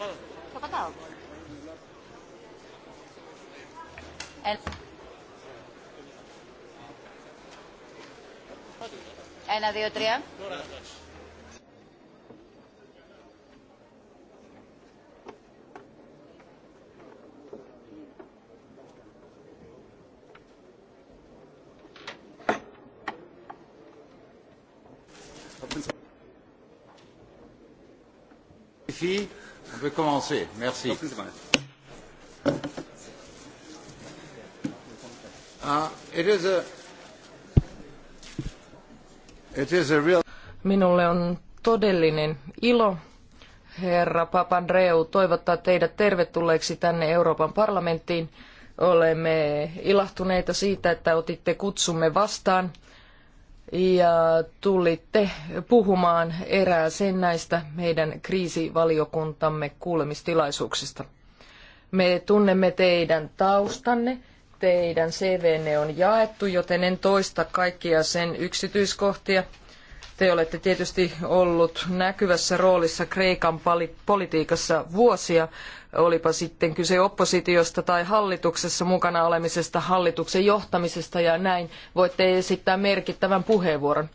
Sono kataok. El... Ένα, δύο, τρία. Τώρα, εντάξει. pouvez commencer. Merci. Uh, Minulle on todellinen ilo, herra Papandreou, toivottaa teidät tervetulleeksi tänne Euroopan parlamenttiin. Olemme ilahtuneita siitä, että otitte kutsumme vastaan ja tulitte puhumaan erää sen näistä meidän kriisivaliokuntamme kuulemistilaisuuksista. Me tunnemme teidän taustanne, teidän CVnne on jaettu, joten en toista kaikkia sen yksityiskohtia. Te olette tietysti ollut näkyvässä roolissa Kreikan politiikassa vuosia, olipa sitten kyse oppositiosta tai hallituksessa mukana olemisesta, hallituksen johtamisesta ja näin voitte esittää merkittävän puheenvuoron.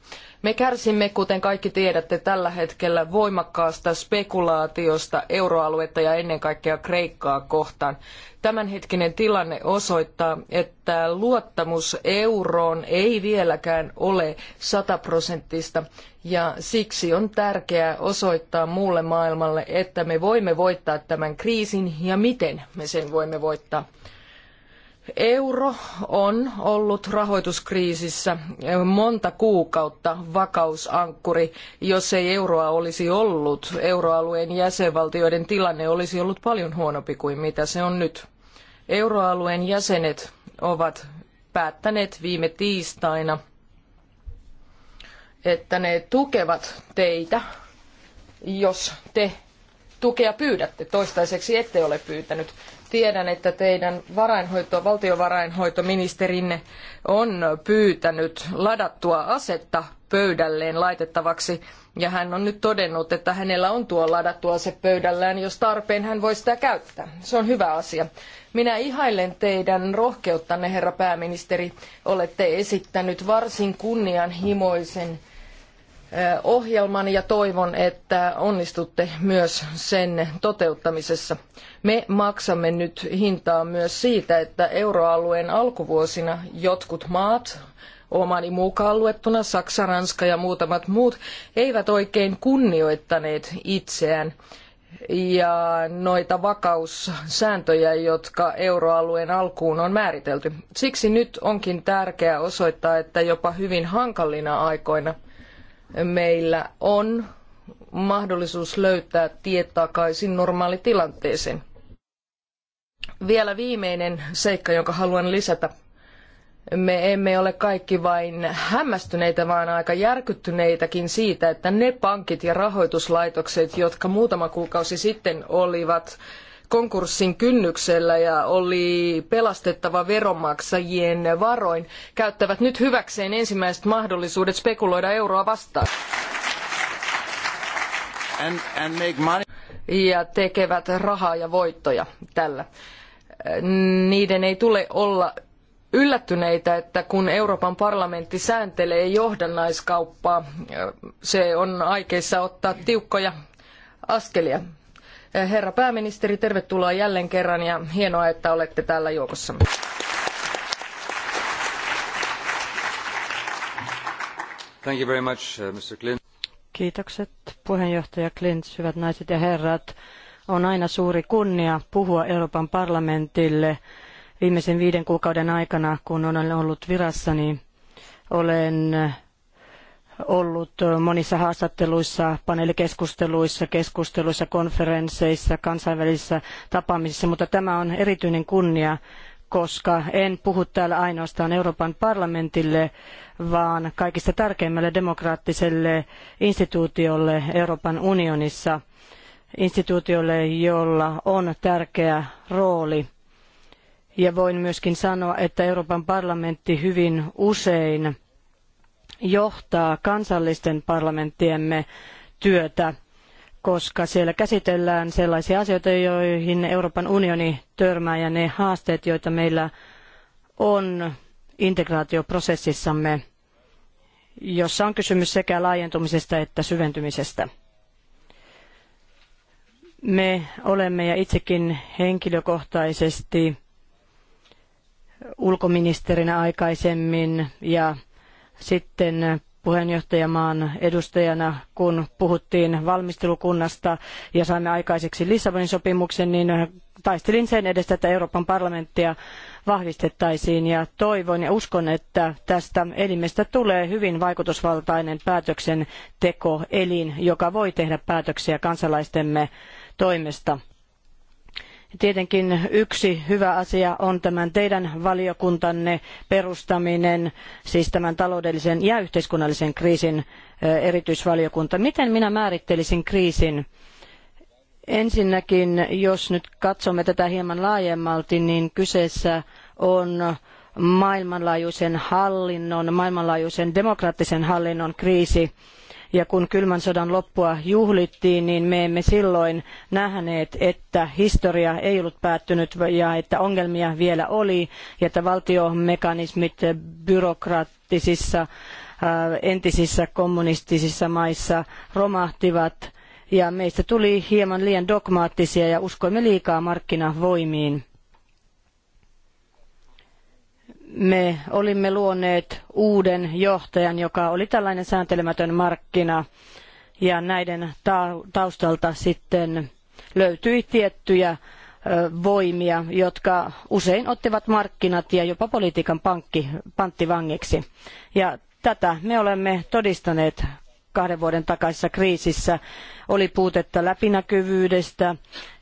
Me kärsimme, kuten kaikki tiedätte, tällä hetkellä voimakkaasta spekulaatiosta euroaluetta ja ennen kaikkea Kreikkaa kohtaan. Tämänhetkinen tilanne osoittaa, että luottamus euroon ei vieläkään ole sataprosenttista ja siksi on tärkeää osoittaa muulle maailmalle, että me voimme voittaa tämän kriisin ja miten me sen voimme voittaa. Euro on ollut rahoituskriisissä monta kuukautta vakausankkuri. Jos ei euroa olisi ollut, euroalueen jäsenvaltioiden tilanne olisi ollut paljon huonompi kuin mitä se on nyt. Euroalueen jäsenet ovat päättäneet viime tiistaina, että ne tukevat teitä, jos te tukea pyydätte. Toistaiseksi ette ole pyytänyt. Tiedän, että teidän varainhoito, valtiovarainhoitoministerinne on pyytänyt ladattua asetta pöydälleen laitettavaksi. Ja hän on nyt todennut, että hänellä on tuo ladattu ase pöydällään, jos tarpeen hän voi sitä käyttää. Se on hyvä asia. Minä ihailen teidän rohkeuttanne, herra pääministeri. Olette esittänyt varsin kunnianhimoisen ohjelman ja toivon, että onnistutte myös sen toteuttamisessa. Me maksamme nyt hintaa myös siitä, että euroalueen alkuvuosina jotkut maat, omani mukaan luettuna Saksa, Ranska ja muutamat muut, eivät oikein kunnioittaneet itseään ja noita vakaussääntöjä, jotka euroalueen alkuun on määritelty. Siksi nyt onkin tärkeää osoittaa, että jopa hyvin hankalina aikoina – meillä on mahdollisuus löytää tie takaisin normaalitilanteeseen. Vielä viimeinen seikka, jonka haluan lisätä. Me emme ole kaikki vain hämmästyneitä, vaan aika järkyttyneitäkin siitä, että ne pankit ja rahoituslaitokset, jotka muutama kuukausi sitten olivat konkurssin kynnyksellä ja oli pelastettava veronmaksajien varoin, käyttävät nyt hyväkseen ensimmäiset mahdollisuudet spekuloida euroa vastaan. And, and ja tekevät rahaa ja voittoja tällä. Niiden ei tule olla yllättyneitä, että kun Euroopan parlamentti sääntelee johdannaiskauppaa, se on aikeissa ottaa tiukkoja askelia Eh, herra pääministeri, tervetuloa jälleen kerran ja hienoa, että olette täällä joukossamme. Thank you very much, uh, Mr. Clint. Kiitokset puheenjohtaja Klint, hyvät naiset ja herrat. On aina suuri kunnia puhua Euroopan parlamentille viimeisen viiden kuukauden aikana, kun olen ollut virassani. Niin olen ollut monissa haastatteluissa, paneelikeskusteluissa, keskusteluissa, konferensseissa, kansainvälisissä tapaamisissa, mutta tämä on erityinen kunnia, koska en puhu täällä ainoastaan Euroopan parlamentille, vaan kaikista tärkeimmälle demokraattiselle instituutiolle Euroopan unionissa, instituutiolle, jolla on tärkeä rooli. Ja voin myöskin sanoa, että Euroopan parlamentti hyvin usein johtaa kansallisten parlamenttiemme työtä, koska siellä käsitellään sellaisia asioita, joihin Euroopan unioni törmää ja ne haasteet, joita meillä on integraatioprosessissamme, jossa on kysymys sekä laajentumisesta että syventymisestä. Me olemme ja itsekin henkilökohtaisesti ulkoministerinä aikaisemmin ja sitten puheenjohtajamaan edustajana, kun puhuttiin valmistelukunnasta ja saimme aikaiseksi Lissabonin sopimuksen, niin taistelin sen edestä, että Euroopan parlamenttia vahvistettaisiin ja toivon ja uskon, että tästä elimestä tulee hyvin vaikutusvaltainen päätöksentekoelin, joka voi tehdä päätöksiä kansalaistemme toimesta. Tietenkin yksi hyvä asia on tämän teidän valiokuntanne perustaminen, siis tämän taloudellisen ja yhteiskunnallisen kriisin erityisvaliokunta. Miten minä määrittelisin kriisin? Ensinnäkin, jos nyt katsomme tätä hieman laajemmalti, niin kyseessä on maailmanlaajuisen hallinnon, maailmanlaajuisen demokraattisen hallinnon kriisi ja kun kylmän sodan loppua juhlittiin, niin me emme silloin nähneet, että historia ei ollut päättynyt ja että ongelmia vielä oli ja että valtiomekanismit byrokraattisissa äh, entisissä kommunistisissa maissa romahtivat ja meistä tuli hieman liian dogmaattisia ja uskoimme liikaa markkinavoimiin me olimme luoneet uuden johtajan, joka oli tällainen sääntelemätön markkina ja näiden taustalta sitten löytyi tiettyjä voimia, jotka usein ottivat markkinat ja jopa politiikan pankki, panttivangiksi. Ja tätä me olemme todistaneet kahden vuoden takaisessa kriisissä. Oli puutetta läpinäkyvyydestä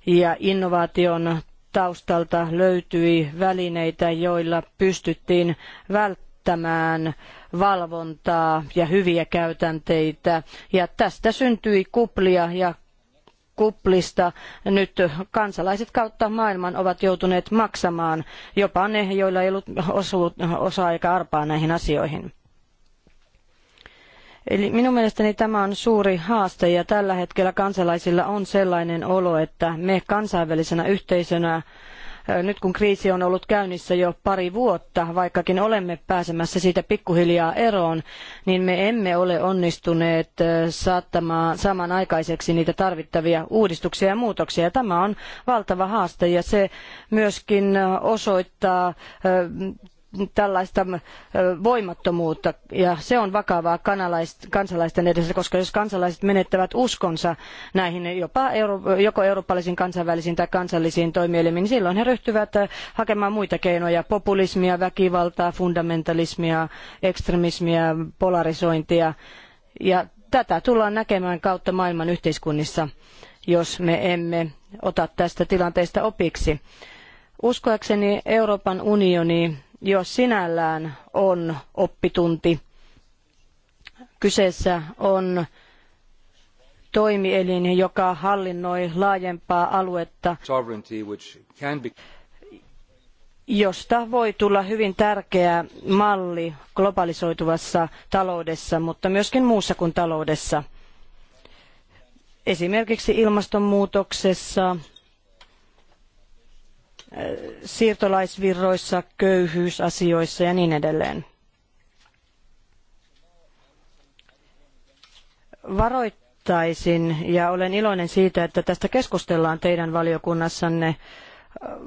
ja innovaation taustalta löytyi välineitä, joilla pystyttiin välttämään valvontaa ja hyviä käytänteitä. Ja tästä syntyi kuplia ja kuplista nyt kansalaiset kautta maailman ovat joutuneet maksamaan, jopa ne, joilla ei ollut osu, osaa eikä arpaa näihin asioihin. Eli minun mielestäni tämä on suuri haaste ja tällä hetkellä kansalaisilla on sellainen olo, että me kansainvälisenä yhteisönä nyt kun kriisi on ollut käynnissä jo pari vuotta, vaikkakin olemme pääsemässä siitä pikkuhiljaa eroon, niin me emme ole onnistuneet saattamaan samanaikaiseksi niitä tarvittavia uudistuksia ja muutoksia. Tämä on valtava haaste ja se myöskin osoittaa tällaista voimattomuutta ja se on vakavaa kansalaisten edessä, koska jos kansalaiset menettävät uskonsa näihin jopa euro, joko eurooppalaisiin, kansainvälisiin tai kansallisiin toimielimiin, niin silloin he ryhtyvät hakemaan muita keinoja, populismia, väkivaltaa, fundamentalismia, ekstremismia, polarisointia ja tätä tullaan näkemään kautta maailman yhteiskunnissa, jos me emme ota tästä tilanteesta opiksi. Uskoakseni Euroopan unioni jo sinällään on oppitunti. Kyseessä on toimielin, joka hallinnoi laajempaa aluetta, josta voi tulla hyvin tärkeä malli globalisoituvassa taloudessa, mutta myöskin muussa kuin taloudessa. Esimerkiksi ilmastonmuutoksessa, siirtolaisvirroissa, köyhyysasioissa ja niin edelleen. Varoittaisin, ja olen iloinen siitä, että tästä keskustellaan teidän valiokunnassanne,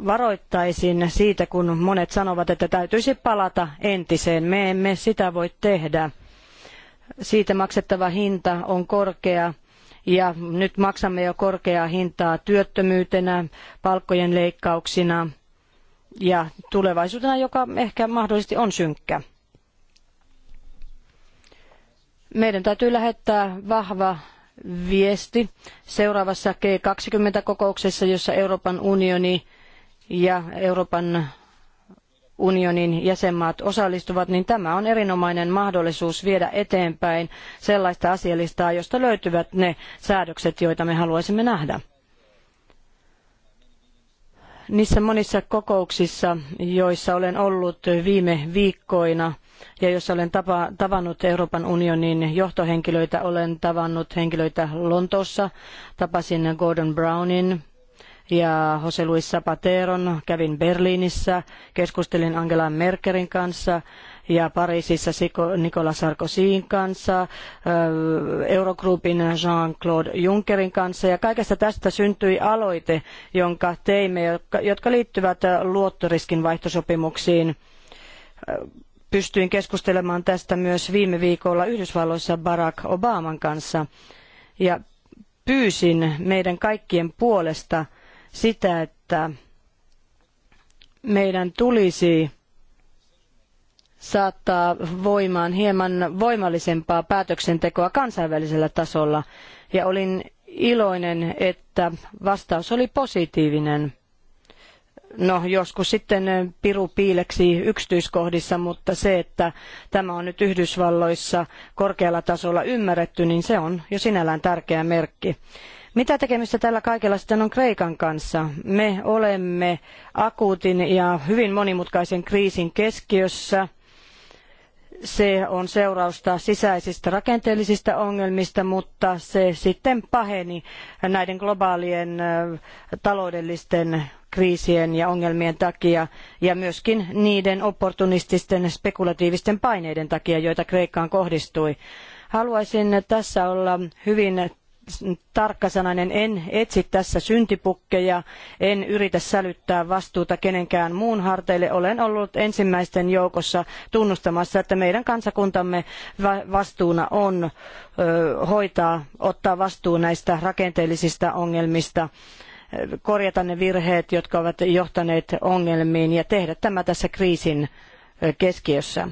varoittaisin siitä, kun monet sanovat, että täytyisi palata entiseen. Me emme sitä voi tehdä. Siitä maksettava hinta on korkea ja nyt maksamme jo korkeaa hintaa työttömyytenä, palkkojen leikkauksina ja tulevaisuutena, joka ehkä mahdollisesti on synkkä. Meidän täytyy lähettää vahva viesti seuraavassa G20-kokouksessa, jossa Euroopan unioni ja Euroopan unionin jäsenmaat osallistuvat, niin tämä on erinomainen mahdollisuus viedä eteenpäin sellaista asialistaa, josta löytyvät ne säädökset, joita me haluaisimme nähdä. Niissä monissa kokouksissa, joissa olen ollut viime viikkoina ja joissa olen tapa, tavannut Euroopan unionin johtohenkilöitä, olen tavannut henkilöitä Lontoossa, tapasin Gordon Brownin, ja Jose Luis Zapateron. Kävin Berliinissä, keskustelin Angela Merkelin kanssa ja Pariisissa Nicolas Sarkozyn kanssa, Eurogroupin Jean-Claude Junckerin kanssa ja kaikesta tästä syntyi aloite, jonka teimme, jotka liittyvät luottoriskin vaihtosopimuksiin pystyin keskustelemaan tästä myös viime viikolla Yhdysvalloissa Barack Obaman kanssa ja pyysin meidän kaikkien puolesta sitä, että meidän tulisi saattaa voimaan hieman voimallisempaa päätöksentekoa kansainvälisellä tasolla. Ja olin iloinen, että vastaus oli positiivinen. No, joskus sitten piru piileksi yksityiskohdissa, mutta se, että tämä on nyt Yhdysvalloissa korkealla tasolla ymmärretty, niin se on jo sinällään tärkeä merkki. Mitä tekemistä tällä kaikella sitten on Kreikan kanssa? Me olemme akuutin ja hyvin monimutkaisen kriisin keskiössä. Se on seurausta sisäisistä rakenteellisista ongelmista, mutta se sitten paheni näiden globaalien taloudellisten kriisien ja ongelmien takia ja myöskin niiden opportunististen spekulatiivisten paineiden takia, joita Kreikkaan kohdistui. Haluaisin tässä olla hyvin tarkkasanainen. En etsi tässä syntipukkeja, en yritä sälyttää vastuuta kenenkään muun harteille. Olen ollut ensimmäisten joukossa tunnustamassa, että meidän kansakuntamme vastuuna on hoitaa, ottaa vastuu näistä rakenteellisista ongelmista korjata ne virheet, jotka ovat johtaneet ongelmiin ja tehdä tämä tässä kriisin keskiössä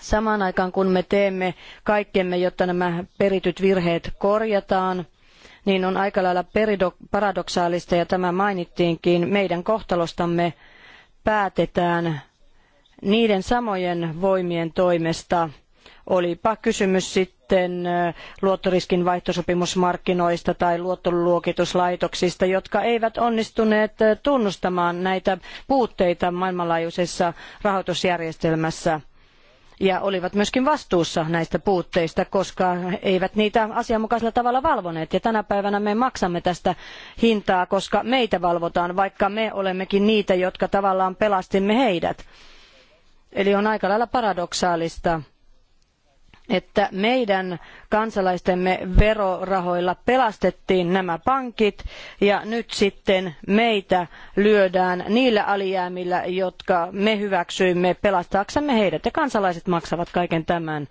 Samaan aikaan kun me teemme kaikkemme, jotta nämä perityt virheet korjataan, niin on aika lailla paradoksaalista, ja tämä mainittiinkin, meidän kohtalostamme päätetään niiden samojen voimien toimesta, olipa kysymys sitten luottoriskin vaihtosopimusmarkkinoista tai luottoluokituslaitoksista, jotka eivät onnistuneet tunnustamaan näitä puutteita maailmanlaajuisessa rahoitusjärjestelmässä – ja olivat myöskin vastuussa näistä puutteista, koska eivät niitä asianmukaisella tavalla valvoneet. Ja tänä päivänä me maksamme tästä hintaa, koska meitä valvotaan, vaikka me olemmekin niitä, jotka tavallaan pelastimme heidät. Eli on aika lailla paradoksaalista että meidän kansalaistemme verorahoilla pelastettiin nämä pankit ja nyt sitten meitä lyödään niillä alijäämillä, jotka me hyväksyimme pelastaaksemme heidät ja kansalaiset maksavat kaiken tämän.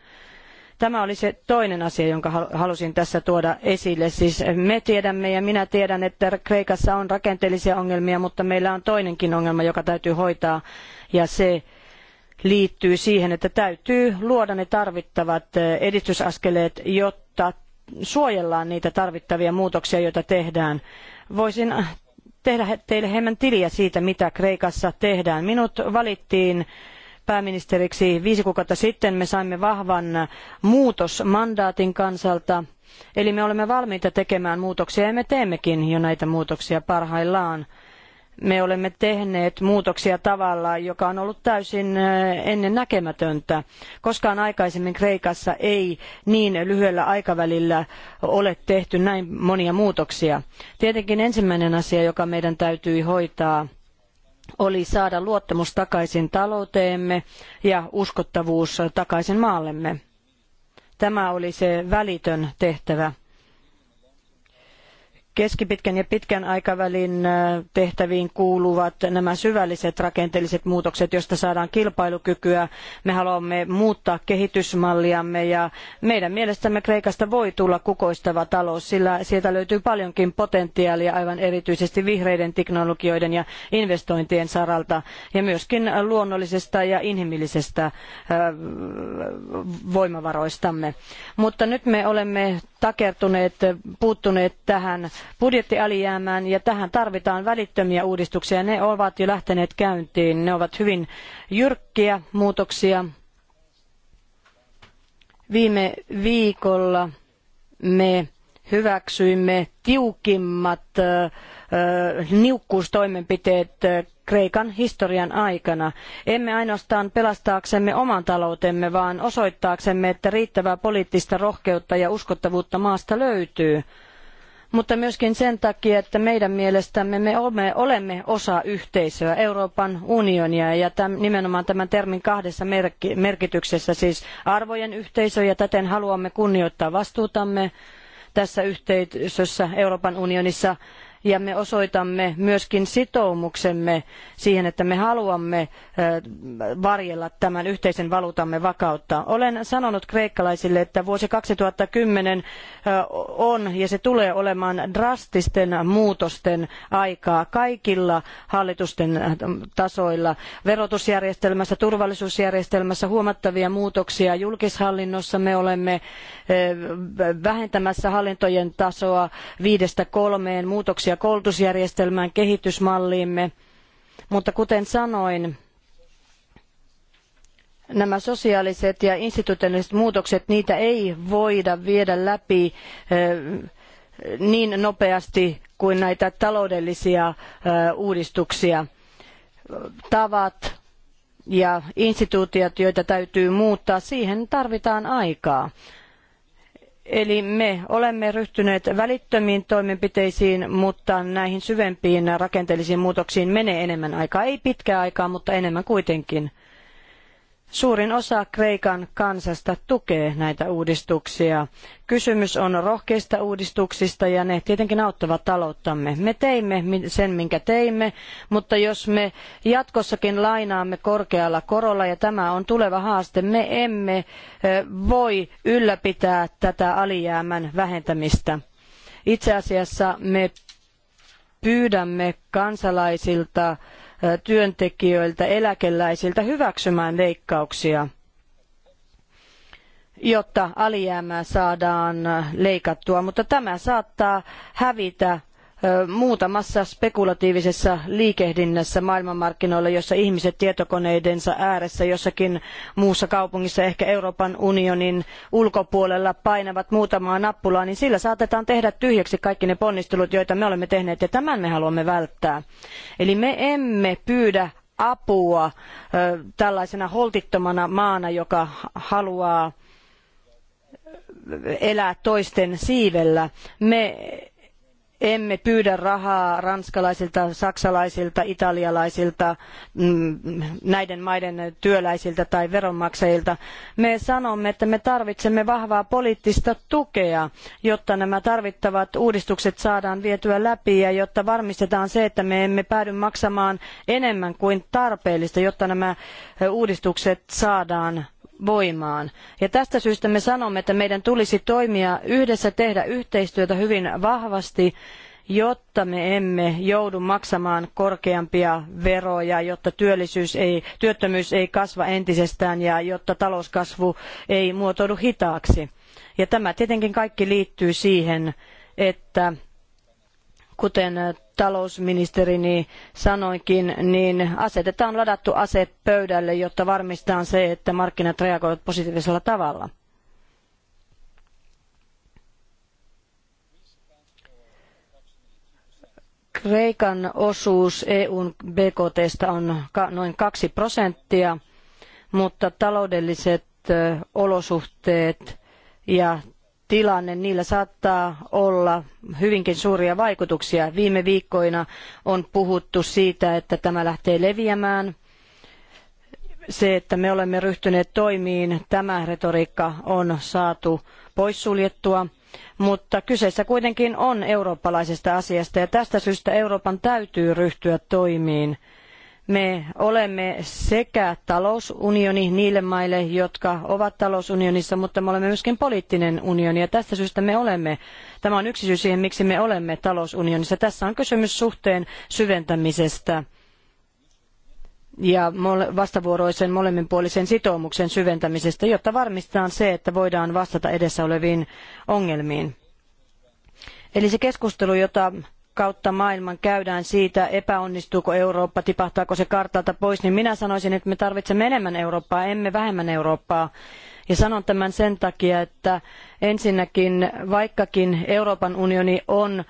Tämä oli se toinen asia, jonka halusin tässä tuoda esille. Siis me tiedämme ja minä tiedän, että Kreikassa on rakenteellisia ongelmia, mutta meillä on toinenkin ongelma, joka täytyy hoitaa ja se liittyy siihen, että täytyy luoda ne tarvittavat eh, edistysaskeleet, jotta suojellaan niitä tarvittavia muutoksia, joita tehdään. Voisin eh, tehdä teille hieman tiliä siitä, mitä Kreikassa tehdään. Minut valittiin pääministeriksi viisi kuukautta sitten. Me saimme vahvan muutosmandaatin kansalta. Eli me olemme valmiita tekemään muutoksia ja me teemmekin jo näitä muutoksia parhaillaan me olemme tehneet muutoksia tavalla, joka on ollut täysin ennen näkemätöntä. Koskaan aikaisemmin Kreikassa ei niin lyhyellä aikavälillä ole tehty näin monia muutoksia. Tietenkin ensimmäinen asia, joka meidän täytyi hoitaa, oli saada luottamus takaisin talouteemme ja uskottavuus takaisin maallemme. Tämä oli se välitön tehtävä keskipitkän ja pitkän aikavälin tehtäviin kuuluvat nämä syvälliset rakenteelliset muutokset, joista saadaan kilpailukykyä. Me haluamme muuttaa kehitysmalliamme ja meidän mielestämme Kreikasta voi tulla kukoistava talous, sillä sieltä löytyy paljonkin potentiaalia aivan erityisesti vihreiden teknologioiden ja investointien saralta ja myöskin luonnollisesta ja inhimillisestä voimavaroistamme. Mutta nyt me olemme takertuneet, puuttuneet tähän budjettialijäämään ja tähän tarvitaan välittömiä uudistuksia. Ne ovat jo lähteneet käyntiin. Ne ovat hyvin jyrkkiä muutoksia. Viime viikolla me hyväksyimme tiukimmat niukkuustoimenpiteet Kreikan historian aikana. Emme ainoastaan pelastaaksemme oman taloutemme, vaan osoittaaksemme, että riittävää poliittista rohkeutta ja uskottavuutta maasta löytyy mutta myöskin sen takia, että meidän mielestämme me olemme, osa yhteisöä, Euroopan unionia ja tämän, nimenomaan tämän termin kahdessa merkityksessä, siis arvojen yhteisö ja täten haluamme kunnioittaa vastuutamme tässä yhteisössä Euroopan unionissa ja me osoitamme myöskin sitoumuksemme siihen, että me haluamme varjella tämän yhteisen valuutamme vakautta. Olen sanonut kreikkalaisille, että vuosi 2010 on ja se tulee olemaan drastisten muutosten aikaa kaikilla hallitusten tasoilla. Verotusjärjestelmässä, turvallisuusjärjestelmässä huomattavia muutoksia. Julkishallinnossa me olemme vähentämässä hallintojen tasoa viidestä kolmeen muutoksia muutoksia koulutusjärjestelmään, kehitysmalliimme, mutta kuten sanoin, nämä sosiaaliset ja institutionaaliset muutokset, niitä ei voida viedä läpi niin nopeasti kuin näitä taloudellisia uudistuksia. Tavat ja instituutiot, joita täytyy muuttaa, siihen tarvitaan aikaa. Eli me olemme ryhtyneet välittömiin toimenpiteisiin, mutta näihin syvempiin rakenteellisiin muutoksiin menee enemmän aikaa. Ei pitkää aikaa, mutta enemmän kuitenkin. Suurin osa Kreikan kansasta tukee näitä uudistuksia. Kysymys on rohkeista uudistuksista ja ne tietenkin auttavat talouttamme. Me teimme sen, minkä teimme, mutta jos me jatkossakin lainaamme korkealla korolla, ja tämä on tuleva haaste, me emme voi ylläpitää tätä alijäämän vähentämistä. Itse asiassa me pyydämme kansalaisilta työntekijöiltä, eläkeläisiltä hyväksymään leikkauksia, jotta alijäämää saadaan leikattua, mutta tämä saattaa hävitä muutamassa spekulatiivisessa liikehdinnässä maailmanmarkkinoilla, jossa ihmiset tietokoneidensa ääressä jossakin muussa kaupungissa, ehkä Euroopan unionin ulkopuolella, painavat muutamaa nappulaa, niin sillä saatetaan tehdä tyhjäksi kaikki ne ponnistelut, joita me olemme tehneet, ja tämän me haluamme välttää. Eli me emme pyydä apua tällaisena holtittomana maana, joka haluaa elää toisten siivellä. Me emme pyydä rahaa ranskalaisilta, saksalaisilta, italialaisilta, mm, näiden maiden työläisiltä tai veronmaksajilta. Me sanomme, että me tarvitsemme vahvaa poliittista tukea, jotta nämä tarvittavat uudistukset saadaan vietyä läpi ja jotta varmistetaan se, että me emme päädy maksamaan enemmän kuin tarpeellista, jotta nämä uudistukset saadaan voimaan. Ja tästä syystä me sanomme, että meidän tulisi toimia yhdessä, tehdä yhteistyötä hyvin vahvasti, jotta me emme joudu maksamaan korkeampia veroja, jotta työllisyys ei, työttömyys ei kasva entisestään ja jotta talouskasvu ei muotoudu hitaaksi. Ja tämä tietenkin kaikki liittyy siihen, että kuten äh, talousministerini sanoikin, niin asetetaan ladattu ase pöydälle, jotta varmistetaan se, että markkinat reagoivat positiivisella tavalla. Kreikan osuus EUn BKTstä on noin kaksi prosenttia, mutta taloudelliset äh, olosuhteet ja tilanne, niillä saattaa olla hyvinkin suuria vaikutuksia. Viime viikkoina on puhuttu siitä, että tämä lähtee leviämään. Se, että me olemme ryhtyneet toimiin, tämä retoriikka on saatu poissuljettua, mutta kyseessä kuitenkin on eurooppalaisesta asiasta ja tästä syystä Euroopan täytyy ryhtyä toimiin – me olemme sekä talousunioni niille maille, jotka ovat talousunionissa, mutta me olemme myöskin poliittinen unioni ja tästä syystä me olemme. Tämä on yksi syy siihen, miksi me olemme talousunionissa. Tässä on kysymys suhteen syventämisestä ja vastavuoroisen molemminpuolisen sitoumuksen syventämisestä, jotta varmistetaan se, että voidaan vastata edessä oleviin ongelmiin. Eli se keskustelu, jota kautta maailman käydään siitä, epäonnistuuko Eurooppa, tipahtaako se kartalta pois, niin minä sanoisin, että me tarvitsemme enemmän Eurooppaa, emme vähemmän Eurooppaa sanon tämän sen takia, että ensinnäkin vaikkakin Euroopan unioni on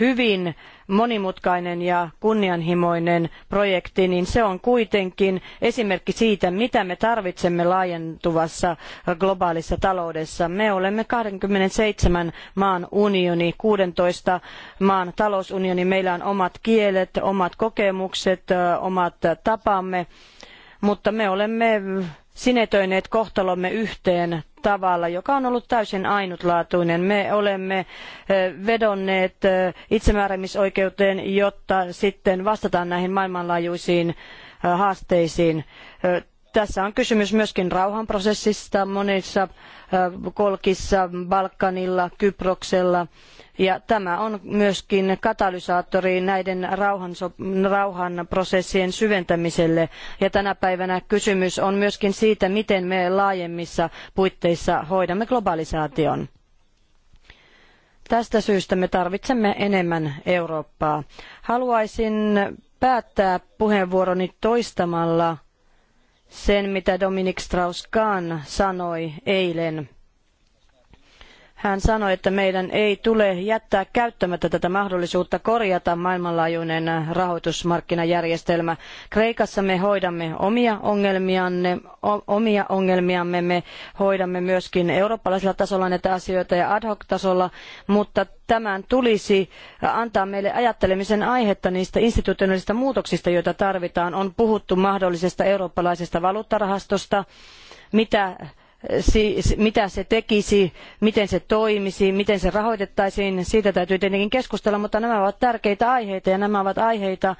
hyvin monimutkainen ja kunnianhimoinen projekti, niin se on kuitenkin esimerkki siitä, mitä me tarvitsemme laajentuvassa globaalissa taloudessa. Me olemme kaksikymmentäseitsemän maan unioni, kuusitoista maan talousunioni. Meillä on omat kielet, omat kokemukset, omat tapamme, mutta me olemme sinetöineet kohtalomme yhteen tavalla, joka on ollut täysin ainutlaatuinen. Me olemme eh, vedonneet eh, itsemääräämisoikeuteen, jotta sitten vastataan näihin maailmanlaajuisiin eh, haasteisiin. Tässä on kysymys myöskin rauhanprosessista monissa kolkissa, Balkanilla, Kyproksella ja tämä on myöskin katalysaattori näiden rauhanprosessien syventämiselle. Ja tänä päivänä kysymys on myöskin siitä, miten me laajemmissa puitteissa hoidamme globalisaation. Tästä syystä me tarvitsemme enemmän Eurooppaa. Haluaisin päättää puheenvuoroni toistamalla sen, mitä Dominik Strauss-Kahn sanoi eilen – hän sanoi, että meidän ei tule jättää käyttämättä tätä mahdollisuutta korjata maailmanlaajuinen rahoitusmarkkinajärjestelmä. Kreikassa me hoidamme omia, omia ongelmiamme, me hoidamme myöskin eurooppalaisella tasolla näitä asioita ja ad hoc-tasolla, mutta tämän tulisi antaa meille ajattelemisen aihetta niistä institutionaalisista muutoksista, joita tarvitaan. On puhuttu mahdollisesta eurooppalaisesta valuuttarahastosta, mitä mitä se tekisi, miten se toimisi, miten se rahoitettaisiin, siitä täytyy tietenkin keskustella, mutta nämä ovat tärkeitä aiheita ja nämä ovat aiheita,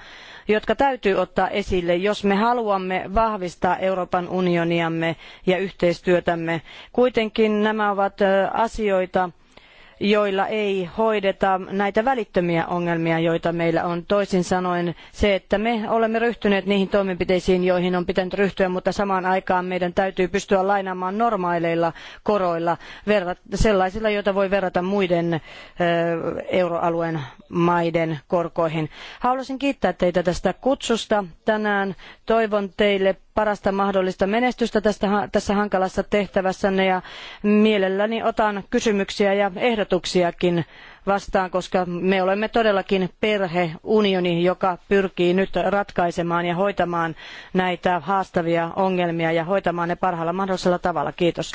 jotka täytyy ottaa esille, jos me haluamme vahvistaa Euroopan unioniamme ja yhteistyötämme. Kuitenkin nämä ovat asioita, joilla ei hoideta näitä välittömiä ongelmia, joita meillä on. Toisin sanoen se, että me olemme ryhtyneet niihin toimenpiteisiin, joihin on pitänyt ryhtyä, mutta samaan aikaan meidän täytyy pystyä lainaamaan normaaleilla koroilla, sellaisilla, joita voi verrata muiden euroalueen maiden korkoihin. Haluaisin kiittää teitä tästä kutsusta tänään. Toivon teille parasta mahdollista menestystä tästä, tässä hankalassa tehtävässänne ja mielelläni otan kysymyksiä ja ehdotuksiakin vastaan, koska me olemme todellakin perheunioni, joka pyrkii nyt ratkaisemaan ja hoitamaan näitä haastavia ongelmia ja hoitamaan ne parhaalla mahdollisella tavalla. Kiitos.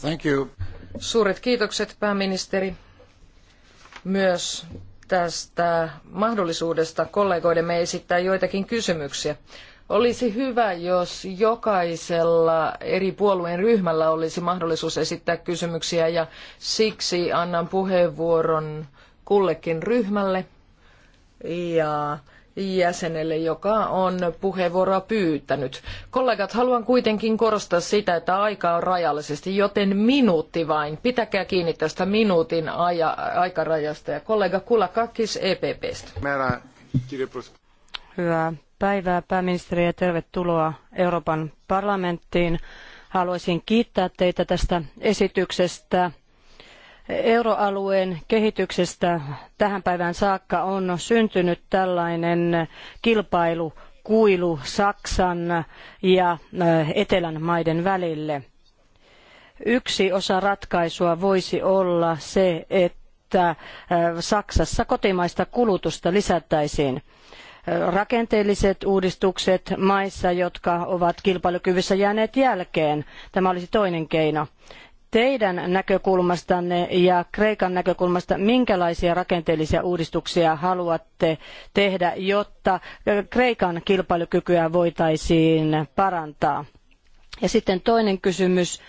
Thank you. Suuret kiitokset pääministeri myös tästä mahdollisuudesta kollegoidemme esittää joitakin kysymyksiä. Olisi hyvä, jos jokaisella eri puolueen ryhmällä olisi mahdollisuus esittää kysymyksiä ja siksi annan puheenvuoron kullekin ryhmälle. Ja jäsenelle, joka on puheenvuoroa pyytänyt. Kollegat, haluan kuitenkin korostaa sitä, että aika on rajallisesti, joten minuutti vain. Pitäkää kiinni tästä minuutin aja, aikarajasta. Ja kollega kakkis, EPPstä. Hyvää päivää pääministeri ja tervetuloa Euroopan parlamenttiin. Haluaisin kiittää teitä tästä esityksestä euroalueen kehityksestä tähän päivään saakka on syntynyt tällainen kilpailukuilu Saksan ja äh, Etelän maiden välille. Yksi osa ratkaisua voisi olla se, että äh, Saksassa kotimaista kulutusta lisättäisiin äh, rakenteelliset uudistukset maissa, jotka ovat kilpailukyvyssä jääneet jälkeen. Tämä olisi toinen keino teidän näkökulmastanne ja Kreikan näkökulmasta, minkälaisia rakenteellisia uudistuksia haluatte tehdä, jotta Kreikan kilpailukykyä voitaisiin parantaa? Ja sitten toinen kysymys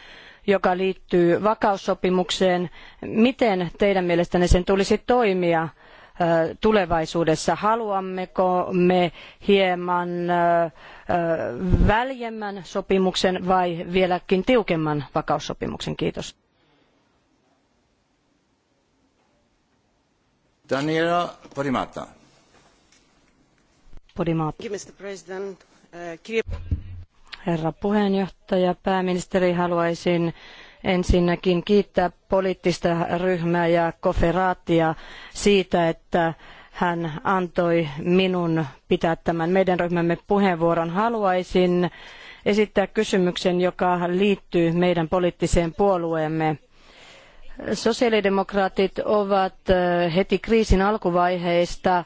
joka liittyy vakaussopimukseen. Miten teidän mielestänne sen tulisi toimia? tulevaisuudessa. Haluammeko me hieman väljemmän sopimuksen vai vieläkin tiukemman vakaussopimuksen? Kiitos. Daniela Podimata. Podimata. Uh, Herra puheenjohtaja, pääministeri, haluaisin ensinnäkin kiittää poliittista ryhmää ja koferaattia siitä, että hän antoi minun pitää tämän meidän ryhmämme puheenvuoron. Haluaisin esittää kysymyksen, joka liittyy meidän poliittiseen puolueemme. Sosiaalidemokraatit ovat eh, heti kriisin alkuvaiheista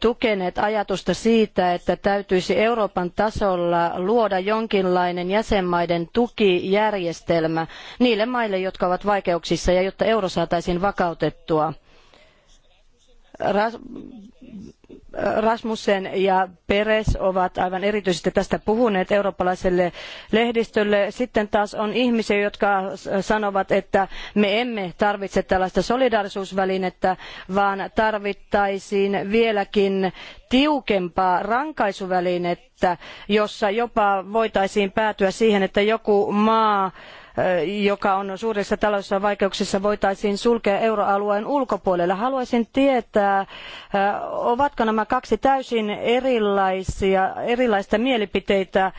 tukeneet ajatusta siitä, että täytyisi Euroopan tasolla luoda jonkinlainen jäsenmaiden tukijärjestelmä niille maille, jotka ovat vaikeuksissa ja jotta euro saataisiin vakautettua. Rasmussen ja Peres ovat aivan erityisesti tästä puhuneet eurooppalaiselle lehdistölle. Sitten taas on ihmisiä, jotka sanovat, että me emme tarvitse tällaista solidaarisuusvälinettä, vaan tarvittaisiin vieläkin tiukempaa rankaisuvälinettä, jossa jopa voitaisiin päätyä siihen, että joku maa joka on suurissa taloudellisissa vaikeuksissa, voitaisiin sulkea euroalueen ulkopuolelle. Haluaisin tietää, ovatko nämä kaksi täysin erilaisia, erilaista mielipiteitä,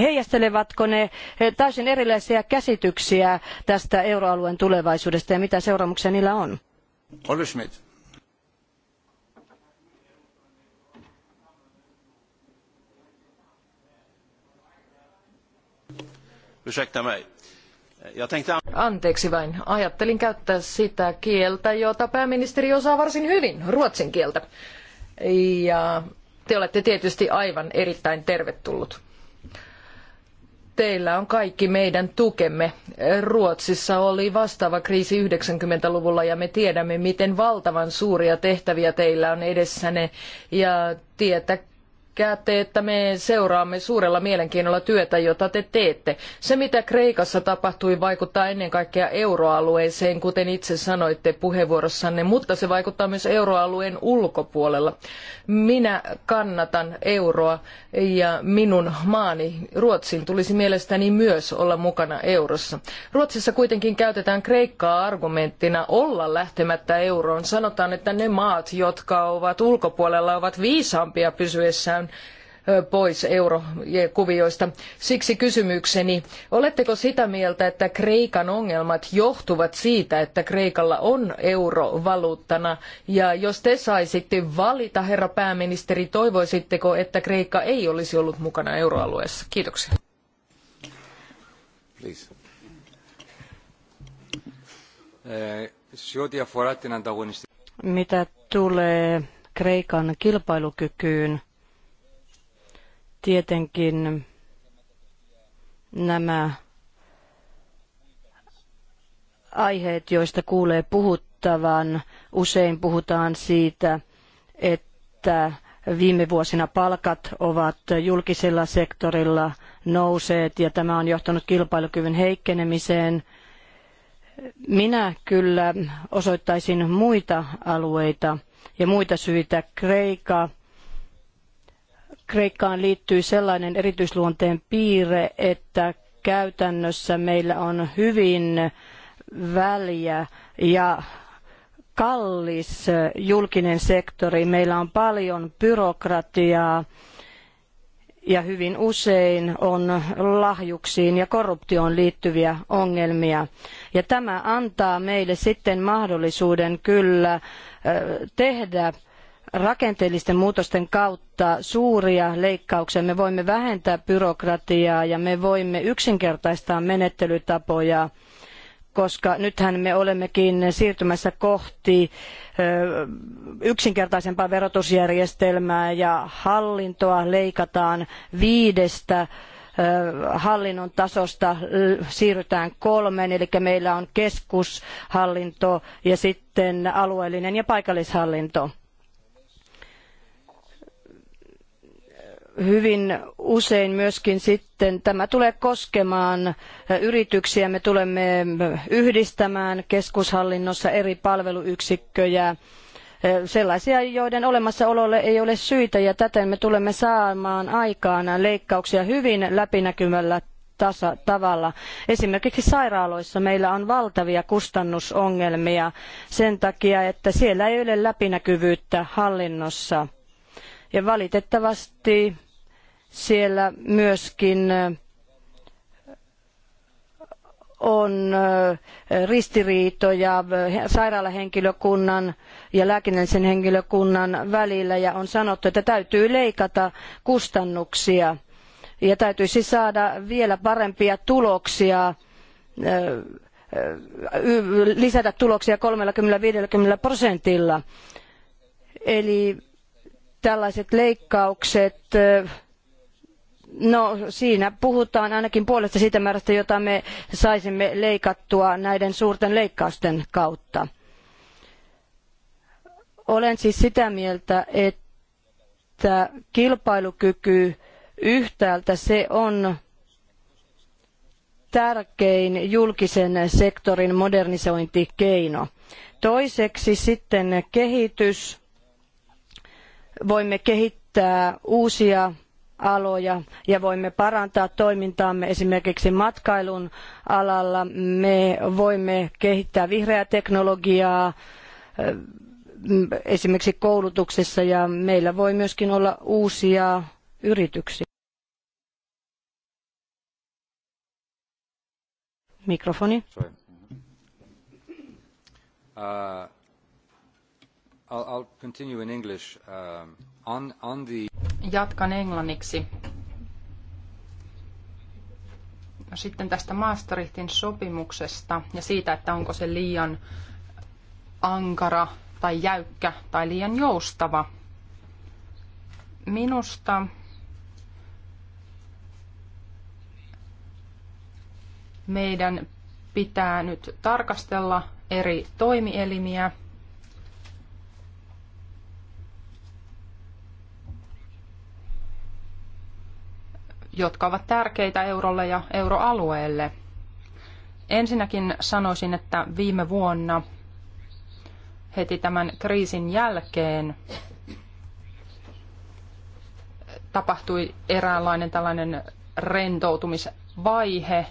heijastelevatko ne täysin erilaisia käsityksiä tästä euroalueen tulevaisuudesta ja mitä seuraamuksia niillä on? Olle Schmidt. Anteeksi vain. Ajattelin käyttää sitä kieltä, jota pääministeri osaa varsin hyvin, ruotsin kieltä. Ja te olette tietysti aivan erittäin tervetullut. Teillä on kaikki meidän tukemme. Ruotsissa oli vastaava kriisi 90-luvulla ja me tiedämme, miten valtavan suuria tehtäviä teillä on edessänne. Ja tietä pelkäätte, että me seuraamme suurella mielenkiinnolla työtä, jota te teette. Se, mitä Kreikassa tapahtui, vaikuttaa ennen kaikkea euroalueeseen, kuten itse sanoitte puheenvuorossanne, mutta se vaikuttaa myös euroalueen ulkopuolella. Minä kannatan euroa ja minun maani Ruotsin tulisi mielestäni myös olla mukana eurossa. Ruotsissa kuitenkin käytetään Kreikkaa argumenttina olla lähtemättä euroon. Sanotaan, että ne maat, jotka ovat ulkopuolella, ovat viisaampia pysyessään kokonaan pois eurokuvioista. Siksi kysymykseni, oletteko sitä mieltä, että Kreikan ongelmat johtuvat siitä, että Kreikalla on euro valuuttana? Ja jos te saisitte valita, herra pääministeri, toivoisitteko, että Kreikka ei olisi ollut mukana euroalueessa? Kiitoksia. Eh, Mitä tulee Kreikan kilpailukykyyn, Tietenkin nämä aiheet, joista kuulee puhuttavan, usein puhutaan siitä, että viime vuosina palkat ovat julkisella sektorilla nouseet ja tämä on johtanut kilpailukyvyn heikkenemiseen. Minä kyllä osoittaisin muita alueita ja muita syitä. Kreikka Kreikkaan liittyy sellainen erityisluonteen piirre, että käytännössä meillä on hyvin väliä ja kallis julkinen sektori. Meillä on paljon byrokratiaa ja hyvin usein on lahjuksiin ja korruptioon liittyviä ongelmia. Ja tämä antaa meille sitten mahdollisuuden kyllä tehdä rakenteellisten muutosten kautta suuria leikkauksia. Me voimme vähentää byrokratiaa ja me voimme yksinkertaistaa menettelytapoja koska nythän me olemmekin siirtymässä kohti yksinkertaisempaa verotusjärjestelmää ja hallintoa leikataan viidestä hallinnon tasosta siirrytään kolmeen, eli meillä on keskushallinto ja sitten alueellinen ja paikallishallinto hyvin usein myöskin sitten tämä tulee koskemaan yrityksiä. Me tulemme yhdistämään keskushallinnossa eri palveluyksikköjä sellaisia, joiden olemassaololle ei ole syitä ja täten me tulemme saamaan aikaan leikkauksia hyvin läpinäkyvällä tasa- tavalla. Esimerkiksi sairaaloissa meillä on valtavia kustannusongelmia sen takia, että siellä ei ole läpinäkyvyyttä hallinnossa ja valitettavasti siellä myöskin äh, on äh, ristiriitoja äh, sairaalahenkilökunnan ja lääkinnällisen henkilökunnan välillä ja on sanottu, että täytyy leikata kustannuksia ja täytyisi saada vielä parempia tuloksia lisätä tuloksia 30-50 prosentilla. Eli tällaiset leikkaukset, no siinä puhutaan ainakin puolesta siitä määrästä, jota me saisimme leikattua näiden suurten leikkausten kautta. Olen siis sitä mieltä, että kilpailukyky yhtäältä se on tärkein julkisen sektorin modernisointikeino. Toiseksi sitten kehitys voimme kehittää uusia aloja ja voimme parantaa toimintaamme esimerkiksi matkailun alalla. Me voimme kehittää vihreää teknologiaa eh, esimerkiksi koulutuksessa ja meillä voi myöskin olla uusia yrityksiä. Mikrofoni. Sorry. Mm-hmm. Uh Um, Jatkan englanniksi. No, sitten tästä Maastrichtin sopimuksesta ja siitä, että onko se liian ankara tai jäykkä tai liian joustava. Minusta meidän pitää nyt tarkastella eri toimielimiä – jotka ovat tärkeitä eurolle ja euroalueelle. Ensinnäkin sanoisin, että viime vuonna heti tämän kriisin jälkeen tapahtui eräänlainen tällainen rentoutumisvaihe.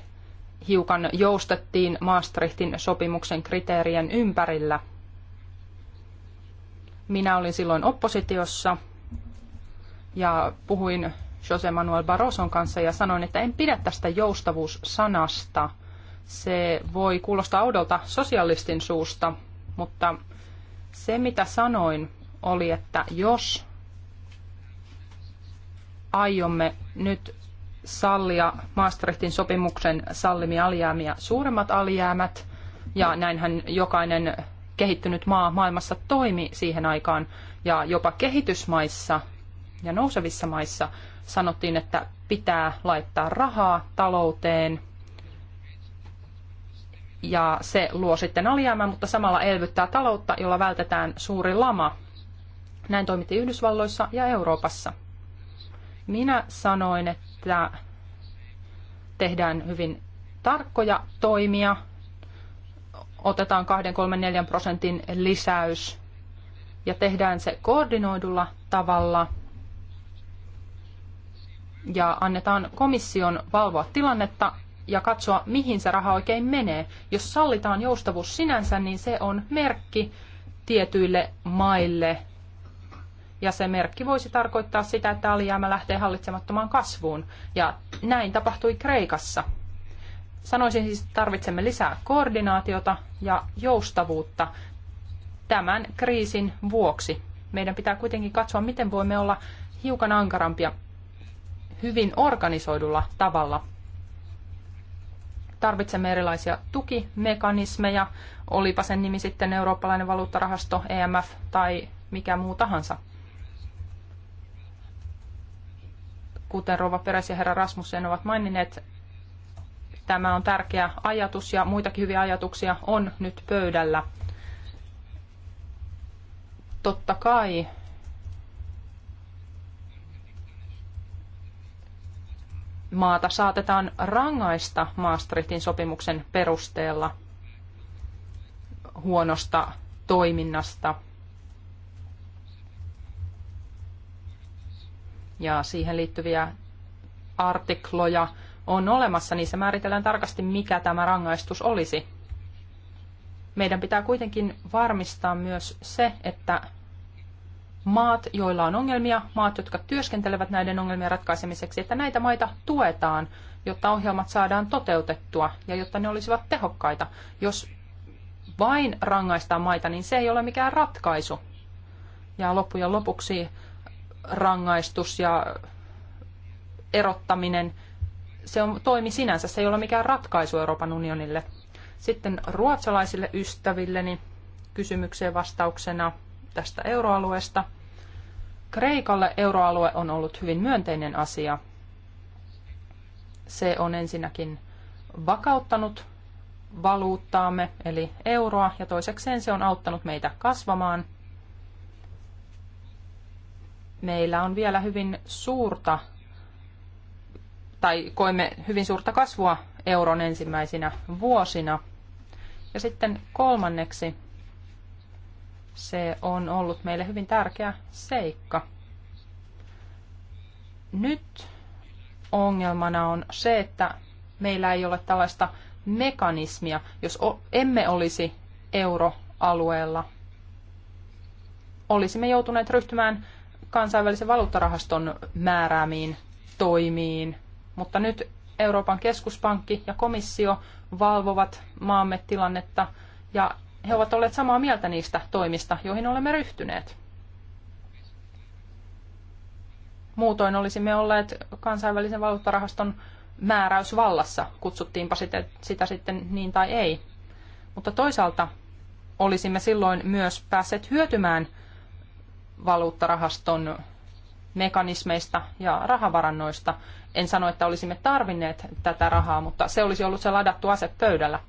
Hiukan joustettiin Maastrichtin sopimuksen kriteerien ympärillä. Minä olin silloin oppositiossa ja puhuin Jose Manuel Barroson kanssa ja sanoin, että en pidä tästä joustavuussanasta. Se voi kuulostaa oudolta sosialistin suusta, mutta se mitä sanoin oli, että jos aiomme nyt sallia Maastrichtin sopimuksen sallimia alijäämiä suuremmat alijäämät, ja näinhän jokainen kehittynyt maa maailmassa toimi siihen aikaan, ja jopa kehitysmaissa ja nousevissa maissa sanottiin, että pitää laittaa rahaa talouteen ja se luo sitten alijäämää, mutta samalla elvyttää taloutta, jolla vältetään suuri lama. Näin toimittiin Yhdysvalloissa ja Euroopassa. Minä sanoin, että tehdään hyvin tarkkoja toimia, otetaan 2, 3, 4 prosentin lisäys ja tehdään se koordinoidulla tavalla – ja annetaan komission valvoa tilannetta ja katsoa, mihin se raha oikein menee. Jos sallitaan joustavuus sinänsä, niin se on merkki tietyille maille. Ja se merkki voisi tarkoittaa sitä, että alijäämä lähtee hallitsemattomaan kasvuun. Ja näin tapahtui Kreikassa. Sanoisin siis, että tarvitsemme lisää koordinaatiota ja joustavuutta tämän kriisin vuoksi. Meidän pitää kuitenkin katsoa, miten voimme olla hiukan ankarampia hyvin organisoidulla tavalla. Tarvitsemme erilaisia tukimekanismeja, olipa sen nimi sitten Eurooppalainen valuuttarahasto, EMF tai mikä muu tahansa. Kuten Rova Peres ja herra Rasmussen ovat maininneet, tämä on tärkeä ajatus ja muitakin hyviä ajatuksia on nyt pöydällä. Totta kai maata saatetaan rangaista Maastrichtin sopimuksen perusteella huonosta toiminnasta. Ja siihen liittyviä artikloja on olemassa, niissä määritellään tarkasti, mikä tämä rangaistus olisi. Meidän pitää kuitenkin varmistaa myös se, että maat, joilla on ongelmia, maat, jotka työskentelevät näiden ongelmien ratkaisemiseksi, että näitä maita tuetaan, jotta ohjelmat saadaan toteutettua ja jotta ne olisivat tehokkaita. Jos vain rangaistaan maita, niin se ei ole mikään ratkaisu. Ja loppujen lopuksi rangaistus ja erottaminen, se on toimi sinänsä, se ei ole mikään ratkaisu Euroopan unionille. Sitten ruotsalaisille ystävilleni kysymykseen vastauksena – tästä euroalueesta. Kreikalle euroalue on ollut hyvin myönteinen asia. Se on ensinnäkin vakauttanut valuuttaamme, eli euroa, ja toisekseen se on auttanut meitä kasvamaan. Meillä on vielä hyvin suurta, tai koimme hyvin suurta kasvua euron ensimmäisinä vuosina. Ja sitten kolmanneksi se on ollut meille hyvin tärkeä seikka. Nyt ongelmana on se, että meillä ei ole tällaista mekanismia, jos emme olisi euroalueella. Olisimme joutuneet ryhtymään kansainvälisen valuuttarahaston määräämiin toimiin, mutta nyt Euroopan keskuspankki ja komissio valvovat maamme tilannetta ja he ovat olleet samaa mieltä niistä toimista, joihin olemme ryhtyneet. Muutoin olisimme olleet kansainvälisen valuuttarahaston määräysvallassa, kutsuttiinpa sitä, sitä sitten niin tai ei. Mutta toisaalta olisimme silloin myös päässeet hyötymään valuuttarahaston mekanismeista ja rahavarannoista. En sano, että olisimme tarvinneet tätä rahaa, mutta se olisi ollut se ladattu ase pöydällä.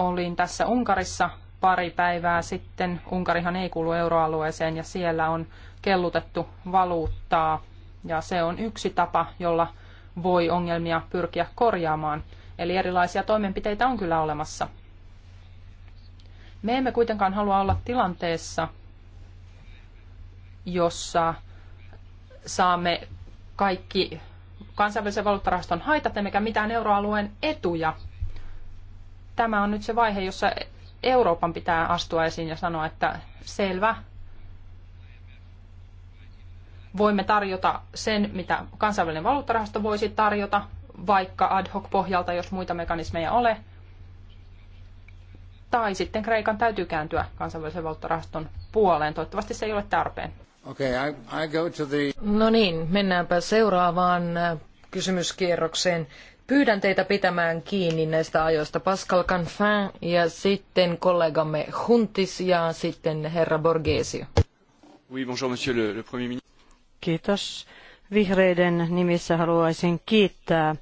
olin tässä Unkarissa pari päivää sitten. Unkarihan ei kuulu euroalueeseen ja siellä on kellutettu valuuttaa ja se on yksi tapa, jolla voi ongelmia pyrkiä korjaamaan. Eli erilaisia toimenpiteitä on kyllä olemassa. Me emme kuitenkaan halua olla tilanteessa, jossa saamme kaikki kansainvälisen valuuttarahaston haitat emmekä mitään euroalueen etuja tämä on nyt se vaihe, jossa Euroopan pitää astua esiin ja sanoa, että selvä, voimme tarjota sen, mitä kansainvälinen valuuttarahasto voisi tarjota, vaikka ad hoc pohjalta, jos muita mekanismeja ole. Tai sitten Kreikan täytyy kääntyä kansainvälisen valuuttarahaston puoleen. Toivottavasti se ei ole tarpeen. Okay, I, I go to the... No niin, mennäänpä seuraavaan äh, kysymyskierrokseen. Pyydän teitä pitämään kiinni näistä ajoista. Pascal Canfin ja sitten kollegamme Huntis ja sitten herra Borgesio. Oui, bonjour, monsieur le, le premier ministre. Kiitos. Vihreiden nimissä haluaisin kiittää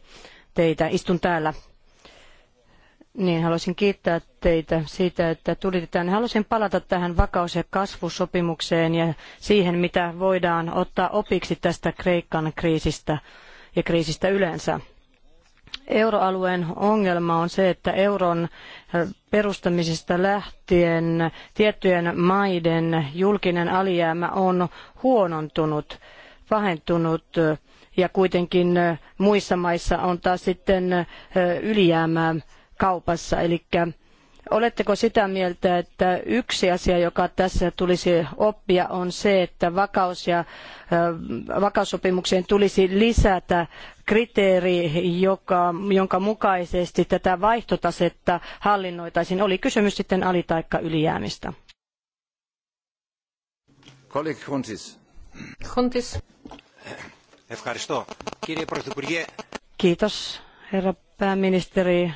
teitä. Istun täällä. Niin, haluaisin kiittää teitä siitä, että tulitte tänne. Haluaisin palata tähän vakaus- ja kasvusopimukseen ja siihen, mitä voidaan ottaa opiksi tästä Kreikan kriisistä ja kriisistä yleensä. Euroalueen ongelma on se, että euron perustamisesta lähtien tiettyjen maiden julkinen alijäämä on huonontunut, pahentunut ja kuitenkin muissa maissa on taas sitten ylijäämää kaupassa. Eli Oletteko sitä mieltä, että yksi asia, joka tässä tulisi oppia, on se, että vakaus ja, vakaussopimukseen tulisi lisätä kriteeri, joka, jonka mukaisesti tätä vaihtotasetta hallinnoitaisiin? Oli kysymys sitten ali- tai ylijäämistä. Kollega Huntis. Huntis. Kiitos, herra pääministeri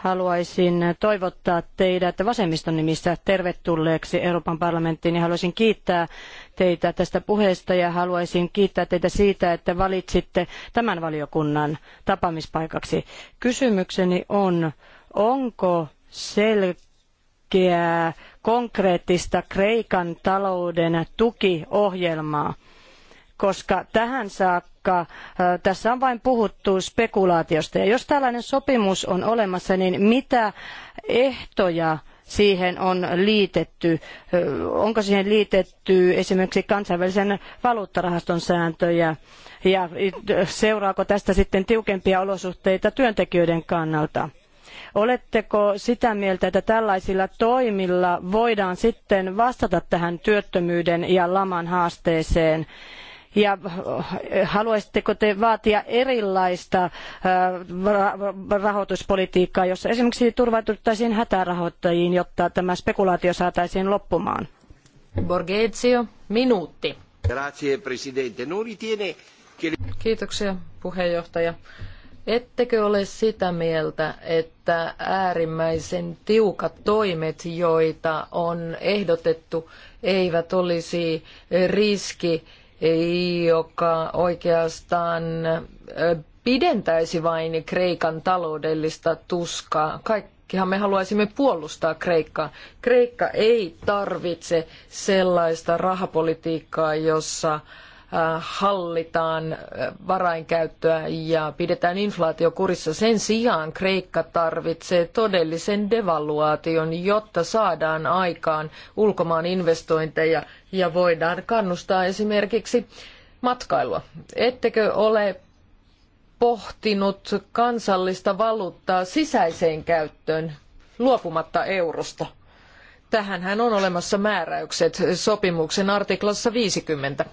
haluaisin toivottaa teidät vasemmiston nimissä tervetulleeksi Euroopan parlamenttiin ja haluaisin kiittää teitä tästä puheesta ja haluaisin kiittää teitä siitä, että valitsitte tämän valiokunnan tapaamispaikaksi. Kysymykseni on, onko selkeää konkreettista Kreikan talouden tukiohjelmaa, koska tähän saakka koska äh, tässä on vain puhuttu spekulaatiosta. Ja jos tällainen sopimus on olemassa, niin mitä ehtoja siihen on liitetty? Äh, onko siihen liitetty esimerkiksi kansainvälisen valuuttarahaston sääntöjä ja äh, seuraako tästä sitten tiukempia olosuhteita työntekijöiden kannalta? Oletteko sitä mieltä, että tällaisilla toimilla voidaan sitten vastata tähän työttömyyden ja laman haasteeseen? ja äh, haluaisitteko te vaatia erilaista äh, rahoituspolitiikkaa, jossa esimerkiksi turvauduttaisiin hätärahoittajiin, jotta tämä spekulaatio saataisiin loppumaan? Borghezio, minuutti. Grazie, presidente. Non ritiene... Kiitoksia, puheenjohtaja. Ettekö ole sitä mieltä, että äärimmäisen tiukat toimet, joita on ehdotettu, eivät olisi riski joka oikeastaan pidentäisi vain Kreikan taloudellista tuskaa. Kaikkihan me haluaisimme puolustaa Kreikkaa. Kreikka ei tarvitse sellaista rahapolitiikkaa, jossa Äh, hallitaan äh, varainkäyttöä ja pidetään inflaatio kurissa. Sen sijaan Kreikka tarvitsee todellisen devaluaation, jotta saadaan aikaan ulkomaan investointeja ja voidaan kannustaa esimerkiksi matkailua. Ettekö ole pohtinut kansallista valuuttaa sisäiseen käyttöön luopumatta eurosta? Tähänhän on olemassa määräykset sopimuksen artiklassa 50.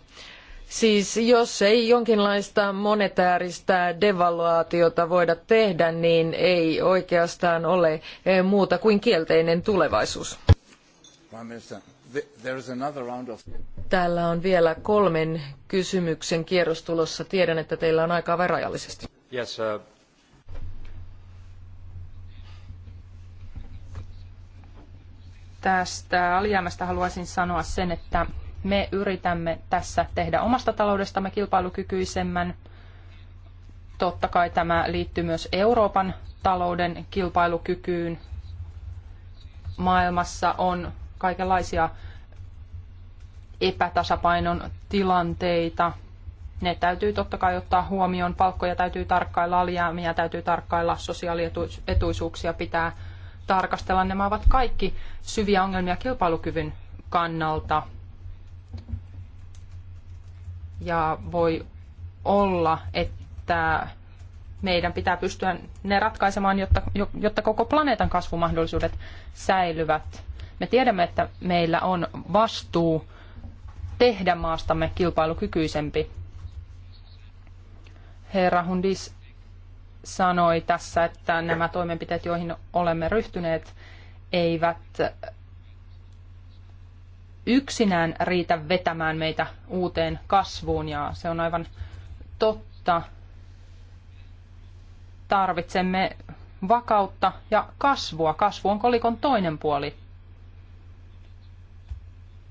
Siis jos ei jonkinlaista monetääristä devaluaatiota voida tehdä, niin ei oikeastaan ole eh, muuta kuin kielteinen tulevaisuus. Täällä on vielä kolmen kysymyksen kierros tulossa. Tiedän, että teillä on aikaa vain rajallisesti. Yes, uh... Tästä alijäämästä haluaisin sanoa sen, että me yritämme tässä tehdä omasta taloudestamme kilpailukykyisemmän. Totta kai tämä liittyy myös Euroopan talouden kilpailukykyyn. Maailmassa on kaikenlaisia epätasapainon tilanteita. Ne täytyy totta kai ottaa huomioon, palkkoja täytyy tarkkailla, alijäämiä täytyy tarkkailla, sosiaalietuisuuksia pitää tarkastella. Nämä ovat kaikki syviä ongelmia kilpailukyvyn kannalta ja voi olla, että meidän pitää pystyä ne ratkaisemaan, jotta, jotta koko planeetan kasvumahdollisuudet säilyvät. Me tiedämme, että meillä on vastuu tehdä maastamme kilpailukykyisempi. Herra Hundis sanoi tässä, että nämä toimenpiteet, joihin olemme ryhtyneet, eivät yksinään riitä vetämään meitä uuteen kasvuun ja se on aivan totta. Tarvitsemme vakautta ja kasvua. Kasvu on kolikon toinen puoli.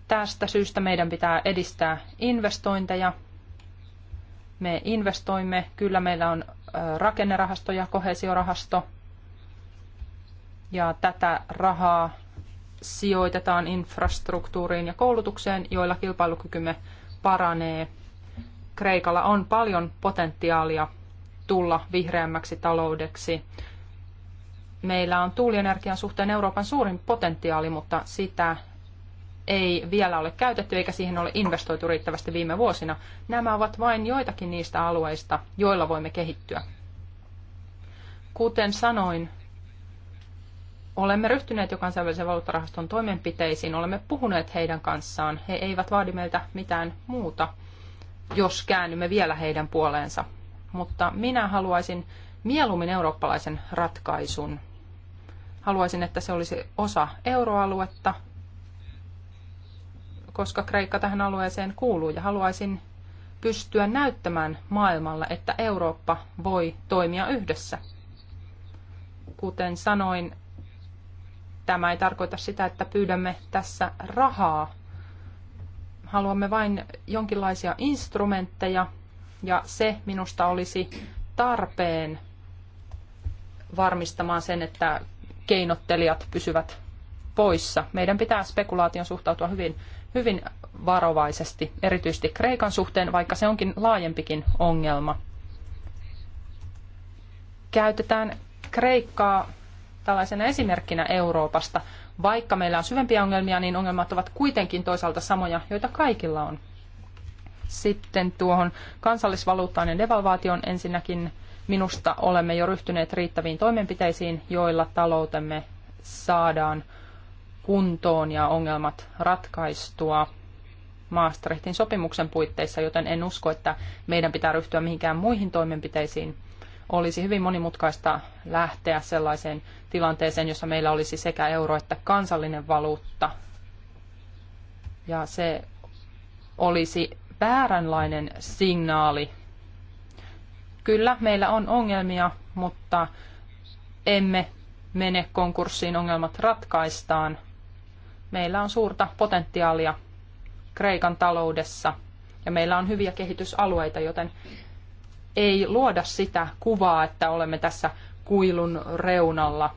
Tästä syystä meidän pitää edistää investointeja. Me investoimme, kyllä meillä on rakennerahasto ja kohesiorahasto. Ja tätä rahaa sijoitetaan infrastruktuuriin ja koulutukseen, joilla kilpailukykymme paranee. Kreikalla on paljon potentiaalia tulla vihreämmäksi taloudeksi. Meillä on tuulienergian suhteen Euroopan suurin potentiaali, mutta sitä ei vielä ole käytetty eikä siihen ole investoitu riittävästi viime vuosina. Nämä ovat vain joitakin niistä alueista, joilla voimme kehittyä. Kuten sanoin, Olemme ryhtyneet jo kansainvälisen valuuttarahaston toimenpiteisiin, olemme puhuneet heidän kanssaan. He eivät vaadi meiltä mitään muuta, jos käännymme vielä heidän puoleensa. Mutta minä haluaisin mieluummin eurooppalaisen ratkaisun. Haluaisin, että se olisi osa euroaluetta, koska Kreikka tähän alueeseen kuuluu ja haluaisin pystyä näyttämään maailmalle, että Eurooppa voi toimia yhdessä. Kuten sanoin, Tämä ei tarkoita sitä, että pyydämme tässä rahaa. Haluamme vain jonkinlaisia instrumentteja, ja se minusta olisi tarpeen varmistamaan sen, että keinottelijat pysyvät poissa. Meidän pitää spekulaation suhtautua hyvin, hyvin varovaisesti, erityisesti Kreikan suhteen, vaikka se onkin laajempikin ongelma. Käytetään Kreikkaa tällaisena esimerkkinä Euroopasta. Vaikka meillä on syvempiä ongelmia, niin ongelmat ovat kuitenkin toisaalta samoja, joita kaikilla on. Sitten tuohon kansallisvaluuttaan ja devalvaation ensinnäkin minusta olemme jo ryhtyneet riittäviin toimenpiteisiin, joilla taloutemme saadaan kuntoon ja ongelmat ratkaistua Maastrichtin sopimuksen puitteissa, joten en usko, että meidän pitää ryhtyä mihinkään muihin toimenpiteisiin olisi hyvin monimutkaista lähteä sellaiseen tilanteeseen, jossa meillä olisi sekä euro että kansallinen valuutta. Ja se olisi vääränlainen signaali. Kyllä, meillä on ongelmia, mutta emme mene konkurssiin, ongelmat ratkaistaan. Meillä on suurta potentiaalia Kreikan taloudessa ja meillä on hyviä kehitysalueita, joten ei luoda sitä kuvaa, että olemme tässä kuilun reunalla,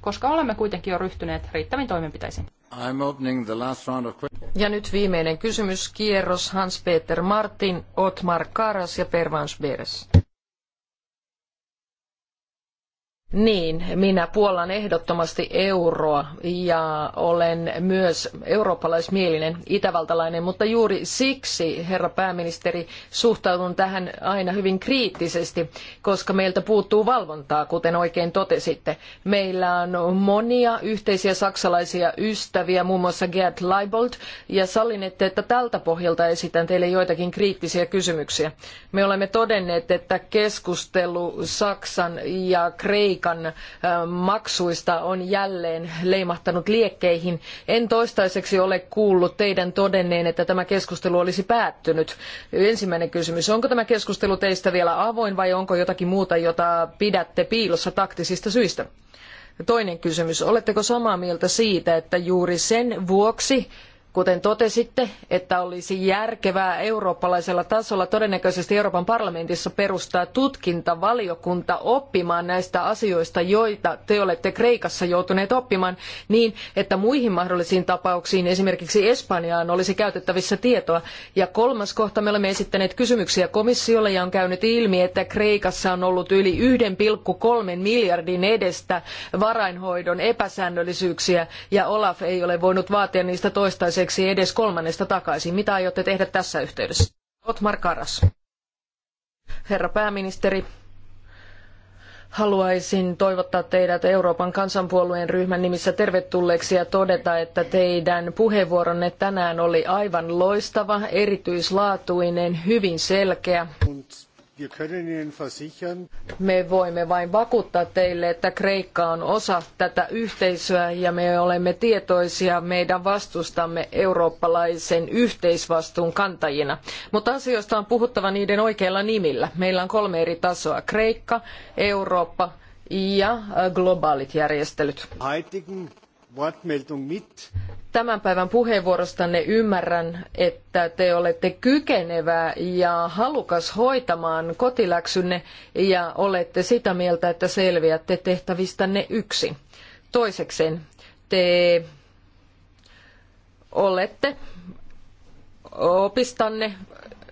koska olemme kuitenkin jo ryhtyneet riittäviin toimenpiteisiin. Ja nyt viimeinen kierros Hans-Peter Martin, Otmar Karas ja Pervans Beres. Niin, minä puollan ehdottomasti euroa ja olen myös eurooppalaismielinen itävaltalainen, mutta juuri siksi, herra pääministeri, suhtaudun tähän aina hyvin kriittisesti, koska meiltä puuttuu valvontaa, kuten oikein totesitte. Meillä on monia yhteisiä saksalaisia ystäviä, muun muassa Gerd Leibold, ja sallinette, että tältä pohjalta esitän teille joitakin kriittisiä kysymyksiä. Me olemme todenneet, että keskustelu Saksan ja Kreikan kreikan maksuista on jälleen leimahtanut liekkeihin. En toistaiseksi ole kuullut teidän todenneen, että tämä keskustelu olisi päättynyt. Ensimmäinen kysymys, onko tämä keskustelu teistä vielä avoin vai onko jotakin muuta, jota pidätte piilossa taktisista syistä? Toinen kysymys, oletteko samaa mieltä siitä, että juuri sen vuoksi, Kuten totesitte, että olisi järkevää eurooppalaisella tasolla todennäköisesti Euroopan parlamentissa perustaa tutkintavaliokunta oppimaan näistä asioista, joita te olette Kreikassa joutuneet oppimaan, niin että muihin mahdollisiin tapauksiin, esimerkiksi Espanjaan, olisi käytettävissä tietoa. Ja kolmas kohta, me olemme esittäneet kysymyksiä komissiolle ja on käynyt ilmi, että Kreikassa on ollut yli 1,3 miljardin edestä varainhoidon epäsäännöllisyyksiä ja Olaf ei ole voinut vaatia niistä toistaiseksi toiseksi edes kolmannesta takaisin. Mitä aiotte tehdä tässä yhteydessä? Otmar Karas. Herra pääministeri, haluaisin toivottaa teidät Euroopan kansanpuolueen ryhmän nimissä tervetulleeksi ja todeta, että teidän puheenvuoronne tänään oli aivan loistava, erityislaatuinen, hyvin selkeä. Me voimme vain vakuuttaa teille, että Kreikka on osa tätä yhteisöä ja me olemme tietoisia meidän vastustamme eurooppalaisen yhteisvastuun kantajina. Mutta asioista on puhuttava niiden oikeilla nimillä. Meillä on kolme eri tasoa. Kreikka, Eurooppa ja globaalit järjestelyt. Tämän päivän puheenvuorostanne ymmärrän, että te olette kykenevä ja halukas hoitamaan kotiläksynne ja olette sitä mieltä, että selviätte tehtävistänne yksin. Toisekseen te olette opistanne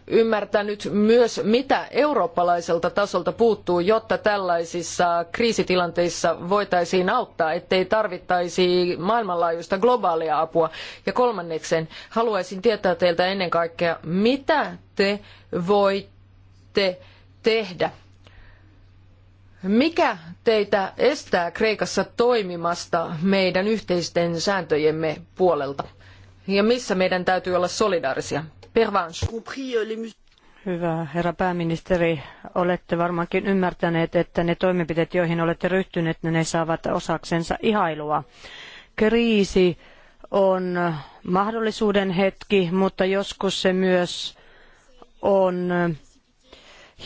ymmärtänyt myös, mitä eurooppalaiselta tasolta puuttuu, jotta tällaisissa kriisitilanteissa voitaisiin auttaa, ettei tarvittaisi maailmanlaajuista globaalia apua. Ja kolmanneksen, haluaisin tietää teiltä ennen kaikkea, mitä te voitte tehdä mikä teitä estää Kreikassa toimimasta meidän yhteisten sääntöjemme puolelta? Ja missä meidän täytyy olla solidaarisia? Hyvä herra pääministeri, olette varmaankin ymmärtäneet, että ne toimenpiteet, joihin olette ryhtyneet, ne saavat osaksensa ihailua. Kriisi on mahdollisuuden hetki, mutta joskus se myös on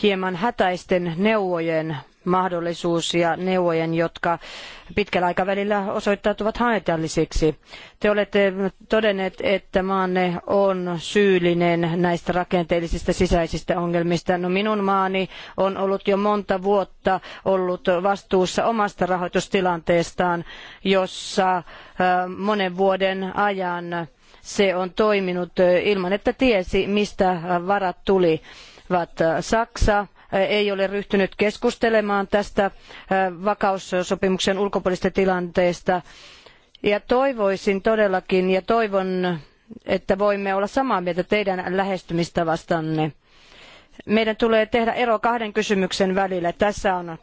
hieman hätäisten neuvojen mahdollisuus ja neuvojen, jotka pitkällä aikavälillä osoittautuvat haitallisiksi. Te olette todenneet, että maanne on syyllinen näistä rakenteellisista sisäisistä ongelmista. No minun maani on ollut jo monta vuotta ollut vastuussa omasta rahoitustilanteestaan, jossa äh, monen vuoden ajan se on toiminut äh, ilman, että tiesi, mistä varat tulivat. Saksa, ei ole ryhtynyt keskustelemaan tästä äh, vakaussopimuksen ulkopuolisesta tilanteesta. Ja toivoisin todellakin ja toivon, että voimme olla samaa mieltä teidän lähestymistavastanne meidän tulee tehdä ero kahden kysymyksen välillä. Tässä on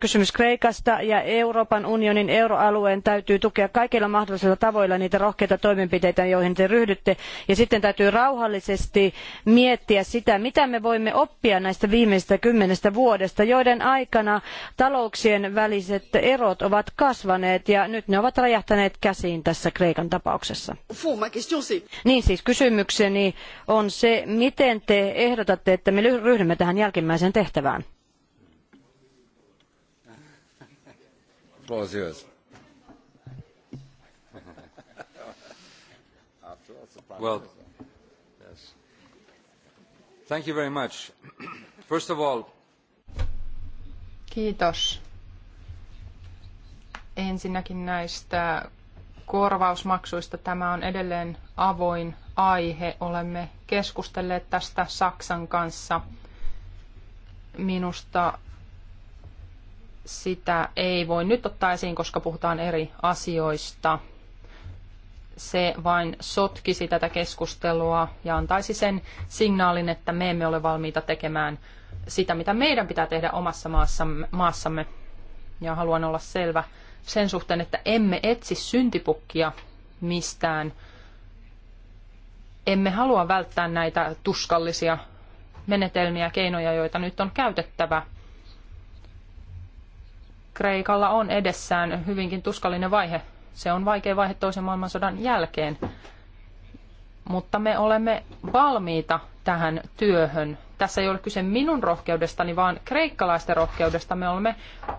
kysymys Kreikasta ja Euroopan unionin euroalueen täytyy tukea kaikilla mahdollisilla tavoilla niitä rohkeita toimenpiteitä, joihin te ryhdytte. Ja sitten täytyy rauhallisesti miettiä sitä, mitä me voimme oppia näistä viimeisistä kymmenestä vuodesta, joiden aikana talouksien väliset erot ovat kasvaneet ja nyt ne ovat räjähtäneet käsiin tässä Kreikan tapauksessa. Niin siis kysymykseni on se, miten te ehdotatte, että me ryhdymme tähän jälkimmäiseen tehtävään. Well, yes. Thank you very much. First of all, Kiitos. Ensinnäkin näistä korvausmaksuista tämä on edelleen avoin aihe. Olemme keskustelleet tästä Saksan kanssa. Minusta sitä ei voi nyt ottaa esiin, koska puhutaan eri asioista. Se vain sotkisi tätä keskustelua ja antaisi sen signaalin, että me emme ole valmiita tekemään sitä, mitä meidän pitää tehdä omassa maassamme. maassamme. Ja haluan olla selvä sen suhteen, että emme etsi syntipukkia mistään – emme halua välttää näitä tuskallisia menetelmiä, keinoja, joita nyt on käytettävä. Kreikalla on edessään hyvinkin tuskallinen vaihe. Se on vaikea vaihe toisen maailmansodan jälkeen. Mutta me olemme valmiita tähän työhön. Tässä ei ole kyse minun rohkeudestani, vaan kreikkalaisten rohkeudesta. Me olemme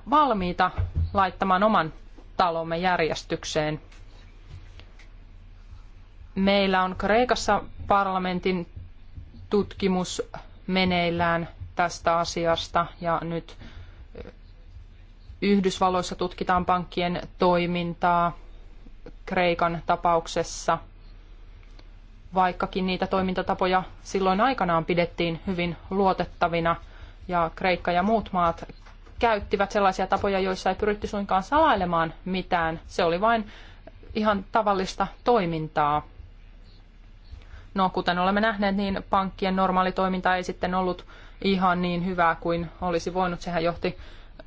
valmiita laittamaan oman talomme järjestykseen – Meillä on Kreikassa parlamentin tutkimus meneillään tästä asiasta ja nyt eh, Yhdysvalloissa tutkitaan pankkien toimintaa Kreikan tapauksessa, vaikkakin niitä toimintatapoja silloin aikanaan pidettiin hyvin luotettavina ja Kreikka ja muut maat käyttivät sellaisia tapoja, joissa ei pyritty suinkaan salailemaan mitään. Se oli vain ihan tavallista toimintaa. No, kuten olemme nähneet, niin pankkien normaali toiminta ei sitten ollut ihan niin hyvää kuin olisi voinut. Sehän johti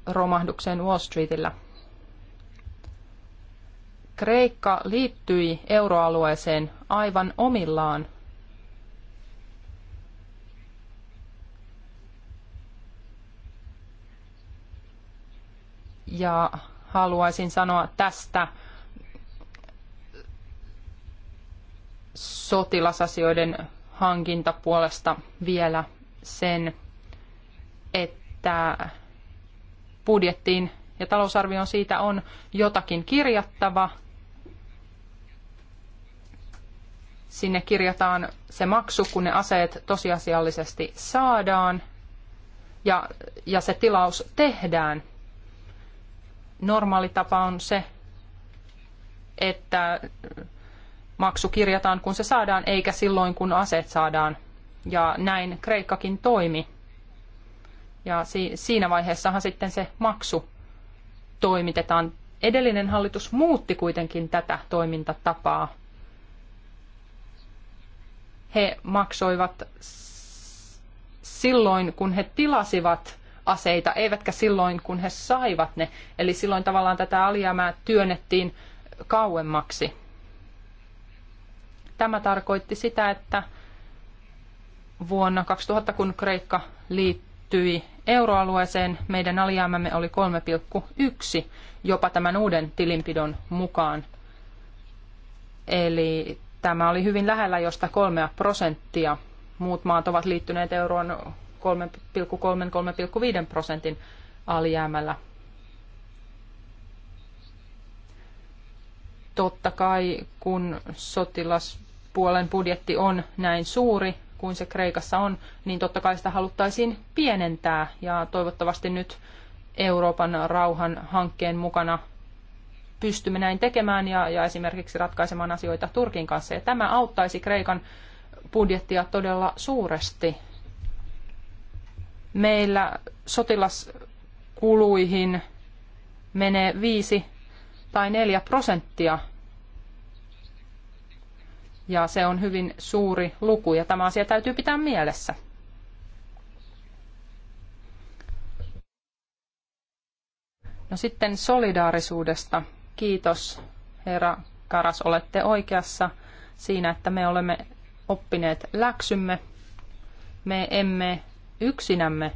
romahdukseen Wall Streetillä. Kreikka liittyi euroalueeseen aivan omillaan. Ja haluaisin sanoa tästä sotilasasioiden hankintapuolesta vielä sen, että budjettiin ja talousarvioon siitä on jotakin kirjattava. Sinne kirjataan se maksu, kun ne aseet tosiasiallisesti saadaan ja, ja se tilaus tehdään. Normaali tapa on se, että maksu kirjataan, kun se saadaan, eikä silloin, kun aseet saadaan. Ja näin Kreikkakin toimi. Ja si- siinä vaiheessahan sitten se maksu toimitetaan. Edellinen hallitus muutti kuitenkin tätä toimintatapaa. He maksoivat silloin, kun he tilasivat aseita, eivätkä silloin, kun he saivat ne. Eli silloin tavallaan tätä alijäämää työnnettiin kauemmaksi Tämä tarkoitti sitä, että vuonna 2000, kun Kreikka liittyi euroalueeseen, meidän alijäämämme oli 3,1 jopa tämän uuden tilinpidon mukaan. Eli tämä oli hyvin lähellä josta kolmea prosenttia. Muut maat ovat liittyneet euroon 3,3-3,5 prosentin alijäämällä Totta kai, kun sotilaspuolen budjetti on näin suuri kuin se Kreikassa on, niin totta kai sitä haluttaisiin pienentää. Ja toivottavasti nyt Euroopan rauhan hankkeen mukana pystymme näin tekemään ja, ja esimerkiksi ratkaisemaan asioita Turkin kanssa. Ja tämä auttaisi Kreikan budjettia todella suuresti. Meillä sotilaskuluihin menee viisi tai 4 prosenttia. Ja se on hyvin suuri luku ja tämä asia täytyy pitää mielessä. No sitten solidaarisuudesta. Kiitos, herra Karas, olette oikeassa siinä, että me olemme oppineet läksymme. Me emme yksinämme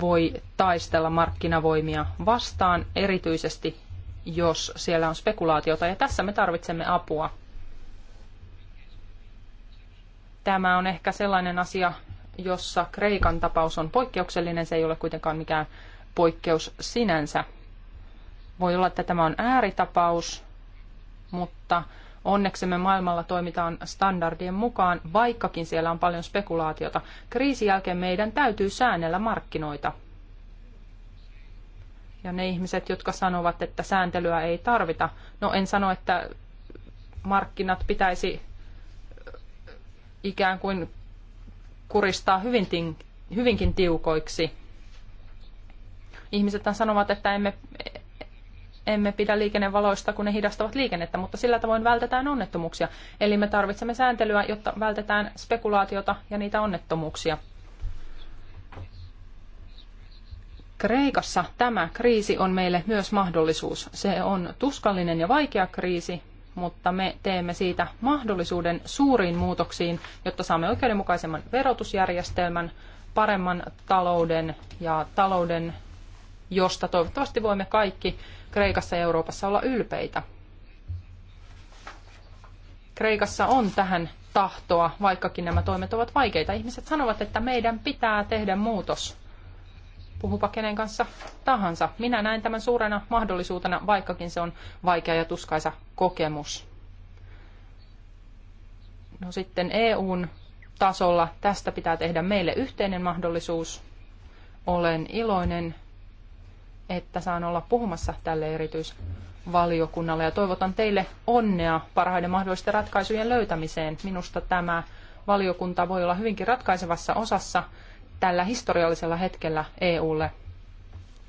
voi taistella markkinavoimia vastaan, erityisesti jos siellä on spekulaatiota, ja tässä me tarvitsemme apua. Tämä on ehkä sellainen asia, jossa Kreikan tapaus on poikkeuksellinen, se ei ole kuitenkaan mikään poikkeus sinänsä. Voi olla, että tämä on ääritapaus, mutta onneksi me maailmalla toimitaan standardien mukaan, vaikkakin siellä on paljon spekulaatiota. Kriisin jälkeen meidän täytyy säännellä markkinoita – ja ne ihmiset, jotka sanovat, että sääntelyä ei tarvita, no en sano, että markkinat pitäisi äh, ikään kuin kuristaa hyvinkin tiukoiksi. Ihmiset sanovat, että emme, emme pidä liikennevaloista, kun ne hidastavat liikennettä, mutta sillä tavoin vältetään onnettomuuksia. Eli me tarvitsemme sääntelyä, jotta vältetään spekulaatiota ja niitä onnettomuuksia. Kreikassa tämä kriisi on meille myös mahdollisuus. Se on tuskallinen ja vaikea kriisi, mutta me teemme siitä mahdollisuuden suuriin muutoksiin, jotta saamme oikeudenmukaisemman verotusjärjestelmän, paremman talouden ja talouden, josta toivottavasti voimme kaikki Kreikassa ja Euroopassa olla ylpeitä. Kreikassa on tähän tahtoa, vaikkakin nämä toimet ovat vaikeita. Ihmiset sanovat, että meidän pitää tehdä muutos puhupa kenen kanssa tahansa. Minä näen tämän suurena mahdollisuutena, vaikkakin se on vaikea ja tuskaisa kokemus. No sitten EUn tasolla tästä pitää tehdä meille yhteinen mahdollisuus. Olen iloinen, että saan olla puhumassa tälle erityisvaliokunnalle ja toivotan teille onnea parhaiden mahdollisten ratkaisujen löytämiseen. Minusta tämä valiokunta voi olla hyvinkin ratkaisevassa osassa tällä historiallisella hetkellä EUlle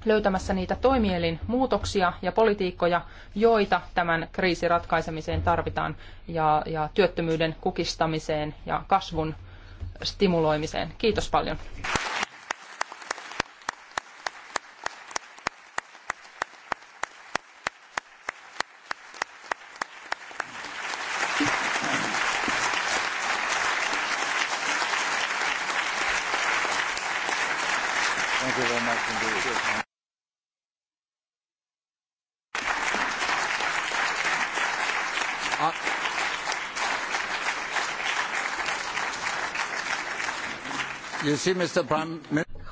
löytämässä niitä toimielin muutoksia ja politiikkoja, joita tämän kriisin ratkaisemiseen tarvitaan ja, ja työttömyyden kukistamiseen ja kasvun stimuloimiseen. Kiitos paljon.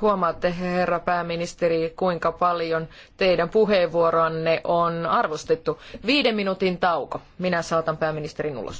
Huomaatte, herra pääministeri, kuinka paljon teidän puheenvuoronne on arvostettu. Viiden minuutin tauko. Minä saatan pääministerin ulos.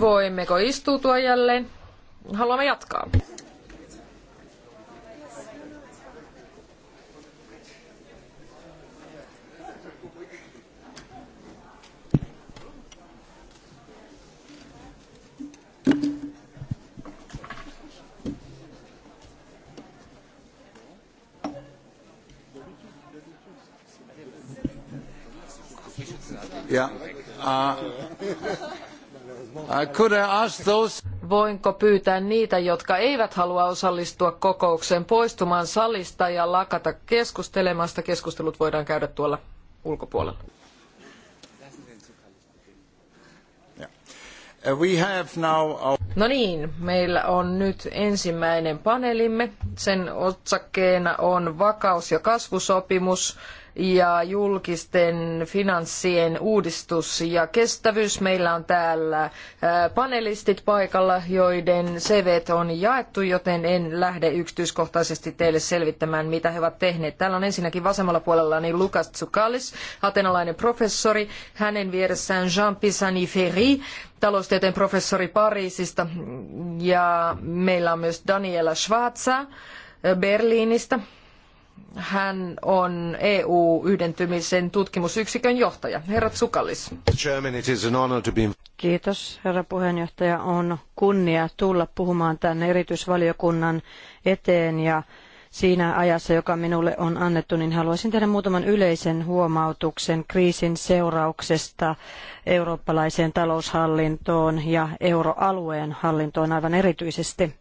Voimmeko istuutua jälleen? Haluamme jatkaa. Ja. Uh, uh, Voinko pyytää niitä, jotka eivät halua osallistua kokoukseen, poistumaan salista ja lakata keskustelemasta? Keskustelut voidaan käydä tuolla ulkopuolella. Uh, no niin, meillä on nyt ensimmäinen paneelimme. Sen otsakkeena on vakaus- ja kasvusopimus ja julkisten finanssien uudistus ja kestävyys. Meillä on täällä äh, panelistit paikalla, joiden CV on jaettu, joten en lähde yksityiskohtaisesti teille selvittämään, mitä he ovat tehneet. Täällä on ensinnäkin vasemmalla puolella niin Lukas Tsukalis, atenalainen professori, hänen vieressään Jean Pisani Ferry, taloustieteen professori Pariisista ja meillä on myös Daniela Schwarza äh, Berliinistä hän on EU-yhdentymisen tutkimusyksikön johtaja. Herra Tsukallis. Kiitos, herra puheenjohtaja. On kunnia tulla puhumaan tänne erityisvaliokunnan eteen ja siinä ajassa, joka minulle on annettu, niin haluaisin tehdä muutaman yleisen huomautuksen kriisin seurauksesta eurooppalaiseen taloushallintoon ja euroalueen hallintoon aivan erityisesti.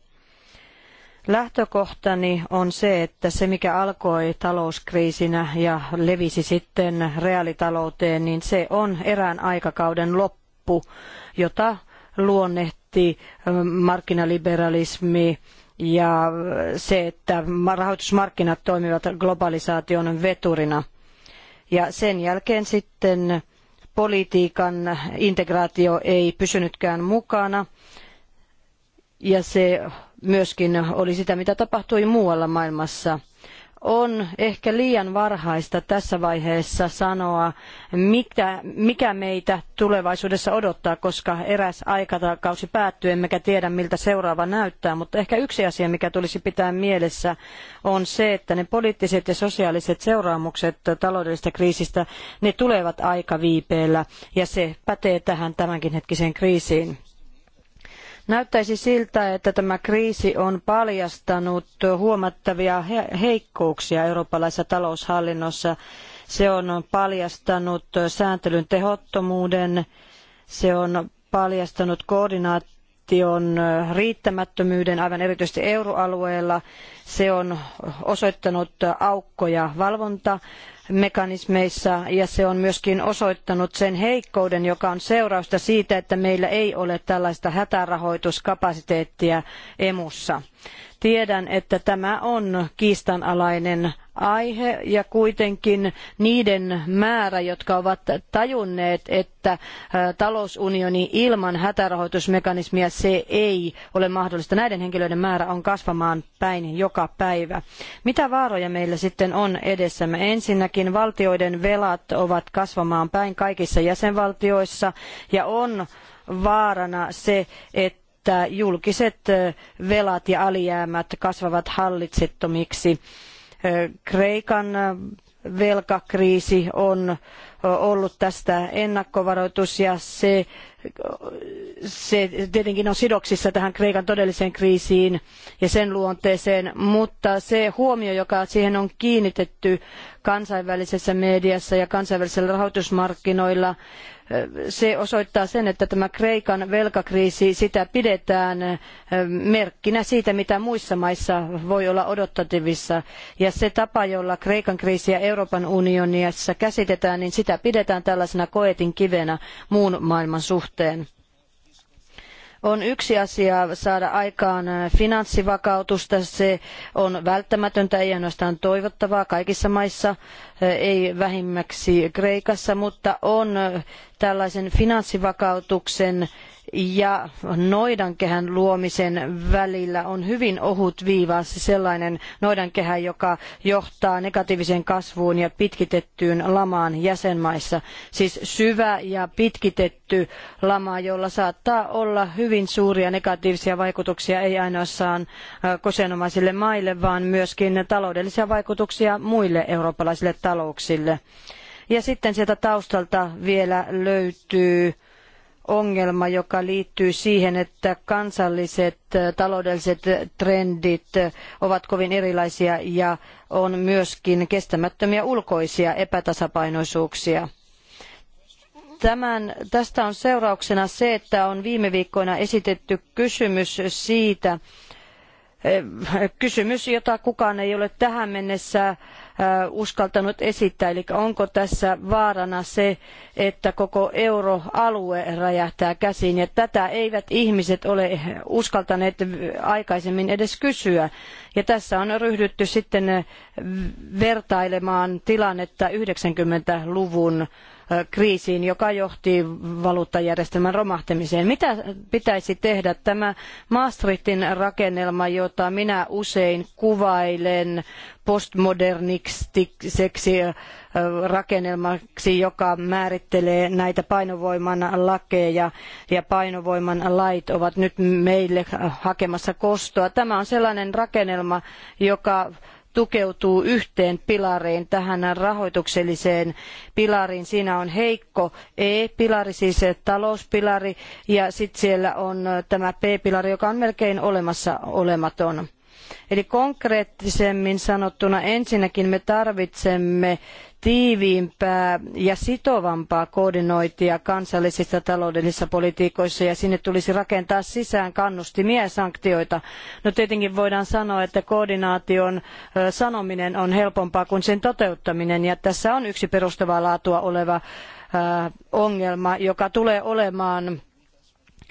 Lähtökohtani on se, että se mikä alkoi talouskriisinä ja levisi sitten reaalitalouteen, niin se on erään aikakauden loppu, jota luonnehti markkinaliberalismi ja se, että rahoitusmarkkinat toimivat globalisaation veturina. Ja sen jälkeen sitten politiikan integraatio ei pysynytkään mukana ja se myöskin oli sitä, mitä tapahtui muualla maailmassa. On ehkä liian varhaista tässä vaiheessa sanoa, mitä, mikä meitä tulevaisuudessa odottaa, koska eräs aikakausi päättyy, emmekä tiedä miltä seuraava näyttää. Mutta ehkä yksi asia, mikä tulisi pitää mielessä, on se, että ne poliittiset ja sosiaaliset seuraamukset taloudellisesta kriisistä, ne tulevat aikaviipeellä ja se pätee tähän tämänkin hetkiseen kriisiin Näyttäisi siltä, että tämä kriisi on paljastanut huomattavia heikkouksia eurooppalaisessa taloushallinnossa. Se on paljastanut sääntelyn tehottomuuden, se on paljastanut koordinaation riittämättömyyden aivan erityisesti euroalueella. Se on osoittanut aukkoja valvontaa mekanismeissa ja se on myöskin osoittanut sen heikkouden, joka on seurausta siitä, että meillä ei ole tällaista hätärahoituskapasiteettia emussa Tiedän, että tämä on kiistanalainen aihe ja kuitenkin niiden määrä, jotka ovat tajunneet, että äh, talousunioni ilman hätärahoitusmekanismia se ei ole mahdollista. Näiden henkilöiden määrä on kasvamaan päin joka päivä. Mitä vaaroja meillä sitten on edessämme? Ensinnäkin valtioiden velat ovat kasvamaan päin kaikissa jäsenvaltioissa ja on vaarana se, että että julkiset velat ja alijäämät kasvavat hallitsettomiksi. Kreikan velkakriisi on ollut tästä ennakkovaroitus ja se, se tietenkin on sidoksissa tähän Kreikan todelliseen kriisiin ja sen luonteeseen, mutta se huomio, joka siihen on kiinnitetty kansainvälisessä mediassa ja kansainvälisillä rahoitusmarkkinoilla, se osoittaa sen, että tämä Kreikan velkakriisi, sitä pidetään merkkinä siitä, mitä muissa maissa voi olla odotettavissa. Ja se tapa, jolla Kreikan kriisiä Euroopan unionissa käsitetään, niin sitä pidetään tällaisena koetin kivenä muun maailman suhteen. On yksi asia saada aikaan äh, finanssivakautusta. Se on välttämätöntä, ei ainoastaan toivottavaa kaikissa maissa, äh, ei vähimmäksi Kreikassa, mutta on äh, tällaisen finanssivakautuksen ja noidankehän luomisen välillä on hyvin ohut viiva, sellainen noidankehä, joka johtaa negatiiviseen kasvuun ja pitkitettyyn lamaan jäsenmaissa. Siis syvä ja pitkitetty lama, jolla saattaa olla hyvin suuria negatiivisia vaikutuksia ei ainoastaan koseenomaisille maille, vaan myöskin taloudellisia vaikutuksia muille eurooppalaisille talouksille. Ja sitten sieltä taustalta vielä löytyy ongelma, joka liittyy siihen, että kansalliset taloudelliset trendit ovat kovin erilaisia ja on myöskin kestämättömiä ulkoisia epätasapainoisuuksia. Tämän, tästä on seurauksena se, että on viime viikkoina esitetty kysymys siitä, kysymys, jota kukaan ei ole tähän mennessä uskaltanut esittää. Eli onko tässä vaarana se, että koko euroalue räjähtää käsiin ja tätä eivät ihmiset ole uskaltaneet aikaisemmin edes kysyä. Ja tässä on ryhdytty sitten vertailemaan tilannetta 90-luvun kriisiin, joka johti valuuttajärjestelmän romahtamiseen. Mitä pitäisi tehdä? Tämä Maastrichtin rakennelma, jota minä usein kuvailen postmodernistiseksi rakennelmaksi, joka määrittelee näitä painovoiman lakeja ja painovoiman lait ovat nyt meille hakemassa kostoa. Tämä on sellainen rakennelma, joka tukeutuu yhteen pilariin, tähän rahoitukselliseen pilariin. Siinä on heikko E-pilari, siis talouspilari, ja sitten siellä on tämä P-pilari, joka on melkein olemassa olematon. Eli konkreettisemmin sanottuna ensinnäkin me tarvitsemme tiiviimpää ja sitovampaa koordinointia kansallisissa taloudellisissa politiikoissa ja sinne tulisi rakentaa sisään kannustimia ja sanktioita. No tietenkin voidaan sanoa, että koordinaation sanominen on helpompaa kuin sen toteuttaminen ja tässä on yksi perustavaa laatua oleva ongelma, joka tulee olemaan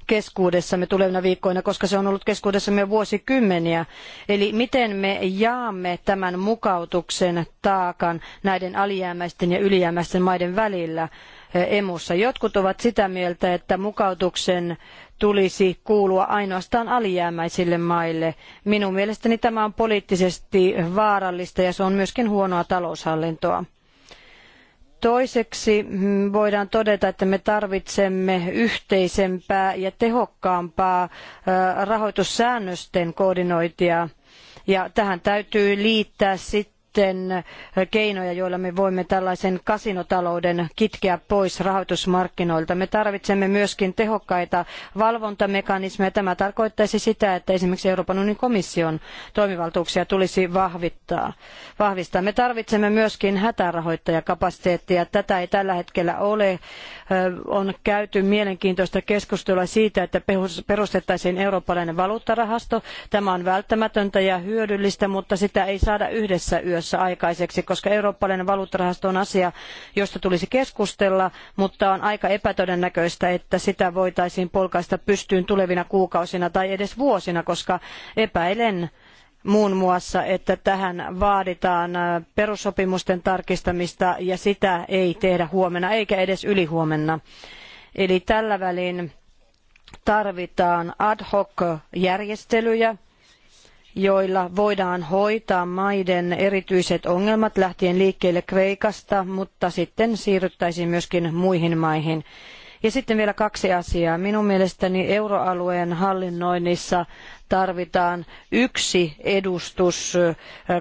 keskuudessamme tulevina viikkoina, koska se on ollut keskuudessamme jo vuosikymmeniä. Eli miten me jaamme tämän mukautuksen taakan näiden alijäämäisten ja ylijäämäisten maiden välillä eh, emussa. Jotkut ovat sitä mieltä, että mukautuksen tulisi kuulua ainoastaan alijäämäisille maille. Minun mielestäni tämä on poliittisesti vaarallista ja se on myöskin huonoa taloushallintoa. Toiseksi mm, voidaan todeta, että me tarvitsemme yhteisempää ja tehokkaampaa rahoitussäännösten koordinointia ja tähän täytyy liittää sitten sitten keinoja, joilla me voimme tällaisen kasinotalouden kitkeä pois rahoitusmarkkinoilta. Me tarvitsemme myöskin tehokkaita valvontamekanismeja. Tämä tarkoittaisi sitä, että esimerkiksi Euroopan unionin komission toimivaltuuksia tulisi vahvittaa, vahvistaa. Me tarvitsemme myöskin hätärahoittajakapasiteettia. Tätä ei tällä hetkellä ole on käyty mielenkiintoista keskustelua siitä, että perustettaisiin eurooppalainen valuuttarahasto. Tämä on välttämätöntä ja hyödyllistä, mutta sitä ei saada yhdessä yössä aikaiseksi, koska eurooppalainen valuuttarahasto on asia, josta tulisi keskustella, mutta on aika epätodennäköistä, että sitä voitaisiin polkaista pystyyn tulevina kuukausina tai edes vuosina, koska epäilen, muun muassa, että tähän vaaditaan äh, perussopimusten tarkistamista ja sitä ei tehdä huomenna eikä edes ylihuomenna. Eli tällä välin tarvitaan ad hoc järjestelyjä, joilla voidaan hoitaa maiden erityiset ongelmat lähtien liikkeelle Kreikasta, mutta sitten siirryttäisiin myöskin muihin maihin. Ja sitten vielä kaksi asiaa. Minun mielestäni euroalueen hallinnoinnissa tarvitaan yksi edustus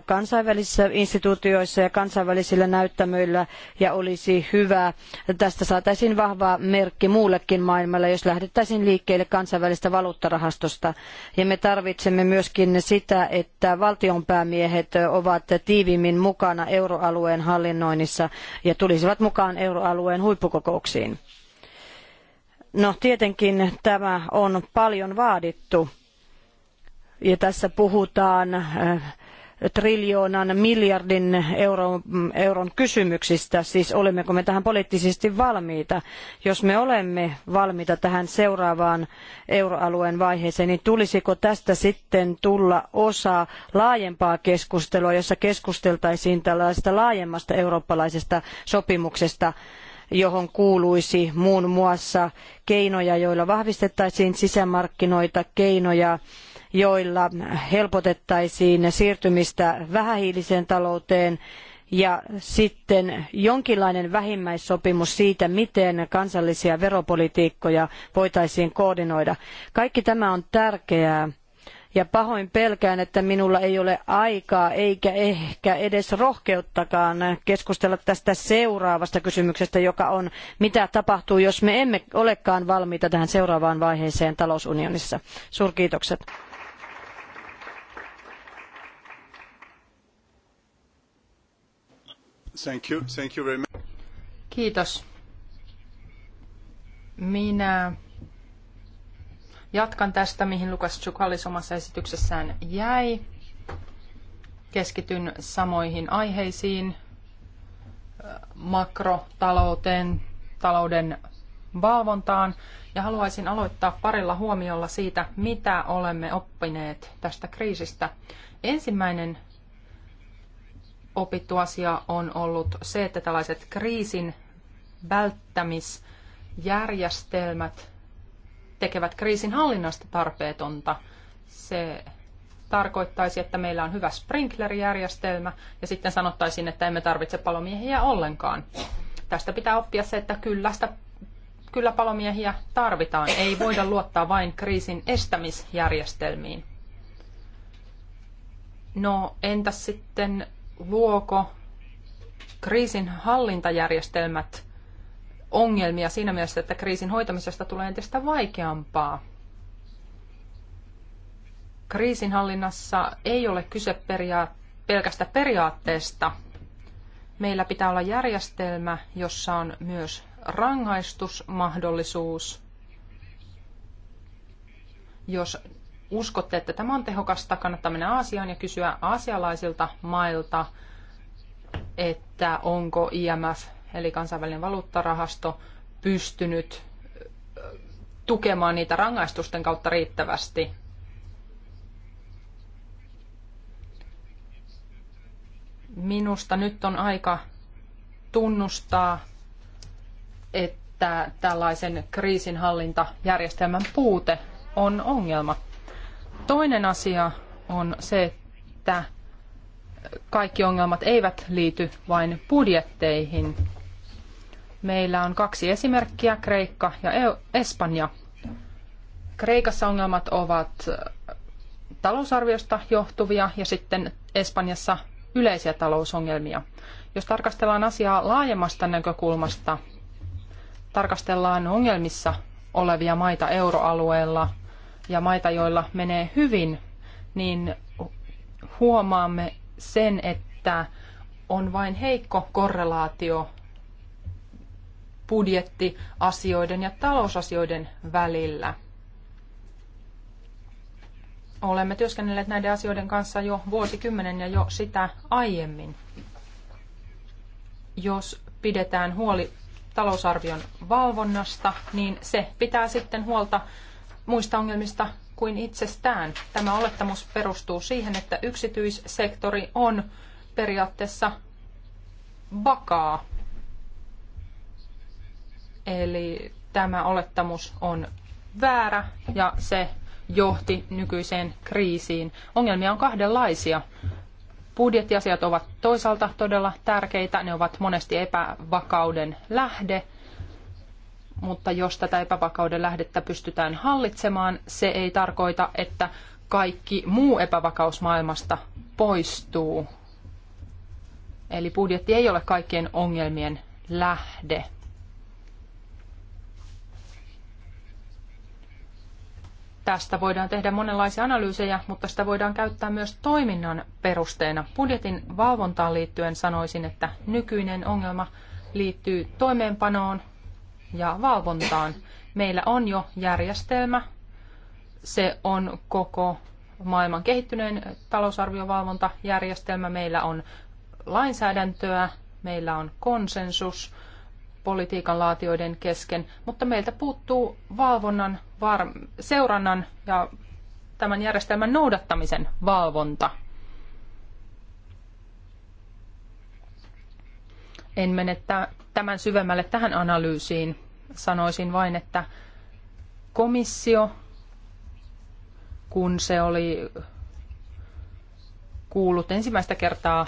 kansainvälisissä instituutioissa ja kansainvälisillä näyttämöillä ja olisi hyvä, tästä saataisiin vahva merkki muullekin maailmalle, jos lähdettäisiin liikkeelle kansainvälistä valuuttarahastosta. Ja me tarvitsemme myöskin sitä, että valtionpäämiehet ovat tiiviimmin mukana euroalueen hallinnoinnissa ja tulisivat mukaan euroalueen huippukokouksiin. No tietenkin tämä on paljon vaadittu ja tässä puhutaan äh, triljoonan miljardin euron, euron kysymyksistä, siis olemmeko me tähän poliittisesti valmiita. Jos me olemme valmiita tähän seuraavaan euroalueen vaiheeseen, niin tulisiko tästä sitten tulla osa laajempaa keskustelua, jossa keskusteltaisiin tällaista laajemmasta eurooppalaisesta sopimuksesta, johon kuuluisi muun muassa keinoja, joilla vahvistettaisiin sisämarkkinoita, keinoja, joilla helpotettaisiin siirtymistä vähähiiliseen talouteen ja sitten jonkinlainen vähimmäissopimus siitä, miten kansallisia veropolitiikkoja voitaisiin koordinoida. Kaikki tämä on tärkeää ja pahoin pelkään, että minulla ei ole aikaa eikä ehkä edes rohkeuttakaan keskustella tästä seuraavasta kysymyksestä, joka on mitä tapahtuu, jos me emme olekaan valmiita tähän seuraavaan vaiheeseen talousunionissa. Suurkiitokset. Thank you. Thank you very much. Kiitos. Minä jatkan tästä, mihin Lukas Tsukallis omassa esityksessään jäi. Keskityn samoihin aiheisiin, makrotalouteen, talouden valvontaan ja haluaisin aloittaa parilla huomiolla siitä, mitä olemme oppineet tästä kriisistä. Ensimmäinen opittu asia on ollut se, että tällaiset kriisin välttämisjärjestelmät tekevät kriisin hallinnasta tarpeetonta. Se tarkoittaisi, että meillä on hyvä sprinklerijärjestelmä ja sitten sanottaisiin, että emme tarvitse palomiehiä ollenkaan. Tästä pitää oppia se, että kyllä, sitä, kyllä palomiehiä tarvitaan. Ei voida luottaa vain kriisin estämisjärjestelmiin. No entäs sitten luoko kriisin hallintajärjestelmät ongelmia siinä mielessä, että kriisin hoitamisesta tulee entistä vaikeampaa. Kriisinhallinnassa ei ole kyse peria- pelkästä periaatteesta. Meillä pitää olla järjestelmä, jossa on myös rangaistusmahdollisuus, jos uskotte, että tämä on tehokasta, kannattaa mennä Aasiaan ja kysyä aasialaisilta mailta, että onko IMF, eli kansainvälinen valuuttarahasto, pystynyt tukemaan niitä rangaistusten kautta riittävästi. Minusta nyt on aika tunnustaa, että tällaisen kriisinhallintajärjestelmän puute on ongelma Toinen asia on se, että kaikki ongelmat eivät liity vain budjetteihin. Meillä on kaksi esimerkkiä, Kreikka ja Espanja. Kreikassa ongelmat ovat talousarviosta johtuvia ja sitten Espanjassa yleisiä talousongelmia. Jos tarkastellaan asiaa laajemmasta näkökulmasta, tarkastellaan ongelmissa olevia maita euroalueella – ja maita, joilla menee hyvin, niin huomaamme sen, että on vain heikko korrelaatio budjettiasioiden ja talousasioiden välillä. Olemme työskennelleet näiden asioiden kanssa jo vuosikymmenen ja jo sitä aiemmin. Jos pidetään huoli talousarvion valvonnasta, niin se pitää sitten huolta muista ongelmista kuin itsestään. Tämä olettamus perustuu siihen, että yksityissektori on periaatteessa vakaa. Eli tämä olettamus on väärä ja se johti nykyiseen kriisiin. Ongelmia on kahdenlaisia. Budjettiasiat ovat toisaalta todella tärkeitä, ne ovat monesti epävakauden lähde mutta jos tätä epävakauden lähdettä pystytään hallitsemaan, se ei tarkoita, että kaikki muu epävakaus maailmasta poistuu. Eli budjetti ei ole kaikkien ongelmien lähde. Tästä voidaan tehdä monenlaisia analyysejä, mutta sitä voidaan käyttää myös toiminnan perusteena. Budjetin valvontaan liittyen sanoisin, että nykyinen ongelma liittyy toimeenpanoon, ja valvontaan. Meillä on jo järjestelmä. Se on koko maailman kehittyneen talousarviovalvontajärjestelmä. Meillä on lainsäädäntöä, meillä on konsensus politiikan laatioiden kesken, mutta meiltä puuttuu valvonnan, var- seurannan ja tämän järjestelmän noudattamisen valvonta. En mene tämän syvemmälle tähän analyysiin, Sanoisin vain, että komissio, kun se oli kuullut ensimmäistä kertaa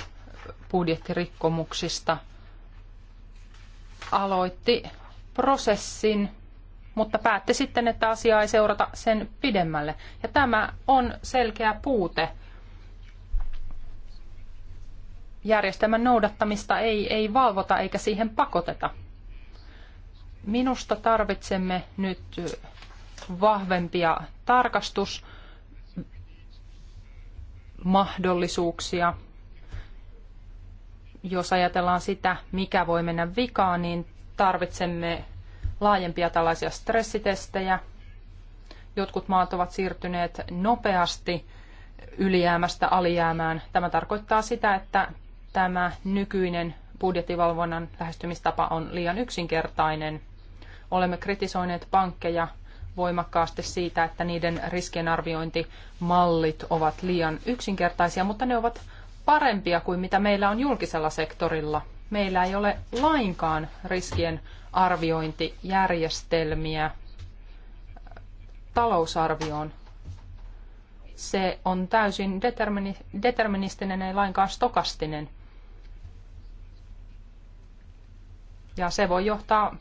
budjettirikkomuksista, aloitti prosessin, mutta päätti sitten, että asiaa ei seurata sen pidemmälle. Ja tämä on selkeä puute. Järjestelmän noudattamista ei, ei valvota eikä siihen pakoteta. Minusta tarvitsemme nyt vahvempia tarkastusmahdollisuuksia. Jos ajatellaan sitä, mikä voi mennä vikaan, niin tarvitsemme laajempia tällaisia stressitestejä. Jotkut maat ovat siirtyneet nopeasti ylijäämästä alijäämään. Tämä tarkoittaa sitä, että tämä nykyinen budjettivalvonnan lähestymistapa on liian yksinkertainen – Olemme kritisoineet pankkeja voimakkaasti siitä, että niiden riskienarviointimallit ovat liian yksinkertaisia, mutta ne ovat parempia kuin mitä meillä on julkisella sektorilla. Meillä ei ole lainkaan riskien arviointijärjestelmiä talousarvioon. Se on täysin deterministinen, ei lainkaan stokastinen. Ja se voi johtaa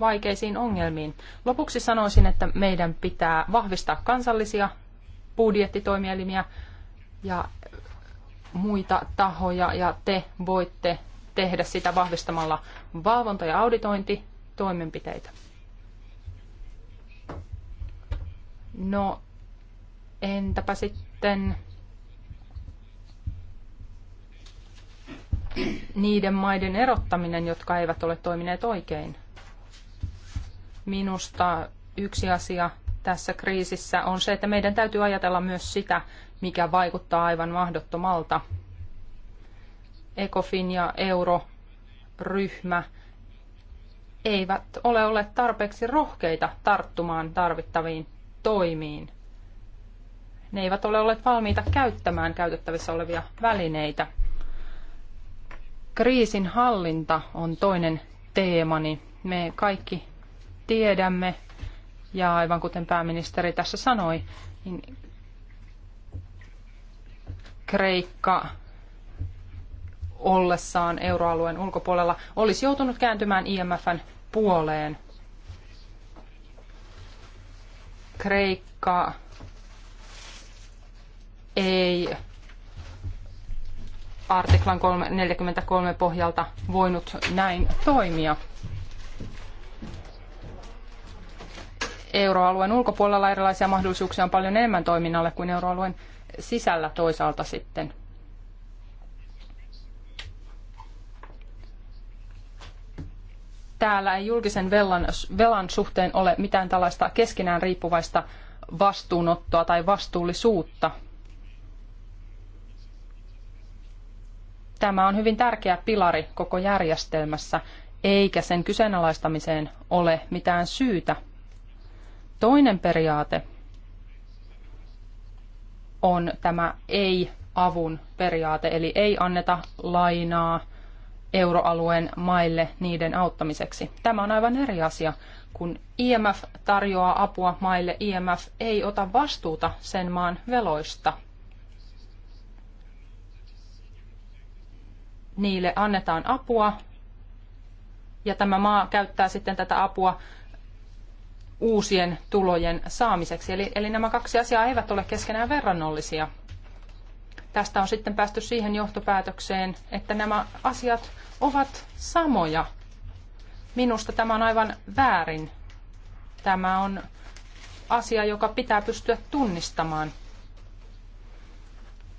vaikeisiin ongelmiin. Lopuksi sanoisin, että meidän pitää vahvistaa kansallisia budjettitoimielimiä ja muita tahoja, ja te voitte tehdä sitä vahvistamalla valvonta- ja auditointitoimenpiteitä. No, entäpä sitten niiden maiden erottaminen, jotka eivät ole toimineet oikein? Minusta yksi asia tässä kriisissä on se, että meidän täytyy ajatella myös sitä, mikä vaikuttaa aivan mahdottomalta. ECOFIN ja euroryhmä eivät ole olleet tarpeeksi rohkeita tarttumaan tarvittaviin toimiin. Ne eivät ole olleet valmiita käyttämään käytettävissä olevia välineitä. Kriisin hallinta on toinen teemani. Me kaikki tiedämme, ja aivan kuten pääministeri tässä sanoi, niin Kreikka ollessaan euroalueen ulkopuolella olisi joutunut kääntymään IMFn puoleen. Kreikka ei artiklan 43 pohjalta voinut näin toimia. euroalueen ulkopuolella erilaisia mahdollisuuksia on paljon enemmän toiminnalle kuin euroalueen sisällä toisaalta sitten. Täällä ei julkisen velan, velan suhteen ole mitään tällaista keskinään riippuvaista vastuunottoa tai vastuullisuutta. Tämä on hyvin tärkeä pilari koko järjestelmässä, eikä sen kyseenalaistamiseen ole mitään syytä – Toinen periaate on tämä ei-avun periaate, eli ei anneta lainaa euroalueen maille niiden auttamiseksi. Tämä on aivan eri asia. Kun IMF tarjoaa apua maille, IMF ei ota vastuuta sen maan veloista. Niille annetaan apua ja tämä maa käyttää sitten tätä apua uusien tulojen saamiseksi. Eli, eli nämä kaksi asiaa eivät ole keskenään verrannollisia. Tästä on sitten päästy siihen johtopäätökseen, että nämä asiat ovat samoja. Minusta tämä on aivan väärin. Tämä on asia, joka pitää pystyä tunnistamaan.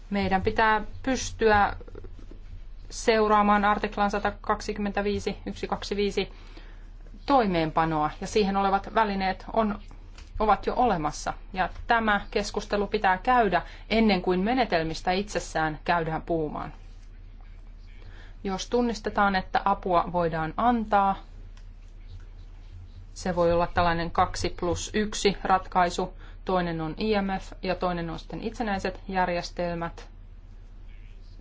Meidän pitää pystyä seuraamaan artiklan 125, 125 toimeenpanoa ja siihen olevat välineet on, ovat jo olemassa. Ja tämä keskustelu pitää käydä ennen kuin menetelmistä itsessään käydään puhumaan. Jos tunnistetaan, että apua voidaan antaa, se voi olla tällainen 2 plus 1 ratkaisu. Toinen on IMF ja toinen on sitten itsenäiset järjestelmät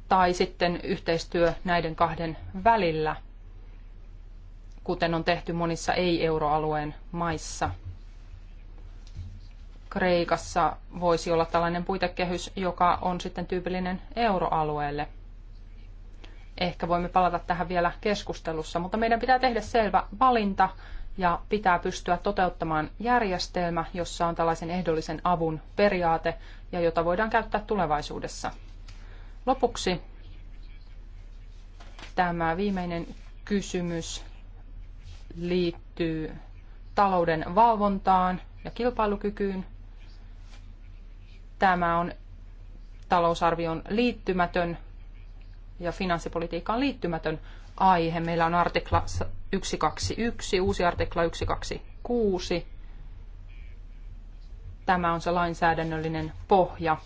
tai sitten yhteistyö näiden kahden välillä – kuten on tehty monissa ei-euroalueen maissa. Kreikassa voisi olla tällainen puitekehys, joka on sitten tyypillinen euroalueelle. Ehkä voimme palata tähän vielä keskustelussa, mutta meidän pitää tehdä selvä valinta ja pitää pystyä toteuttamaan järjestelmä, jossa on tällaisen ehdollisen avun periaate ja jota voidaan käyttää tulevaisuudessa. Lopuksi tämä viimeinen kysymys liittyy talouden valvontaan ja kilpailukykyyn. Tämä on talousarvion liittymätön ja finanssipolitiikkaan liittymätön aihe. Meillä on artikla 121, uusi artikla 126. Tämä on se lainsäädännöllinen pohja.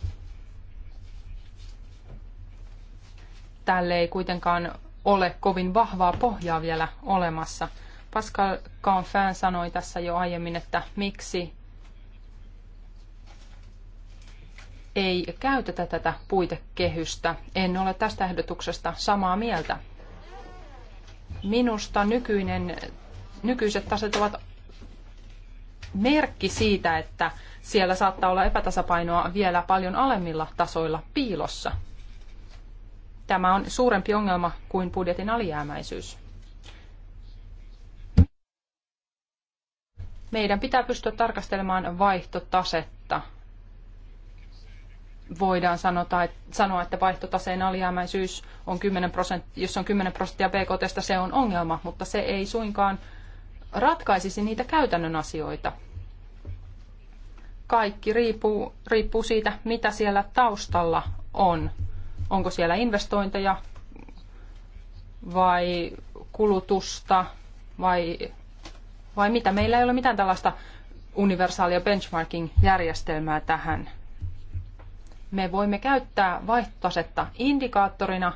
Tälle ei kuitenkaan ole kovin vahvaa pohjaa vielä olemassa – Pascal Canfin sanoi tässä jo aiemmin, että miksi ei käytetä tätä puitekehystä. En ole tästä ehdotuksesta samaa mieltä. Minusta nykyinen, nykyiset taset ovat merkki siitä, että siellä saattaa olla epätasapainoa vielä paljon alemmilla tasoilla piilossa. Tämä on suurempi ongelma kuin budjetin alijäämäisyys. Meidän pitää pystyä tarkastelemaan vaihtotasetta. Voidaan sanota, sanoa, että vaihtotaseen alijäämäisyys on 10 prosenttia, jos on 10 prosenttia BKT, se on ongelma, mutta se ei suinkaan ratkaisisi niitä käytännön asioita. Kaikki riippuu, riippuu siitä, mitä siellä taustalla on. Onko siellä investointeja vai kulutusta vai vai mitä? Meillä ei ole mitään tällaista universaalia benchmarking-järjestelmää tähän. Me voimme käyttää vaihtotasetta indikaattorina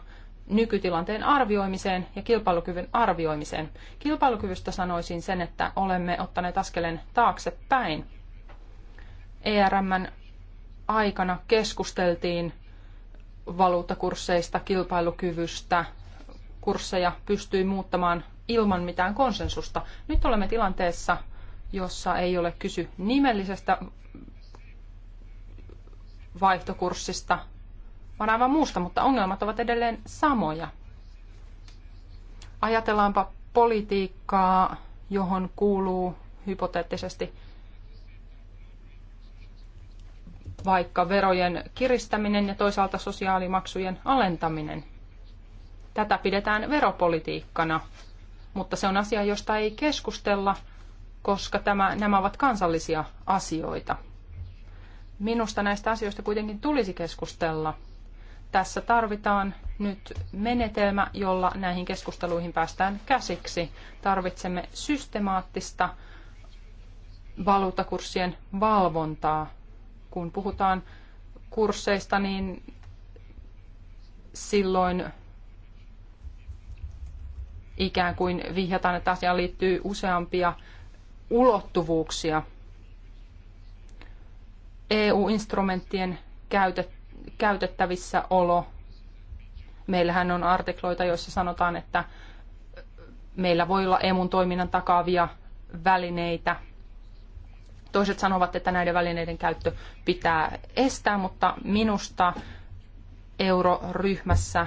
nykytilanteen arvioimiseen ja kilpailukyvyn arvioimiseen. Kilpailukyvystä sanoisin sen, että olemme ottaneet askeleen taaksepäin. ERMn aikana keskusteltiin valuuttakursseista, kilpailukyvystä. Kursseja pystyi muuttamaan ilman mitään konsensusta. Nyt olemme tilanteessa, jossa ei ole kysy nimellisestä vaihtokurssista, vaan aivan muusta, mutta ongelmat ovat edelleen samoja. Ajatellaanpa politiikkaa, johon kuuluu hypoteettisesti vaikka verojen kiristäminen ja toisaalta sosiaalimaksujen alentaminen. Tätä pidetään veropolitiikkana mutta se on asia, josta ei keskustella, koska tämä, nämä ovat kansallisia asioita. Minusta näistä asioista kuitenkin tulisi keskustella. Tässä tarvitaan nyt menetelmä, jolla näihin keskusteluihin päästään käsiksi. Tarvitsemme systemaattista valuutakurssien valvontaa. Kun puhutaan kursseista, niin silloin ikään kuin vihjataan, että asiaan liittyy useampia ulottuvuuksia. EU-instrumenttien käytettävissä olo. Meillähän on artikloita, joissa sanotaan, että meillä voi olla emun toiminnan takaavia välineitä. Toiset sanovat, että näiden välineiden käyttö pitää estää, mutta minusta euroryhmässä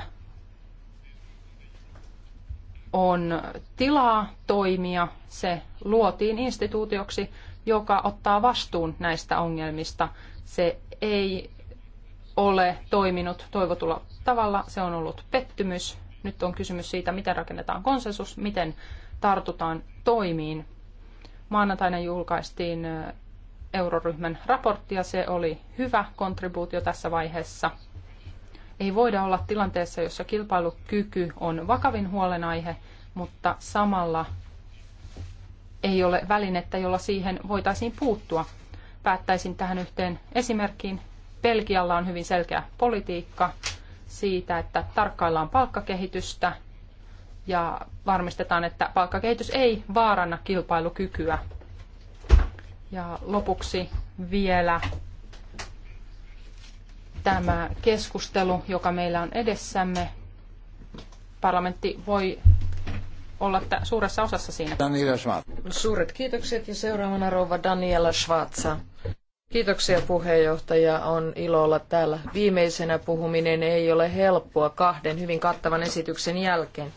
on tilaa toimia. Se luotiin instituutioksi, joka ottaa vastuun näistä ongelmista. Se ei ole toiminut toivotulla tavalla. Se on ollut pettymys. Nyt on kysymys siitä, miten rakennetaan konsensus, miten tartutaan toimiin. Maanantaina julkaistiin euroryhmän raportti ja se oli hyvä kontribuutio tässä vaiheessa – ei voida olla tilanteessa, jossa kilpailukyky on vakavin huolenaihe, mutta samalla ei ole välinettä, jolla siihen voitaisiin puuttua. Päättäisin tähän yhteen esimerkkiin. Belgialla on hyvin selkeä politiikka siitä, että tarkkaillaan palkkakehitystä ja varmistetaan, että palkkakehitys ei vaaranna kilpailukykyä. Ja lopuksi vielä tämä keskustelu, joka meillä on edessämme. Parlamentti voi olla suuressa osassa siinä. Daniela Schwarz. Suuret kiitokset ja seuraavana rouva Daniela Schwarza. Kiitoksia puheenjohtaja. On ilo olla täällä. Viimeisenä puhuminen ei ole helppoa kahden hyvin kattavan esityksen jälkeen.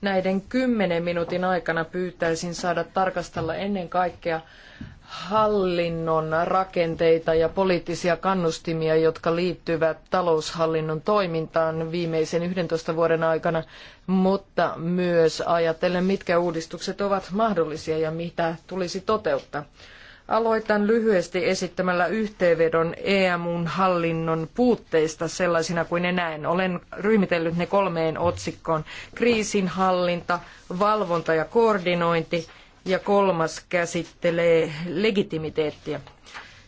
Näiden kymmenen minuutin aikana pyytäisin saada tarkastella ennen kaikkea hallinnon rakenteita ja poliittisia kannustimia, jotka liittyvät taloushallinnon toimintaan viimeisen 11 vuoden aikana, mutta myös ajatellen, mitkä uudistukset ovat mahdollisia ja mitä tulisi toteuttaa. Aloitan lyhyesti esittämällä yhteenvedon EMUn hallinnon puutteista sellaisina kuin ne näen. Olen ryhmitellyt ne kolmeen otsikkoon. Kriisinhallinta, valvonta ja koordinointi – ja kolmas käsittelee legitimiteettiä.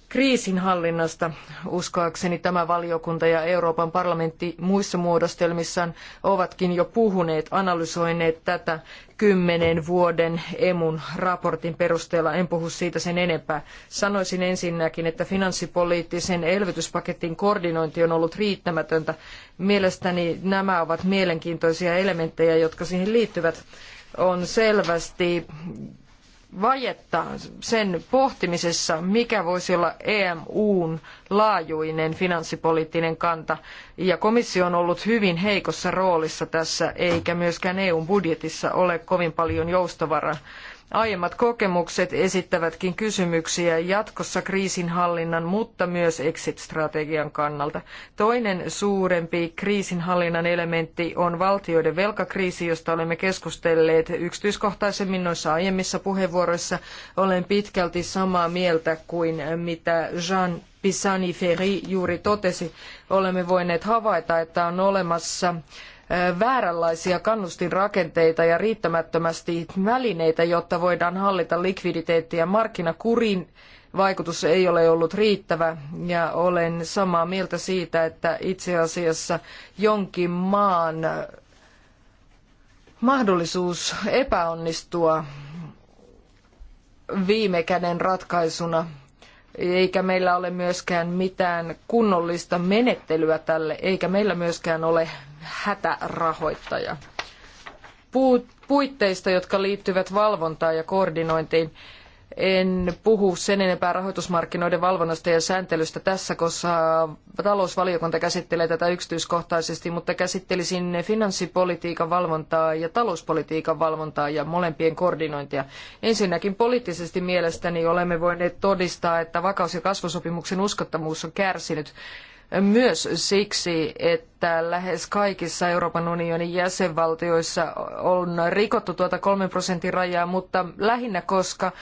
Kriisinhallinnasta uskoakseni tämä valiokunta ja Euroopan parlamentti muissa muodostelmissaan ovatkin jo puhuneet, analysoineet tätä kymmenen vuoden emun raportin perusteella. En puhu siitä sen enempää. Sanoisin ensinnäkin, että finanssipoliittisen elvytyspaketin koordinointi on ollut riittämätöntä. Mielestäni nämä ovat mielenkiintoisia elementtejä, jotka siihen liittyvät on selvästi vajetta sen pohtimisessa, mikä voisi olla EMUn laajuinen finanssipoliittinen kanta. Ja komissio on ollut hyvin heikossa roolissa tässä, eikä myöskään EUn budjetissa ole kovin paljon joustovaraa Aiemmat kokemukset esittävätkin kysymyksiä jatkossa kriisinhallinnan, mutta myös exit-strategian kannalta. Toinen suurempi kriisinhallinnan elementti on valtioiden velkakriisi, josta olemme keskustelleet yksityiskohtaisemmin noissa aiemmissa puheenvuoroissa. Olen pitkälti samaa mieltä kuin mitä Jean Pisani Ferry juuri totesi. Olemme voineet havaita, että on olemassa vääränlaisia kannustinrakenteita ja riittämättömästi välineitä, jotta voidaan hallita likviditeettiä markkinakurin vaikutus ei ole ollut riittävä ja olen samaa mieltä siitä, että itse asiassa jonkin maan mahdollisuus epäonnistua viime käden ratkaisuna eikä meillä ole myöskään mitään kunnollista menettelyä tälle, eikä meillä myöskään ole hätärahoittaja. Puitteista, jotka liittyvät valvontaan ja koordinointiin, en puhu sen enempää rahoitusmarkkinoiden valvonnasta ja sääntelystä tässä, koska talousvaliokunta käsittelee tätä yksityiskohtaisesti, mutta käsittelisin finanssipolitiikan valvontaa ja talouspolitiikan valvontaa ja molempien koordinointia. Ensinnäkin poliittisesti mielestäni olemme voineet todistaa, että vakaus- ja kasvusopimuksen uskottavuus on kärsinyt myös siksi, että lähes kaikissa Euroopan unionin jäsenvaltioissa on rikottu tuota kolmen prosentin rajaa, mutta lähinnä koska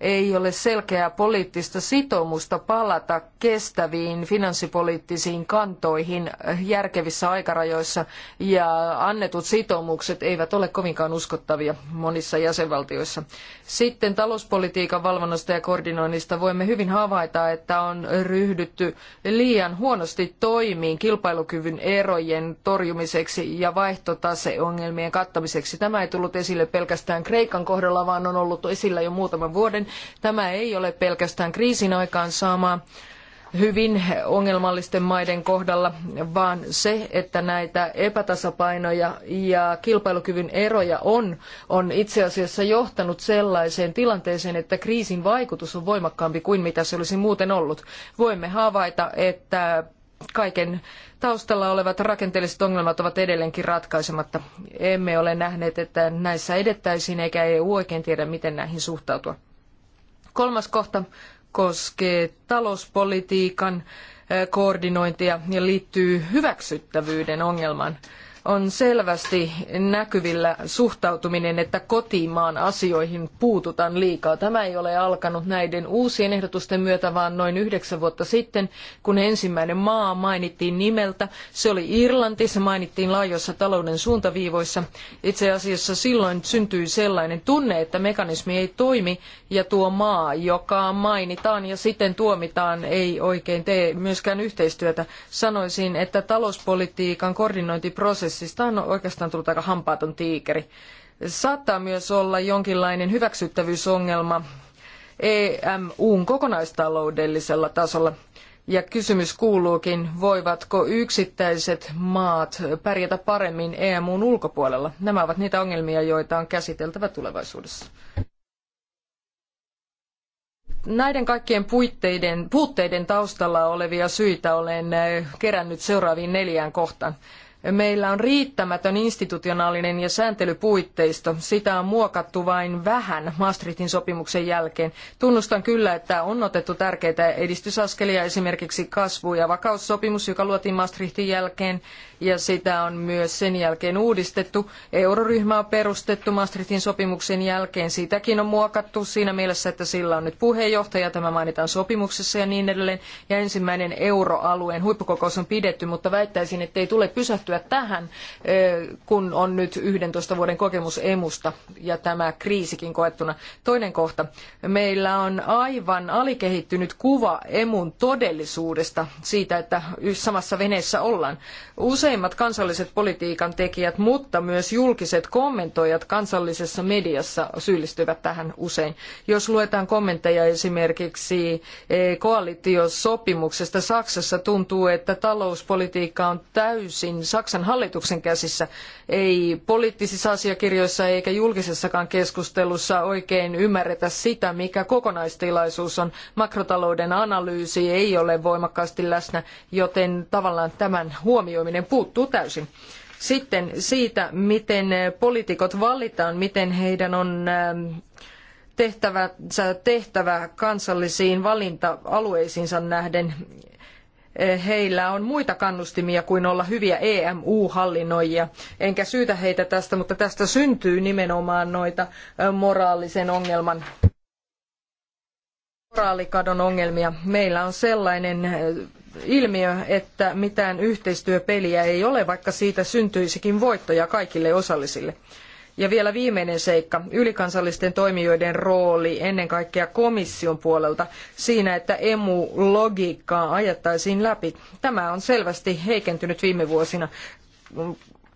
ei ole selkeää poliittista sitoumusta palata kestäviin finanssipoliittisiin kantoihin järkevissä aikarajoissa ja annetut sitoumukset eivät ole kovinkaan uskottavia monissa jäsenvaltioissa. Sitten talouspolitiikan valvonnasta ja koordinoinnista voimme hyvin havaita, että on ryhdytty liian huonosti toimiin kilpailukyvyn erojen torjumiseksi ja vaihtotaseongelmien kattamiseksi. Tämä ei tullut esille pelkästään Kreikan kohdalla, vaan on ollut esillä jo muutaman vuoden Tämä ei ole pelkästään kriisin aikaansaamaa hyvin ongelmallisten maiden kohdalla, vaan se, että näitä epätasapainoja ja kilpailukyvyn eroja on, on itse asiassa johtanut sellaiseen tilanteeseen, että kriisin vaikutus on voimakkaampi kuin mitä se olisi muuten ollut. Voimme havaita, että kaiken taustalla olevat rakenteelliset ongelmat ovat edelleenkin ratkaisematta. Emme ole nähneet, että näissä edettäisiin, eikä EU oikein tiedä, miten näihin suhtautua. Kolmas kohta koskee talouspolitiikan eh, koordinointia ja liittyy hyväksyttävyyden ongelmaan on selvästi näkyvillä suhtautuminen, että kotimaan asioihin puututaan liikaa. Tämä ei ole alkanut näiden uusien ehdotusten myötä, vaan noin yhdeksän vuotta sitten, kun ensimmäinen maa mainittiin nimeltä. Se oli Irlanti, se mainittiin laajoissa talouden suuntaviivoissa. Itse asiassa silloin syntyi sellainen tunne, että mekanismi ei toimi ja tuo maa, joka mainitaan ja sitten tuomitaan, ei oikein tee myöskään yhteistyötä. Sanoisin, että talouspolitiikan koordinointiprosessi tämä on oikeastaan tullut aika hampaaton tiikeri. Saattaa myös olla jonkinlainen hyväksyttävyysongelma EMUn kokonaistaloudellisella tasolla. Ja kysymys kuuluukin, voivatko yksittäiset maat pärjätä paremmin EMUn ulkopuolella? Nämä ovat niitä ongelmia, joita on käsiteltävä tulevaisuudessa. Näiden kaikkien puutteiden taustalla olevia syitä olen eh, kerännyt seuraaviin neljään kohtaan meillä on riittämätön institutionaalinen ja sääntelypuitteisto. Sitä on muokattu vain vähän Maastrichtin sopimuksen jälkeen. Tunnustan kyllä, että on otettu tärkeitä edistysaskelia, esimerkiksi kasvu- ja vakaussopimus, joka luotiin Maastrichtin jälkeen, ja sitä on myös sen jälkeen uudistettu. Euroryhmä on perustettu Maastrichtin sopimuksen jälkeen. Sitäkin on muokattu siinä mielessä, että sillä on nyt puheenjohtaja, tämä mainitaan sopimuksessa ja niin edelleen. Ja ensimmäinen euroalueen huippukokous on pidetty, mutta väittäisin, että ei tule pysähtyä tähän, kun on nyt 11 vuoden kokemus emusta ja tämä kriisikin koettuna. Toinen kohta. Meillä on aivan alikehittynyt kuva emun todellisuudesta, siitä, että samassa veneessä ollaan. Usein useimmat kansalliset politiikan tekijät, mutta myös julkiset kommentoijat kansallisessa mediassa syyllistyvät tähän usein. Jos luetaan kommentteja esimerkiksi eh, koalitiosopimuksesta Saksassa, tuntuu, että talouspolitiikka on täysin Saksan hallituksen käsissä. Ei poliittisissa asiakirjoissa eikä julkisessakaan keskustelussa oikein ymmärretä sitä, mikä kokonaistilaisuus on. Makrotalouden analyysi ei ole voimakkaasti läsnä, joten tavallaan tämän huomioiminen puuttuu täysin. Sitten siitä, miten poliitikot valitaan, miten heidän on ähm, tehtävä kansallisiin valinta-alueisiinsa nähden. Äh, heillä on muita kannustimia kuin olla hyviä EMU-hallinnoijia. Enkä syytä heitä tästä, mutta tästä syntyy nimenomaan noita äh, moraalisen ongelman moraalikadon ongelmia. Meillä on sellainen ilmiö, että mitään yhteistyöpeliä ei ole, vaikka siitä syntyisikin voittoja kaikille osallisille. Ja vielä viimeinen seikka, ylikansallisten toimijoiden rooli ennen kaikkea komission puolelta siinä, että emu-logiikkaa ajattaisiin läpi. Tämä on selvästi heikentynyt viime vuosina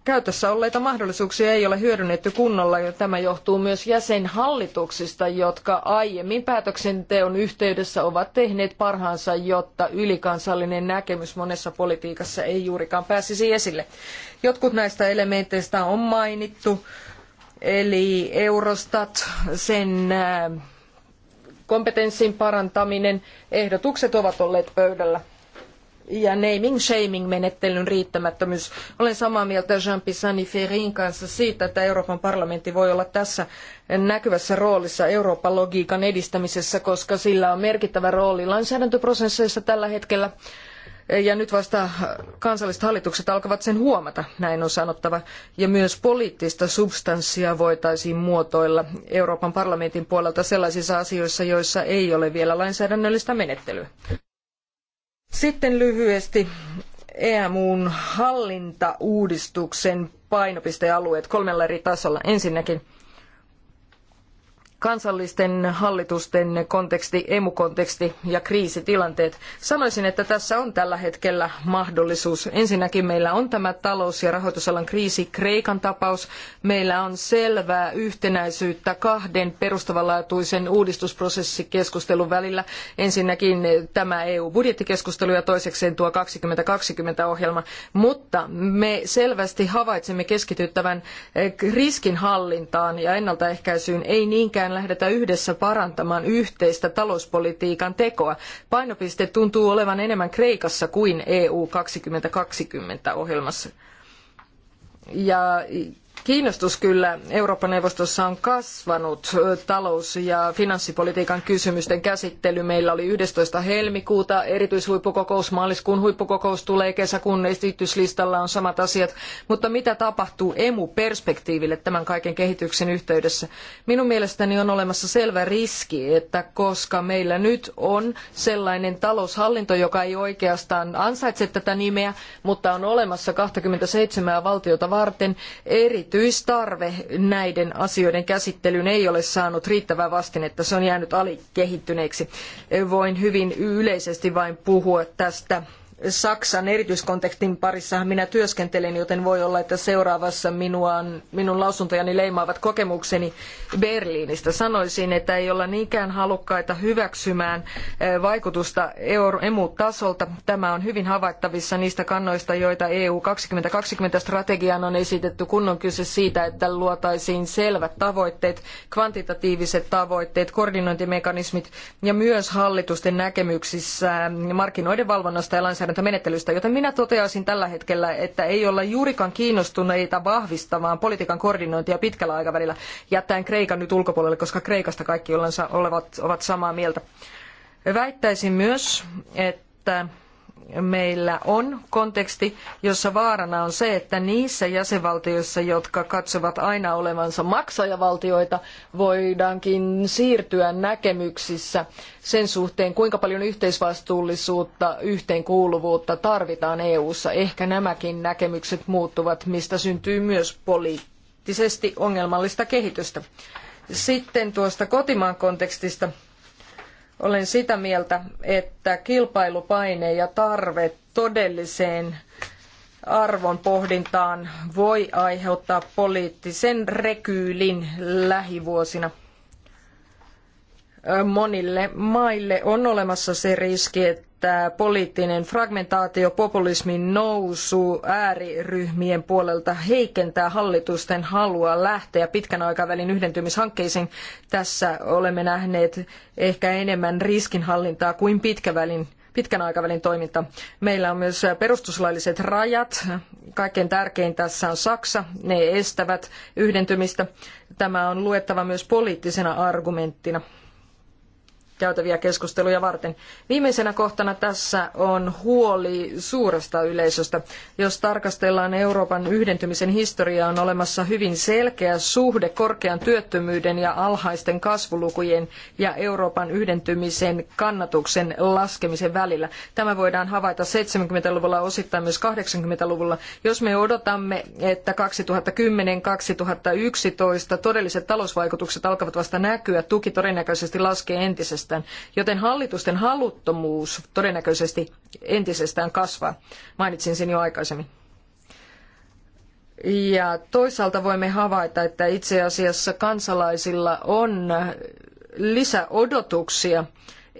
Käytössä olleita mahdollisuuksia ei ole hyödynnetty kunnolla ja tämä johtuu myös jäsenhallituksista, jotka aiemmin päätöksenteon yhteydessä ovat tehneet parhaansa, jotta ylikansallinen näkemys monessa politiikassa ei juurikaan pääsisi esille. Jotkut näistä elementeistä on mainittu, eli Eurostat, sen äh, kompetenssin parantaminen, ehdotukset ovat olleet pöydällä ja naming shaming menettelyn riittämättömyys. Olen samaa mieltä Jean-Pisani Ferrin kanssa siitä, että Euroopan parlamentti voi olla tässä näkyvässä roolissa Euroopan logiikan edistämisessä, koska sillä on merkittävä rooli lainsäädäntöprosesseissa tällä hetkellä. Ja nyt vasta kansalliset hallitukset alkavat sen huomata, näin on sanottava. Ja myös poliittista substanssia voitaisiin muotoilla Euroopan parlamentin puolelta sellaisissa asioissa, joissa ei ole vielä lainsäädännöllistä menettelyä. Sitten lyhyesti EMUn hallintauudistuksen painopistealueet kolmella eri tasolla. Ensinnäkin kansallisten hallitusten konteksti, emukonteksti ja kriisitilanteet. Sanoisin, että tässä on tällä hetkellä mahdollisuus. Ensinnäkin meillä on tämä talous- ja rahoitusalan kriisi, Kreikan tapaus. Meillä on selvää yhtenäisyyttä kahden perustavanlaatuisen uudistusprosessikeskustelun välillä. Ensinnäkin tämä EU-budjettikeskustelu ja toisekseen tuo 2020-ohjelma. Mutta me selvästi havaitsemme keskityttävän riskinhallintaan ja ennaltaehkäisyyn, ei niinkään sijaan lähdetä yhdessä parantamaan yhteistä talouspolitiikan tekoa. Painopiste tuntuu olevan enemmän Kreikassa kuin EU 2020 ohjelmassa. Ja Kiinnostus kyllä Euroopan neuvostossa on kasvanut talous- ja finanssipolitiikan kysymysten käsittely. Meillä oli 11. helmikuuta erityishuippukokous, maaliskuun huippukokous tulee, kesäkuun esityslistalla on samat asiat. Mutta mitä tapahtuu emu-perspektiiville tämän kaiken kehityksen yhteydessä? Minun mielestäni on olemassa selvä riski, että koska meillä nyt on sellainen taloushallinto, joka ei oikeastaan ansaitse tätä nimeä, mutta on olemassa 27 valtiota varten eri erityistarve näiden asioiden käsittelyyn ei ole saanut riittävää vastinetta, se on jäänyt alikehittyneeksi. Voin hyvin yleisesti vain puhua tästä Saksan erityiskontekstin parissahan minä työskentelen, joten voi olla, että seuraavassa minua, minun lausuntojani leimaavat kokemukseni Berliinistä. Sanoisin, että ei olla niinkään halukkaita hyväksymään eh, vaikutusta emu-tasolta. Tämä on hyvin havaittavissa niistä kannoista, joita EU 2020-strategiaan on esitetty, kun on kyse siitä, että luotaisiin selvät tavoitteet, kvantitatiiviset tavoitteet, koordinointimekanismit ja myös hallitusten näkemyksissä mm, markkinoiden valvonnasta ja lainsäädännöstä lainsäädäntömenettelystä, joten minä toteaisin tällä hetkellä, että ei olla juurikaan kiinnostuneita vahvistamaan politiikan koordinointia pitkällä aikavälillä, jättäen Kreikan nyt ulkopuolelle, koska Kreikasta kaikki olevat ovat samaa mieltä. Väittäisin myös, että meillä on konteksti, jossa vaarana on se, että niissä jäsenvaltioissa, jotka katsovat aina olevansa maksajavaltioita, voidaankin siirtyä näkemyksissä sen suhteen, kuinka paljon yhteisvastuullisuutta, yhteenkuuluvuutta tarvitaan EU-ssa. Ehkä nämäkin näkemykset muuttuvat, mistä syntyy myös poliittisesti ongelmallista kehitystä. Sitten tuosta kotimaan kontekstista olen sitä mieltä, että kilpailupaine ja tarve todelliseen arvon pohdintaan voi aiheuttaa poliittisen rekyylin lähivuosina. Monille maille on olemassa se riski, että että poliittinen fragmentaatio, populismin nousu ääriryhmien puolelta heikentää hallitusten halua lähteä pitkän aikavälin yhdentymishankkeisiin. Tässä olemme nähneet ehkä enemmän riskinhallintaa kuin pitkävälin pitkän aikavälin toiminta. Meillä on myös perustuslailliset rajat. Kaikkein tärkein tässä on Saksa. Ne estävät yhdentymistä. Tämä on luettava myös poliittisena argumenttina käytäviä keskusteluja varten. Viimeisenä kohtana tässä on huoli suuresta yleisöstä. Jos tarkastellaan Euroopan yhdentymisen historiaa, on olemassa hyvin selkeä suhde korkean työttömyyden ja alhaisten kasvulukujen ja Euroopan yhdentymisen kannatuksen laskemisen välillä. Tämä voidaan havaita 70-luvulla, osittain myös 80-luvulla. Jos me odotamme, että 2010-2011 todelliset talousvaikutukset alkavat vasta näkyä, tuki todennäköisesti laskee entisestään itsestään, joten hallitusten haluttomuus todennäköisesti entisestään kasvaa. Mainitsin sen jo aikaisemmin. Ja toisaalta voimme havaita, että itse asiassa kansalaisilla on lisäodotuksia odotuksia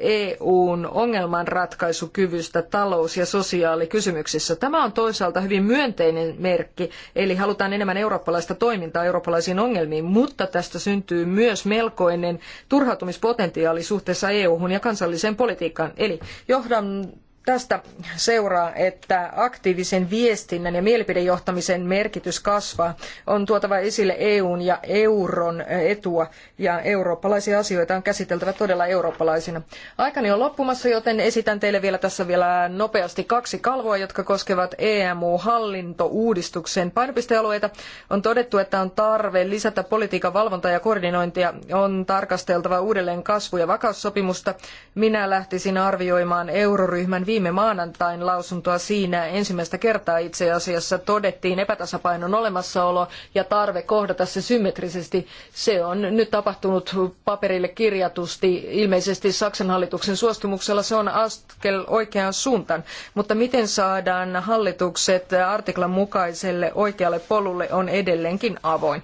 EUn ongelmanratkaisukyvystä talous- ja sosiaalikysymyksissä. Tämä on toisaalta hyvin myönteinen merkki, eli halutaan enemmän eurooppalaista toimintaa eurooppalaisiin ongelmiin, mutta tästä syntyy myös melkoinen turhautumispotentiaali suhteessa EUhun ja kansalliseen politiikkaan. Eli johdan Tästä seuraa, että aktiivisen viestinnän ja mielipidejohtamisen merkitys kasvaa. On tuotava esille EUn ja euron etua ja eurooppalaisia asioita on käsiteltävä todella eurooppalaisina. Aikani on loppumassa, joten esitän teille vielä tässä vielä nopeasti kaksi kalvoa, jotka koskevat EMU-hallintouudistuksen painopistealueita. On todettu, että on tarve lisätä politiikan valvontaa ja koordinointia. On tarkasteltava uudelleen kasvu- ja vakaussopimusta. Minä lähtisin arvioimaan euroryhmän viime viime maanantain lausuntoa siinä ensimmäistä kertaa itse asiassa todettiin epätasapainon olemassaolo ja tarve kohdata se symmetrisesti. Se on nyt tapahtunut paperille kirjatusti. Ilmeisesti Saksan hallituksen suostumuksella se on askel oikeaan suuntaan. Mutta miten saadaan hallitukset artiklan mukaiselle oikealle polulle on edelleenkin avoin.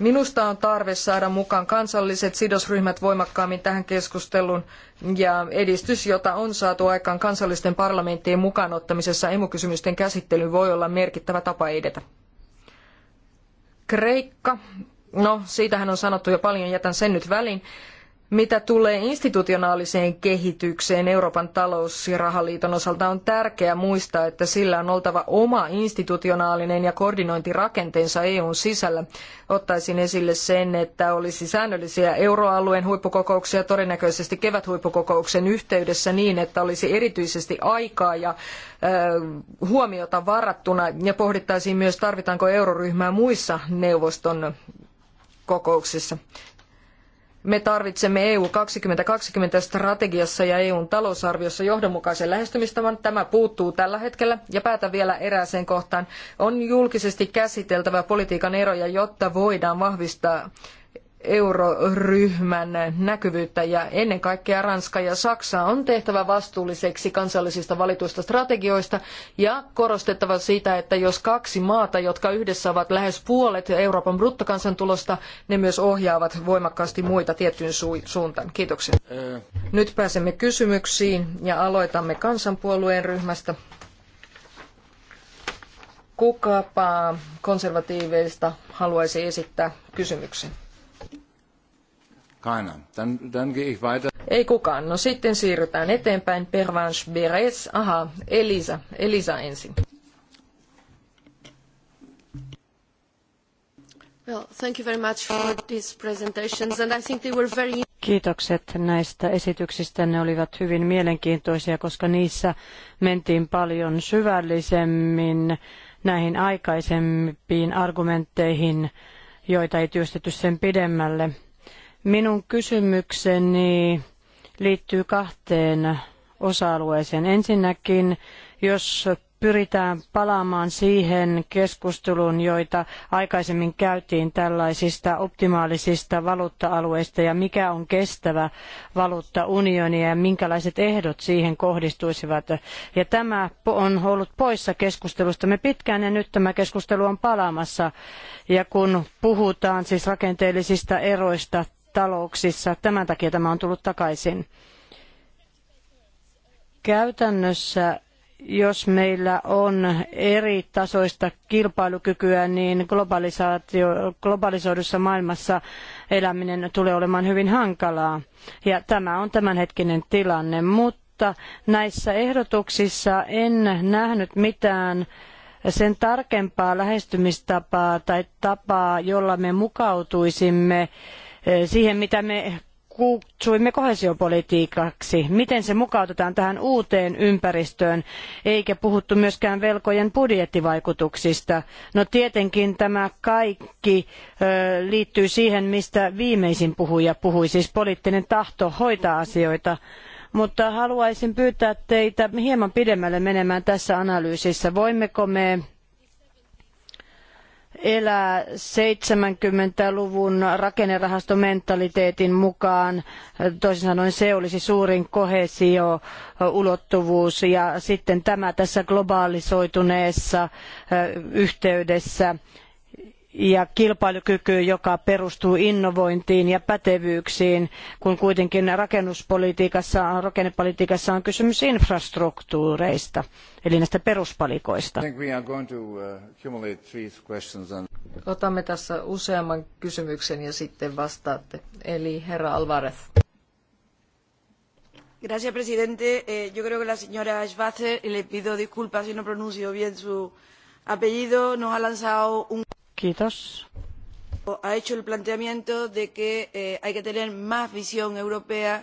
Minusta on tarve saada mukaan kansalliset sidosryhmät voimakkaammin tähän keskusteluun ja edistys, jota on saatu aikaan kansallisten parlamenttien mukaanottamisessa emukysymysten käsittelyyn voi olla merkittävä tapa edetä. Kreikka. No, siitähän on sanottu jo paljon, jätän sen nyt väliin. Mitä tulee institutionaaliseen kehitykseen Euroopan talous- ja rahaliiton osalta, on tärkeää muistaa, että sillä on oltava oma institutionaalinen ja koordinointirakenteensa EUn sisällä. Ottaisin esille sen, että olisi säännöllisiä euroalueen huippukokouksia todennäköisesti keväthuippukokouksen yhteydessä niin, että olisi erityisesti aikaa ja huomiota varattuna ja pohdittaisiin myös, tarvitaanko euroryhmää muissa neuvoston kokouksissa. Me tarvitsemme EU 2020 strategiassa ja EUn talousarviossa johdonmukaisen lähestymistavan. Tämä puuttuu tällä hetkellä ja päätän vielä erääseen kohtaan. On julkisesti käsiteltävä politiikan eroja, jotta voidaan vahvistaa euroryhmän näkyvyyttä ja ennen kaikkea Ranska ja Saksa on tehtävä vastuulliseksi kansallisista valituista strategioista ja korostettava sitä, että jos kaksi maata, jotka yhdessä ovat lähes puolet Euroopan bruttokansantulosta, ne myös ohjaavat voimakkaasti muita tiettyyn su- suuntaan. Kiitoksia. Nyt pääsemme kysymyksiin ja aloitamme kansanpuolueen ryhmästä. Kukapa konservatiiveista haluaisi esittää kysymyksen? Keiner. Dann, dann gehe ich weiter. Ei kukaan. No sitten siirrytään eteenpäin. Pervanche Beres. Aha, Elisa. Elisa ensin. Well, thank you very much for these presentations and I think they were very Kiitokset näistä esityksistä. Ne olivat hyvin mielenkiintoisia, koska niissä mentiin paljon syvällisemmin näihin aikaisempiin argumentteihin, joita ei työstetty sen pidemmälle Minun kysymykseni liittyy kahteen osa-alueeseen. Ensinnäkin, jos pyritään palaamaan siihen keskusteluun, joita aikaisemmin käytiin tällaisista optimaalisista valuutta-alueista ja mikä on kestävä valuuttaunioni ja minkälaiset ehdot siihen kohdistuisivat. Ja tämä on ollut poissa keskustelusta me pitkään ja nyt tämä keskustelu on palaamassa. Ja kun puhutaan siis rakenteellisista eroista talouksissa. Tämän takia tämä on tullut takaisin. Käytännössä jos meillä on eri tasoista kilpailukykyä, niin globalisaatio, globalisoidussa maailmassa eläminen tulee olemaan hyvin hankalaa. Ja tämä on tämänhetkinen tilanne, mutta näissä ehdotuksissa en nähnyt mitään sen tarkempaa lähestymistapaa tai tapaa, jolla me mukautuisimme siihen, mitä me kutsuimme koheesiopolitiikaksi, miten se mukautetaan tähän uuteen ympäristöön, eikä puhuttu myöskään velkojen budjettivaikutuksista. No tietenkin tämä kaikki liittyy siihen, mistä viimeisin puhuja puhui, siis poliittinen tahto hoitaa asioita mutta haluaisin pyytää teitä hieman pidemmälle menemään tässä analyysissä. Voimmeko me elää 70-luvun rakennerahastomentaliteetin mukaan. Toisin sanoen se olisi suurin kohesio ulottuvuus ja sitten tämä tässä globaalisoituneessa yhteydessä ja kilpailukyky, joka perustuu innovointiin ja pätevyyksiin, kun kuitenkin rakennuspolitiikassa, rakennepolitiikassa on kysymys infrastruktuureista, eli näistä peruspalikoista. Uh, Otamme tässä useamman kysymyksen ja sitten vastaatte. Eli herra Alvarez. Gracias, presidente. Eh, yo creo que la señora Schwarzer, le pido disculpas si no pronuncio bien su apellido, nos ha lanzado un Ha hecho el planteamiento de que eh, hay que tener más visión europea.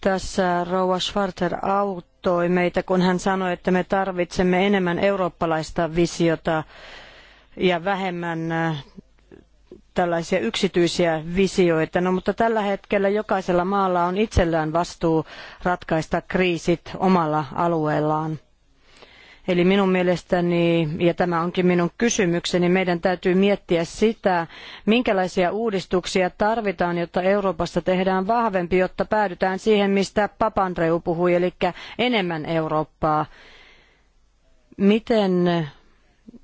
Tässä Rouva Schwarzer auttoi meitä, kun hän sanoi, että me tarvitsemme enemmän eurooppalaista visiota ja vähemmän äh, tällaisia yksityisiä visioita. No, mutta tällä hetkellä jokaisella maalla on itsellään vastuu ratkaista kriisit omalla alueellaan. Eli minun mielestäni, ja tämä onkin minun kysymykseni, meidän täytyy miettiä sitä, minkälaisia uudistuksia tarvitaan, jotta Euroopasta tehdään vahvempi, jotta päädytään siihen, mistä Papandreou puhui, eli enemmän Eurooppaa. Miten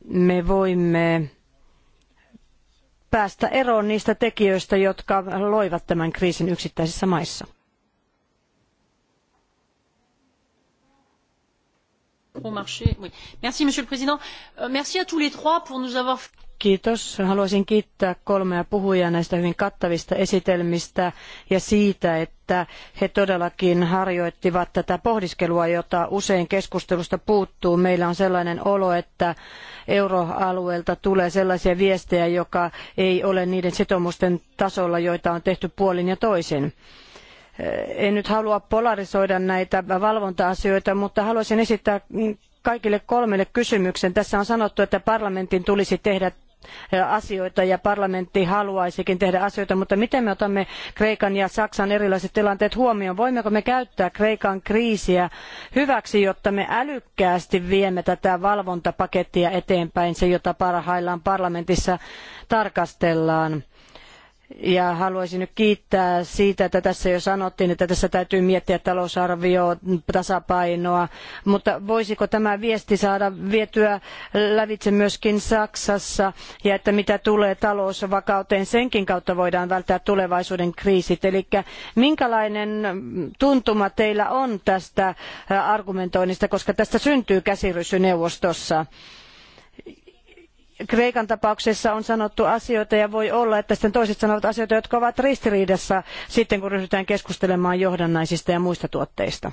me voimme päästä eroon niistä tekijöistä, jotka loivat tämän kriisin yksittäisissä maissa? Euh, Kiitos. Haluaisin kiittää kolmea puhujaa näistä hyvin kattavista esitelmistä ja siitä, että he todellakin harjoittivat tätä pohdiskelua, jota usein keskustelusta puuttuu. Meillä on sellainen olo, että euroalueelta tulee sellaisia viestejä, joka ei ole niiden sitoumusten tasolla, joita on tehty puolin ja toisin. En nyt halua polarisoida näitä valvonta-asioita, mutta haluaisin esittää kaikille kolmelle kysymyksen. Tässä on sanottu, että parlamentin tulisi tehdä asioita ja parlamentti haluaisikin tehdä asioita, mutta miten me otamme Kreikan ja Saksan erilaiset tilanteet huomioon? Voimmeko me käyttää Kreikan kriisiä hyväksi, jotta me älykkäästi viemme tätä valvontapakettia eteenpäin, se jota parhaillaan parlamentissa tarkastellaan? ja haluaisin nyt kiittää siitä, että tässä jo sanottiin, että tässä täytyy miettiä talousarvioa, tasapainoa, mutta voisiko tämä viesti saada vietyä lävitse myöskin Saksassa ja että mitä tulee talousvakauteen, senkin kautta voidaan välttää tulevaisuuden kriisit. Eli minkälainen tuntuma teillä on tästä argumentoinnista, koska tästä syntyy käsirysy neuvostossa? neuvostossa? Kreikan tapauksessa on sanottu asioita ja voi olla, että sitten toiset sanovat asioita, jotka ovat ristiriidassa sitten, kun ryhdytään keskustelemaan johdannaisista ja muista tuotteista.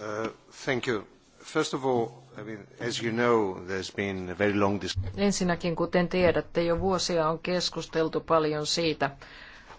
Uh, thank you. First of all, I mean, as you know, there's been a very long Ensinnäkin, kuten tiedätte, jo vuosia on keskusteltu paljon siitä,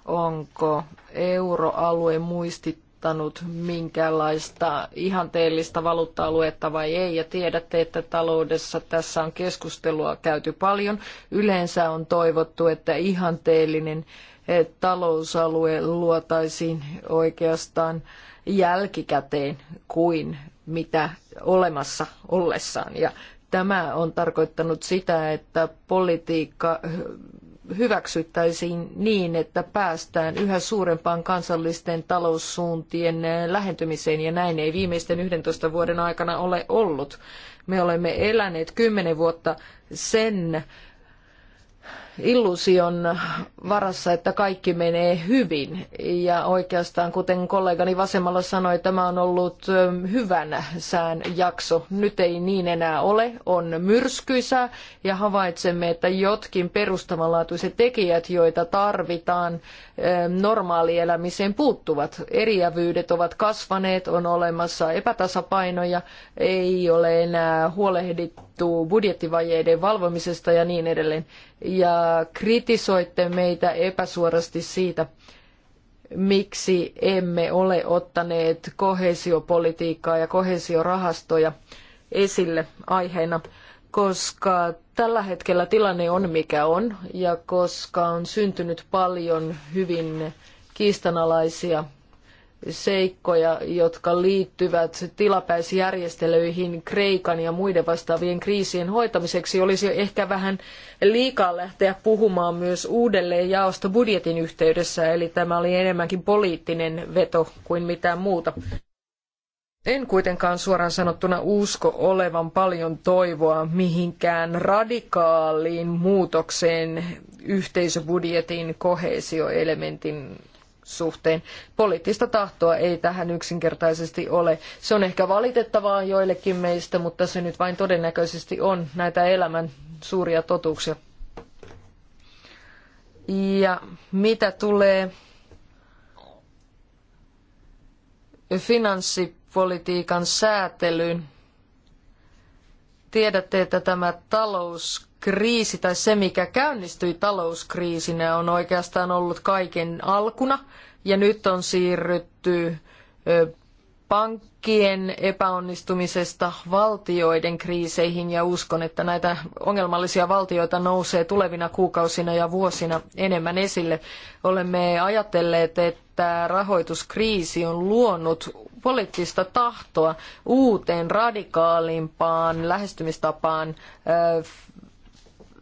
onko euroalue muisti noudattanut minkäänlaista ihanteellista valuutta-aluetta vai ei. Ja tiedätte, että taloudessa tässä on keskustelua käyty paljon. Yleensä on toivottu, että ihanteellinen eh, talousalue luotaisiin oikeastaan jälkikäteen kuin mitä olemassa ollessaan. Ja tämä on tarkoittanut sitä, että politiikka eh, hyväksyttäisiin niin, että päästään yhä suurempaan kansallisten taloussuuntien lähentymiseen, ja näin ei viimeisten 11 vuoden aikana ole ollut. Me olemme eläneet kymmenen vuotta sen illuusion varassa, että kaikki menee hyvin. Ja oikeastaan, kuten kollegani vasemmalla sanoi, tämä on ollut hyvän sään jakso. Nyt ei niin enää ole, on myrskyisää ja havaitsemme, että jotkin perustavanlaatuiset tekijät, joita tarvitaan normaalielämiseen puuttuvat. Eriävyydet ovat kasvaneet, on olemassa epätasapainoja, ei ole enää huolehdittu budjettivajeiden valvomisesta ja niin edelleen ja kritisoitte meitä epäsuorasti siitä, miksi emme ole ottaneet koheesiopolitiikkaa ja koheesiorahastoja esille aiheena, koska tällä hetkellä tilanne on mikä on ja koska on syntynyt paljon hyvin kiistanalaisia seikkoja, jotka liittyvät tilapäisjärjestelyihin Kreikan ja muiden vastaavien kriisien hoitamiseksi, olisi ehkä vähän liikaa lähteä puhumaan myös uudelleen jaosta budjetin yhteydessä, eli tämä oli enemmänkin poliittinen veto kuin mitään muuta. En kuitenkaan suoraan sanottuna usko olevan paljon toivoa mihinkään radikaaliin muutokseen yhteisöbudjetin koheesioelementin suhteen. Poliittista tahtoa ei tähän yksinkertaisesti ole. Se on ehkä valitettavaa joillekin meistä, mutta se nyt vain todennäköisesti on näitä elämän suuria totuuksia. Ja mitä tulee finanssipolitiikan säätelyyn, tiedätte, että tämä talouskriisi tai se, mikä käynnistyi talouskriisinä, on oikeastaan ollut kaiken alkuna. Ja nyt on siirrytty pankkien epäonnistumisesta valtioiden kriiseihin ja uskon, että näitä ongelmallisia valtioita nousee tulevina kuukausina ja vuosina enemmän esille. Olemme ajatelleet, että rahoituskriisi on luonut poliittista tahtoa uuteen radikaalimpaan lähestymistapaan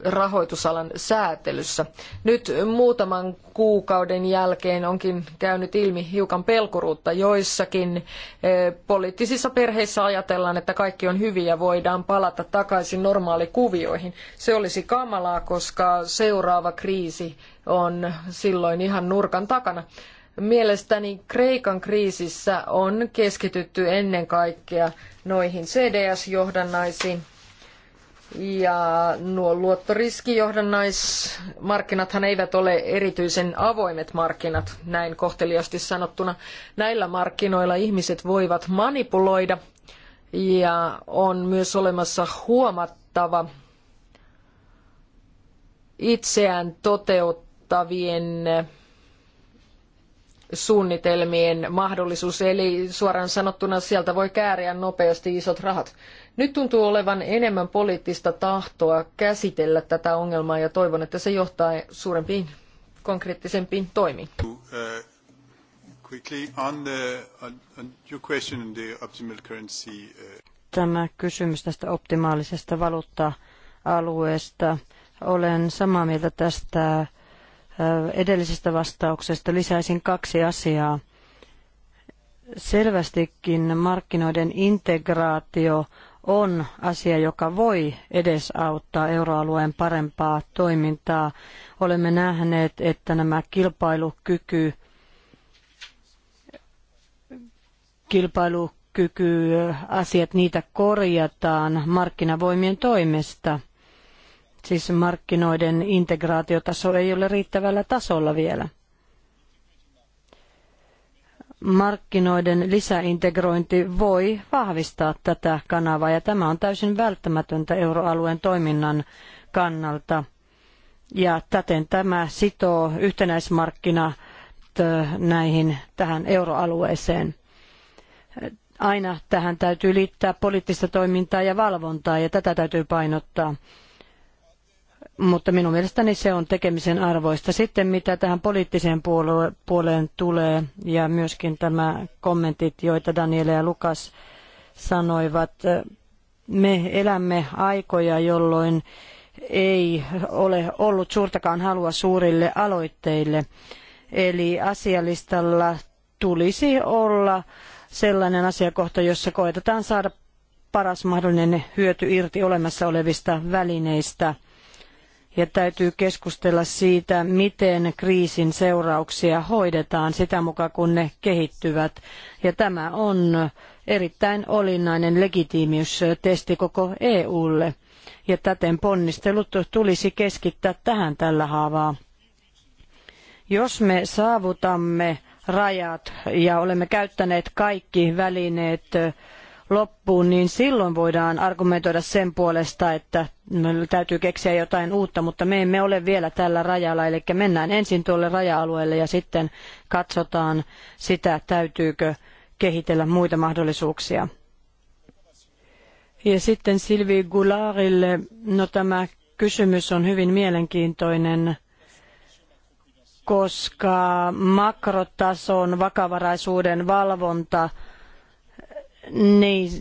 rahoitusalan säätelyssä. Nyt muutaman kuukauden jälkeen onkin käynyt ilmi hiukan pelkuruutta joissakin. Eh, poliittisissa perheissä ajatellaan, että kaikki on hyvin ja voidaan palata takaisin normaalikuvioihin. Se olisi kamalaa, koska seuraava kriisi on silloin ihan nurkan takana. Mielestäni Kreikan kriisissä on keskitytty ennen kaikkea noihin CDS-johdannaisiin ja nuo luottoriskijohdannaismarkkinathan eivät ole erityisen avoimet markkinat, näin kohteliasti sanottuna. Näillä markkinoilla ihmiset voivat manipuloida ja on myös olemassa huomattava itseään toteuttavien suunnitelmien mahdollisuus, eli suoraan sanottuna sieltä voi kääriä nopeasti isot rahat. Nyt tuntuu olevan enemmän poliittista tahtoa käsitellä tätä ongelmaa ja toivon, että se johtaa suurempiin konkreettisempiin toimiin. Uh, uh, Tämä kysymys tästä optimaalisesta valuutta-alueesta. Olen samaa mieltä tästä edellisestä vastauksesta lisäisin kaksi asiaa. Selvästikin markkinoiden integraatio on asia, joka voi edesauttaa euroalueen parempaa toimintaa. Olemme nähneet, että nämä kilpailukyky, kilpailukykyasiat, niitä korjataan markkinavoimien toimesta. Siis markkinoiden integraatiotaso ei ole riittävällä tasolla vielä. Markkinoiden lisäintegrointi voi vahvistaa tätä kanavaa ja tämä on täysin välttämätöntä euroalueen toiminnan kannalta. Ja täten tämä sitoo yhtenäismarkkina äh, näihin tähän euroalueeseen. Aina tähän täytyy liittää poliittista toimintaa ja valvontaa ja tätä täytyy painottaa mutta minun mielestäni se on tekemisen arvoista. Sitten mitä tähän poliittiseen puoleen tulee ja myöskin tämä kommentit, joita Daniele ja Lukas sanoivat, me elämme aikoja, jolloin ei ole ollut suurtakaan halua suurille aloitteille. Eli asialistalla tulisi olla sellainen asiakohta, jossa koetetaan saada paras mahdollinen hyöty irti olemassa olevista välineistä – ja täytyy keskustella siitä, miten kriisin seurauksia hoidetaan sitä mukaan, kun ne kehittyvät. Ja tämä on erittäin olennainen legitiimiystesti koko EUlle. Ja täten ponnistelut tulisi keskittää tähän tällä haavaa. Jos me saavutamme rajat ja olemme käyttäneet kaikki välineet loppuun, niin silloin voidaan argumentoida sen puolesta, että täytyy keksiä jotain uutta, mutta me emme ole vielä tällä rajalla, eli mennään ensin tuolle raja-alueelle ja sitten katsotaan sitä, täytyykö kehitellä muita mahdollisuuksia. Ja sitten Silvi Goulardille, no tämä kysymys on hyvin mielenkiintoinen koska makrotason vakavaraisuuden valvonta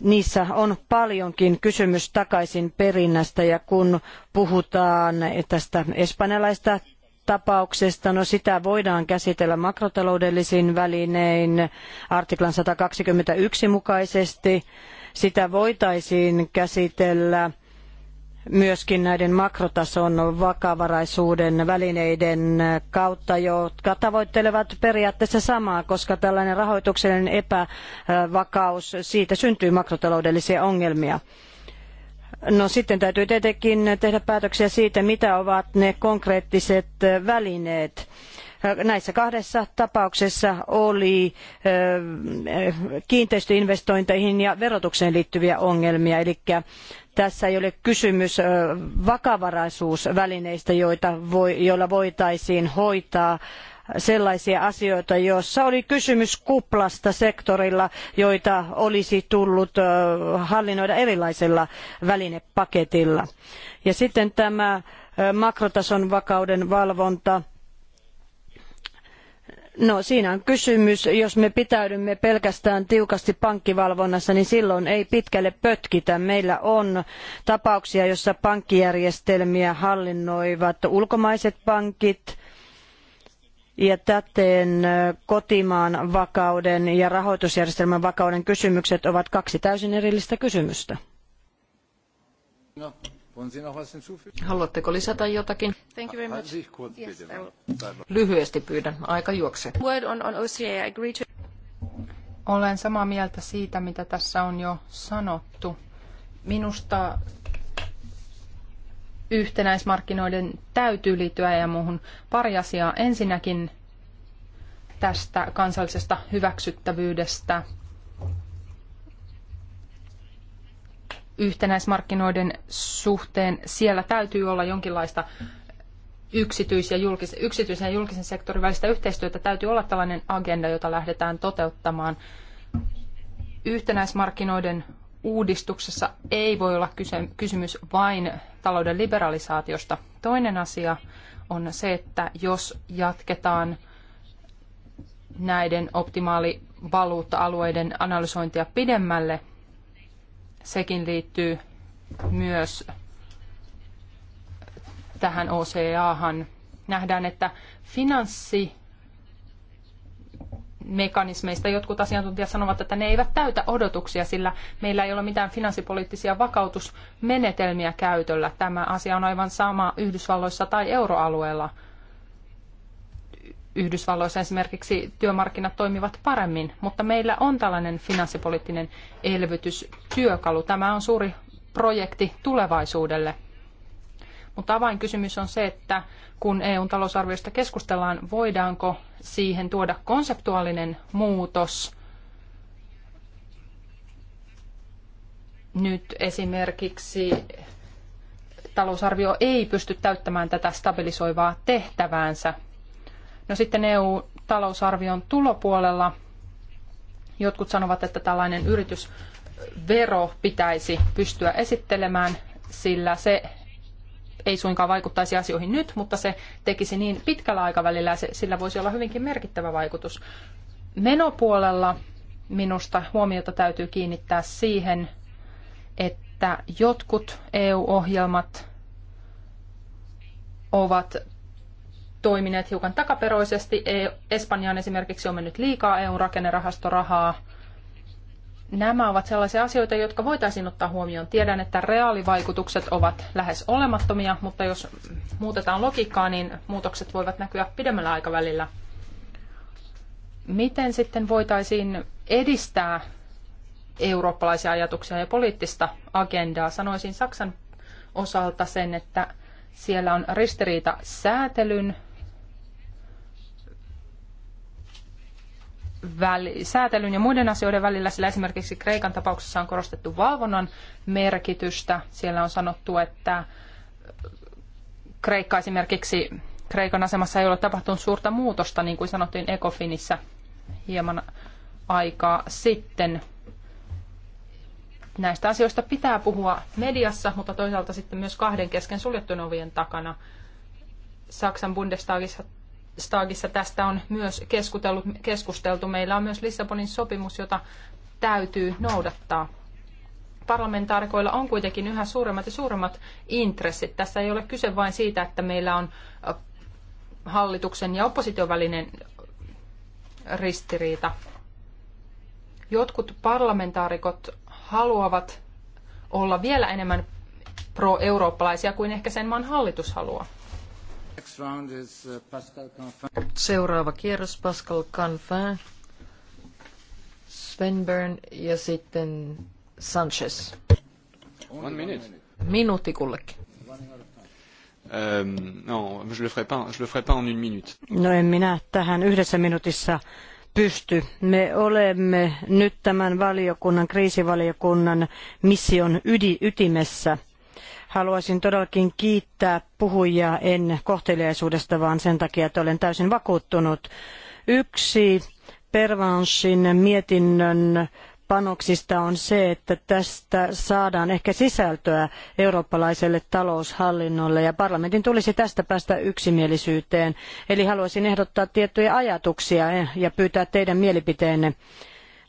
niissä on paljonkin kysymys takaisin perinnästä ja kun puhutaan tästä espanjalaista tapauksesta, no sitä voidaan käsitellä makrotaloudellisin välinein artiklan 121 mukaisesti. Sitä voitaisiin käsitellä myöskin näiden makrotason vakavaraisuuden välineiden kautta, jotka tavoittelevat periaatteessa samaa, koska tällainen rahoituksellinen epävakaus, siitä syntyy makrotaloudellisia ongelmia. No sitten täytyy tietenkin tehdä päätöksiä siitä, mitä ovat ne konkreettiset välineet näissä kahdessa tapauksessa oli eh, kiinteistöinvestointeihin ja verotukseen liittyviä ongelmia. Eli tässä ei ole kysymys vakavaraisuusvälineistä, joita voi, joilla voitaisiin hoitaa sellaisia asioita, joissa oli kysymys kuplasta sektorilla, joita olisi tullut hallinnoida erilaisella välinepaketilla. Ja sitten tämä makrotason vakauden valvonta No siinä on kysymys, jos me pitäydymme pelkästään tiukasti pankkivalvonnassa, niin silloin ei pitkälle pötkitä. Meillä on tapauksia, joissa pankkijärjestelmiä hallinnoivat ulkomaiset pankit, ja täten kotimaan vakauden ja rahoitusjärjestelmän vakauden kysymykset ovat kaksi täysin erillistä kysymystä. No. Haluatteko lisätä jotakin? Thank you very much. Lyhyesti pyydän, aika juoksee. Olen samaa mieltä siitä, mitä tässä on jo sanottu. Minusta yhtenäismarkkinoiden täytyy liittyä ja muuhun pari asiaa. Ensinnäkin tästä kansallisesta hyväksyttävyydestä – yhtenäismarkkinoiden suhteen. Siellä täytyy olla jonkinlaista yksityis- ja julkisen, yksityisen ja julkisen sektorin välistä yhteistyötä. Täytyy olla tällainen agenda, jota lähdetään toteuttamaan. Yhtenäismarkkinoiden uudistuksessa ei voi olla kyse, kysymys vain talouden liberalisaatiosta. Toinen asia on se, että jos jatketaan näiden optimaalivaluutta-alueiden analysointia pidemmälle, Sekin liittyy myös tähän OCA-han. Nähdään, että finanssi mekanismeista. Jotkut asiantuntijat sanovat, että ne eivät täytä odotuksia, sillä meillä ei ole mitään finanssipoliittisia vakautusmenetelmiä käytöllä. Tämä asia on aivan sama Yhdysvalloissa tai euroalueella. Yhdysvalloissa esimerkiksi työmarkkinat toimivat paremmin, mutta meillä on tällainen finanssipoliittinen elvytystyökalu. Tämä on suuri projekti tulevaisuudelle. Mutta avainkysymys on se, että kun EUn talousarviosta keskustellaan, voidaanko siihen tuoda konseptuaalinen muutos. Nyt esimerkiksi talousarvio ei pysty täyttämään tätä stabilisoivaa tehtäväänsä. No sitten EU-talousarvion tulopuolella jotkut sanovat, että tällainen yritysvero pitäisi pystyä esittelemään, sillä se ei suinkaan vaikuttaisi asioihin nyt, mutta se tekisi niin pitkällä aikavälillä ja sillä voisi olla hyvinkin merkittävä vaikutus. Menopuolella minusta huomiota täytyy kiinnittää siihen, että jotkut EU-ohjelmat ovat toimineet hiukan takaperoisesti. E- Espanjaan esimerkiksi on mennyt liikaa EU-rakennerahastorahaa. Nämä ovat sellaisia asioita, jotka voitaisiin ottaa huomioon. Tiedän, että reaalivaikutukset ovat lähes olemattomia, mutta jos muutetaan logiikkaa, niin muutokset voivat näkyä pidemmällä aikavälillä. Miten sitten voitaisiin edistää eurooppalaisia ajatuksia ja poliittista agendaa? Sanoisin Saksan osalta sen, että siellä on ristiriita säätelyn väli, säätelyn ja muiden asioiden välillä, sillä esimerkiksi Kreikan tapauksessa on korostettu valvonnan merkitystä. Siellä on sanottu, että Kreikka esimerkiksi, Kreikan asemassa ei ole tapahtunut suurta muutosta, niin kuin sanottiin Ecofinissä hieman aikaa sitten. Näistä asioista pitää puhua mediassa, mutta toisaalta sitten myös kahden kesken suljettujen ovien takana. Saksan Bundestagissa Bundestagissa tästä on myös keskusteltu. Meillä on myös Lissabonin sopimus, jota täytyy noudattaa. Parlamentaarikoilla on kuitenkin yhä suuremmat ja suuremmat intressit. Tässä ei ole kyse vain siitä, että meillä on hallituksen ja opposition välinen ristiriita. Jotkut parlamentaarikot haluavat olla vielä enemmän pro-eurooppalaisia kuin ehkä sen maan hallitus haluaa. Uh, Seuraava kierros Pascal Canfin, Svenburn ja sitten Sanchez. One minute. Minuutti kullekin. No en minä tähän yhdessä minuutissa pysty. Me olemme nyt tämän valiokunnan, kriisivaliokunnan mission ydi, ytimessä Haluaisin todellakin kiittää puhujia en kohteliaisuudesta, vaan sen takia, että olen täysin vakuuttunut. Yksi Pervanssin mietinnön panoksista on se, että tästä saadaan ehkä sisältöä eurooppalaiselle taloushallinnolle ja parlamentin tulisi tästä päästä yksimielisyyteen. Eli haluaisin ehdottaa tiettyjä ajatuksia ja pyytää teidän mielipiteenne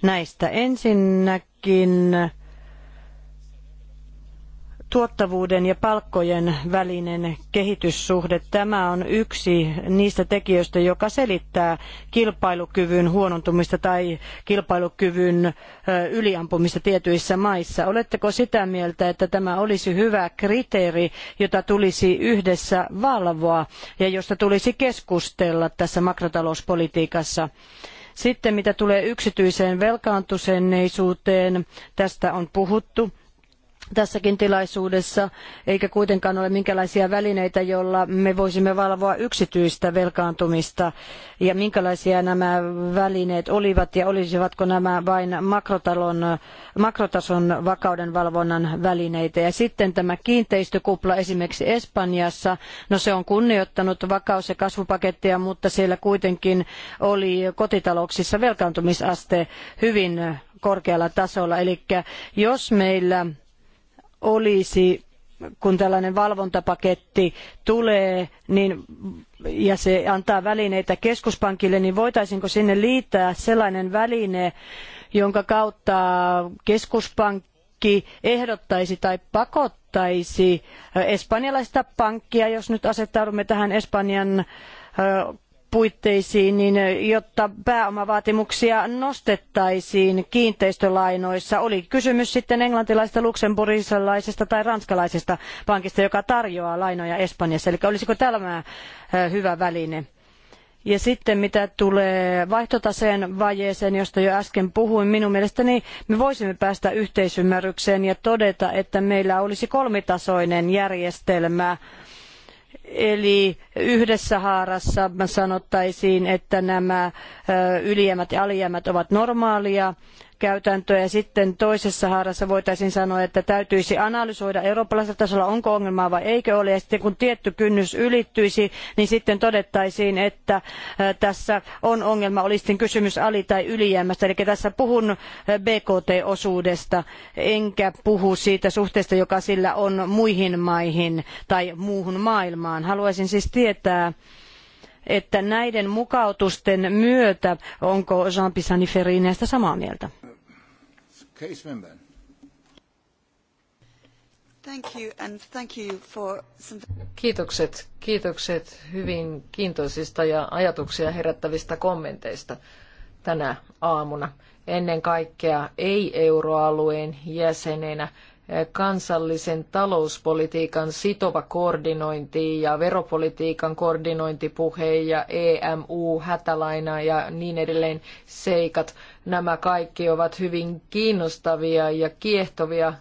näistä. Ensinnäkin tuottavuuden ja palkkojen välinen kehityssuhde. Tämä on yksi niistä tekijöistä, joka selittää kilpailukyvyn huonontumista tai kilpailukyvyn yliampumista tietyissä maissa. Oletteko sitä mieltä, että tämä olisi hyvä kriteeri, jota tulisi yhdessä valvoa ja josta tulisi keskustella tässä makrotalouspolitiikassa? Sitten mitä tulee yksityiseen velkaantuneisuuteen, tästä on puhuttu tässäkin tilaisuudessa, eikä kuitenkaan ole minkälaisia välineitä, joilla me voisimme valvoa yksityistä velkaantumista ja minkälaisia nämä välineet olivat ja olisivatko nämä vain makrotason vakauden valvonnan välineitä. Ja sitten tämä kiinteistökupla esimerkiksi Espanjassa, no se on kunnioittanut vakaus- ja kasvupakettia, mutta siellä kuitenkin oli kotitalouksissa velkaantumisaste hyvin korkealla tasolla. Eli jos meillä olisi, kun tällainen valvontapaketti tulee niin, ja se antaa välineitä keskuspankille, niin voitaisiinko sinne liittää sellainen väline, jonka kautta keskuspankki ehdottaisi tai pakottaisi äh, espanjalaista pankkia, jos nyt asettaudumme tähän Espanjan äh, puitteisiin, niin jotta pääomavaatimuksia nostettaisiin kiinteistölainoissa. Oli kysymys sitten englantilaisesta, luksemburilaisesta tai ranskalaisesta pankista, joka tarjoaa lainoja Espanjassa. Eli olisiko tämä äh, hyvä väline? Ja sitten mitä tulee vaihtotaseen vajeeseen, josta jo äsken puhuin, minun mielestäni me voisimme päästä yhteisymmärrykseen ja todeta, että meillä olisi kolmitasoinen järjestelmä Eli yhdessä haarassa sanottaisiin, että nämä ylijäämät ja alijäämät ovat normaalia käytäntöä ja sitten toisessa haarassa voitaisiin sanoa, että täytyisi analysoida eurooppalaisella tasolla, onko ongelmaa vai eikö ole. Ja sitten kun tietty kynnys ylittyisi, niin sitten todettaisiin, että tässä on ongelma, oli sitten kysymys ali- tai ylijäämästä. Eli tässä puhun BKT-osuudesta, enkä puhu siitä suhteesta, joka sillä on muihin maihin tai muuhun maailmaan. Haluaisin siis tietää, että näiden mukautusten myötä, onko Jean Pisani Ferri samaa mieltä? Kay Swinburne. Thank you and thank you for some... Kiitokset, kiitokset hyvin kiintoisista ja ajatuksia herättävistä kommenteista tänä aamuna. Ennen kaikkea ei-euroalueen jäsenenä kansallisen talouspolitiikan sitova koordinointi ja veropolitiikan koordinointipuhe ja EMU, hätälaina ja niin edelleen seikat. Nämä kaikki ovat hyvin kiinnostavia ja kiehtovia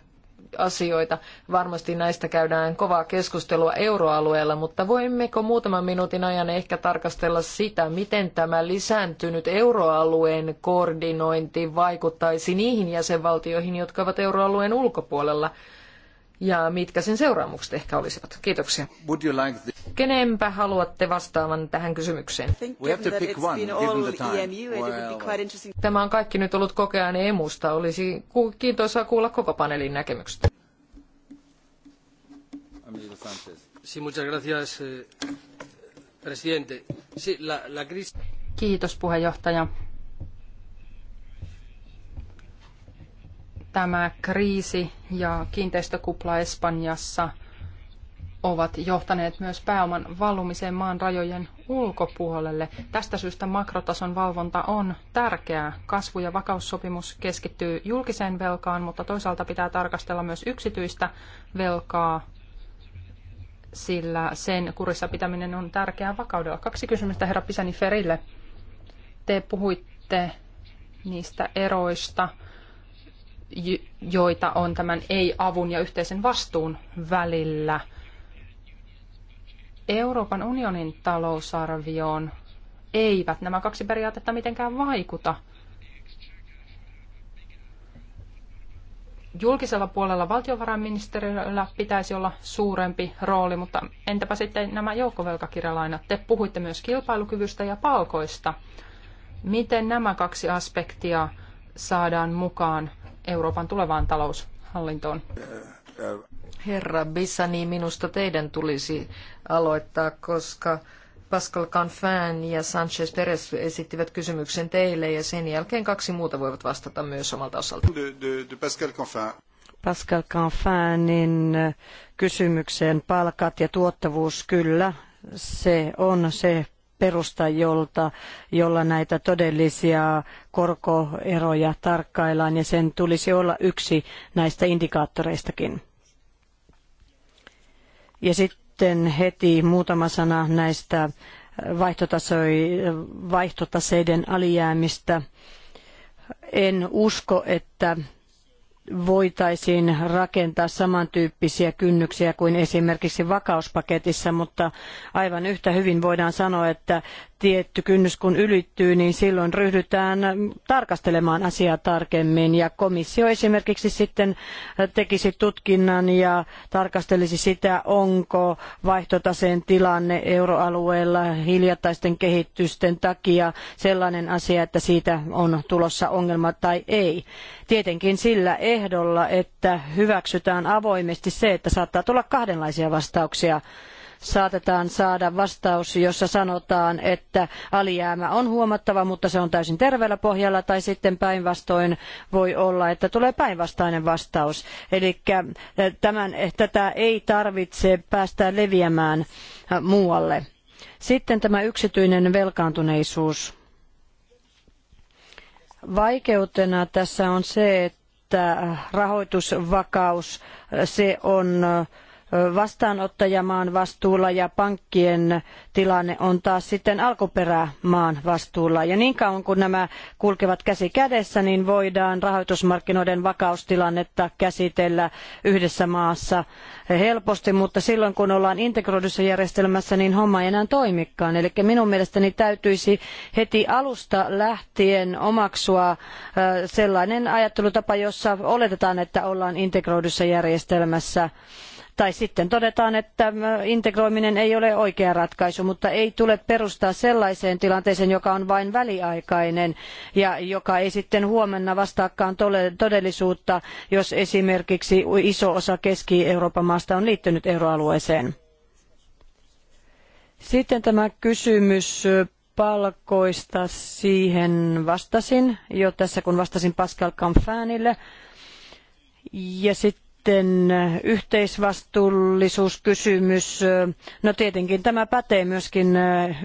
asioita. Varmasti näistä käydään kovaa keskustelua euroalueella, mutta voimmeko muutaman minuutin ajan ehkä tarkastella sitä, miten tämä lisääntynyt euroalueen koordinointi vaikuttaisi niihin jäsenvaltioihin, jotka ovat euroalueen ulkopuolella? ja mitkä sen seuraamukset ehkä olisivat? Kiitoksia. Would you like the... Kenenpä haluatte vastaavan tähän kysymykseen? E Tämä on kaikki nyt ollut kokeaan emusta. Olisi kiintoisaa kuulla koko paneelin näkemykset. Eh, Kiitos puheenjohtaja. tämä kriisi ja kiinteistökupla Espanjassa ovat johtaneet myös pääoman valumiseen maan rajojen ulkopuolelle. Tästä syystä makrotason valvonta on tärkeää. Kasvu- ja vakaussopimus keskittyy julkiseen velkaan, mutta toisaalta pitää tarkastella myös yksityistä velkaa, sillä sen kurissa pitäminen on tärkeää vakaudella. Kaksi kysymystä herra Pisani Ferille. Te puhuitte niistä eroista – joita on tämän ei-avun ja yhteisen vastuun välillä. Euroopan unionin talousarvioon eivät nämä kaksi periaatetta mitenkään vaikuta. Julkisella puolella valtiovarainministeriöllä pitäisi olla suurempi rooli, mutta entäpä sitten nämä joukkovelkakirjalainat? Te puhuitte myös kilpailukyvystä ja palkoista. Miten nämä kaksi aspektia saadaan mukaan Euroopan tulevaan taloushallintoon. Herra Bissani, minusta teidän tulisi aloittaa, koska Pascal Canfin ja Sanchez Perez esittivät kysymyksen teille ja sen jälkeen kaksi muuta voivat vastata myös omalta osaltaan. Pascal Canfin. Pascal Canfinin kysymykseen palkat ja tuottavuus, kyllä, se on se perusta, jolta, jolla näitä todellisia korkoeroja tarkkaillaan ja sen tulisi olla yksi näistä indikaattoreistakin. Ja sitten heti muutama sana näistä vaihtotaseiden alijäämistä. En usko, että voitaisiin rakentaa samantyyppisiä kynnyksiä kuin esimerkiksi vakauspaketissa, mutta aivan yhtä hyvin voidaan sanoa, että tietty kynnys kun ylittyy, niin silloin ryhdytään tarkastelemaan asiaa tarkemmin ja komissio esimerkiksi sitten tekisi tutkinnan ja tarkastelisi sitä, onko vaihtotaseen tilanne euroalueella hiljattaisten kehitysten takia sellainen asia, että siitä on tulossa ongelma tai ei. Tietenkin sillä ehdolla, että hyväksytään avoimesti se, että saattaa tulla kahdenlaisia vastauksia saatetaan saada vastaus, jossa sanotaan, että alijäämä on huomattava, mutta se on täysin terveellä pohjalla, tai sitten päinvastoin voi olla, että tulee päinvastainen vastaus. Eli eh, eh, tätä ei tarvitse päästä leviämään eh, muualle. Sitten tämä yksityinen velkaantuneisuus. Vaikeutena tässä on se, että rahoitusvakaus se on vastaanottajamaan vastuulla ja pankkien tilanne on taas sitten alkuperämaan vastuulla. Ja niin kauan kuin nämä kulkevat käsi kädessä, niin voidaan rahoitusmarkkinoiden vakaustilannetta käsitellä yhdessä maassa helposti, mutta silloin kun ollaan integroidussa järjestelmässä, niin homma ei enää toimikaan. Eli minun mielestäni täytyisi heti alusta lähtien omaksua sellainen ajattelutapa, jossa oletetaan, että ollaan integroidussa järjestelmässä. Tai sitten todetaan, että äh, integroiminen ei ole oikea ratkaisu, mutta ei tule perustaa sellaiseen tilanteeseen, joka on vain väliaikainen ja joka ei sitten huomenna vastaakaan todellisuutta, jos esimerkiksi iso osa Keski-Euroopan maasta on liittynyt euroalueeseen. Sitten tämä kysymys äh, palkoista siihen vastasin jo tässä, kun vastasin Pascal Camfanille. Ja sitten sitten yhteisvastuullisuuskysymys. No tietenkin tämä pätee myöskin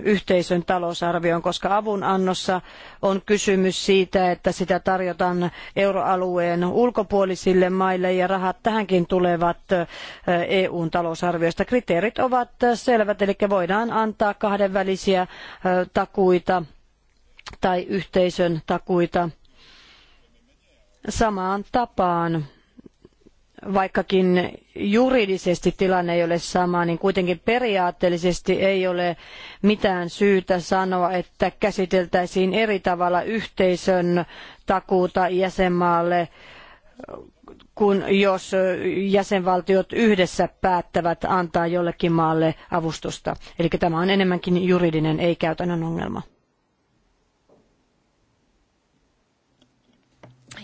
yhteisön talousarvioon, koska avunannossa on kysymys siitä, että sitä tarjotaan euroalueen ulkopuolisille maille ja rahat tähänkin tulevat EUn talousarviosta. Kriteerit ovat selvät, eli voidaan antaa kahdenvälisiä takuita tai yhteisön takuita samaan tapaan vaikkakin juridisesti tilanne ei ole sama, niin kuitenkin periaatteellisesti ei ole mitään syytä sanoa, että käsiteltäisiin eri tavalla yhteisön takuuta jäsenmaalle kun jos jäsenvaltiot yhdessä päättävät antaa jollekin maalle avustusta. Eli tämä on enemmänkin juridinen, ei käytännön ongelma.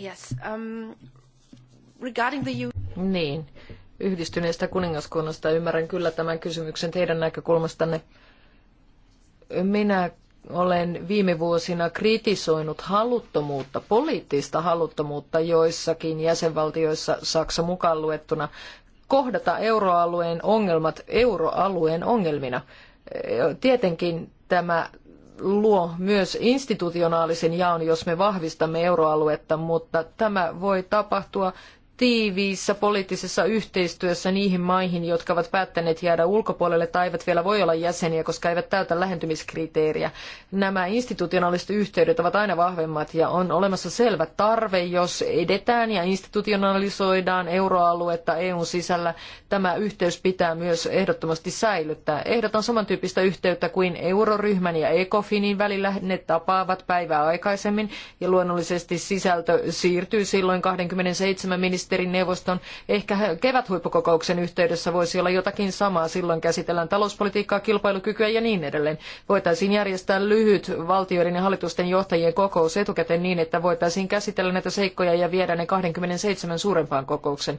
Yes, um, regarding the... Niin, yhdistyneestä kuningaskunnasta ymmärrän kyllä tämän kysymyksen teidän näkökulmastanne. Minä olen viime vuosina kritisoinut haluttomuutta, poliittista haluttomuutta joissakin jäsenvaltioissa, Saksa mukaan luettuna, kohdata euroalueen ongelmat euroalueen ongelmina. Tietenkin tämä luo myös institutionaalisen jaon, jos me vahvistamme euroaluetta, mutta tämä voi tapahtua tiiviissä poliittisessa yhteistyössä niihin maihin, jotka ovat päättäneet jäädä ulkopuolelle tai eivät vielä voi olla jäseniä, koska eivät täytä lähentymiskriteeriä. Nämä institutionaaliset yhteydet ovat aina vahvemmat ja on olemassa selvä tarve, jos edetään ja institutionalisoidaan euroaluetta EUn sisällä. Tämä yhteys pitää myös ehdottomasti säilyttää. Ehdotan samantyyppistä yhteyttä kuin euroryhmän ja ECOFINin välillä. Ne tapaavat päivää aikaisemmin ja luonnollisesti sisältö siirtyy silloin 27 ministeriön ministerineuvoston ehkä keväthuippukokouksen yhteydessä voisi olla jotakin samaa. Silloin käsitellään talouspolitiikkaa, kilpailukykyä ja niin edelleen. Voitaisiin järjestää lyhyt valtioiden ja hallitusten johtajien kokous etukäteen niin, että voitaisiin käsitellä näitä seikkoja ja viedä ne 27 suurempaan kokoukseen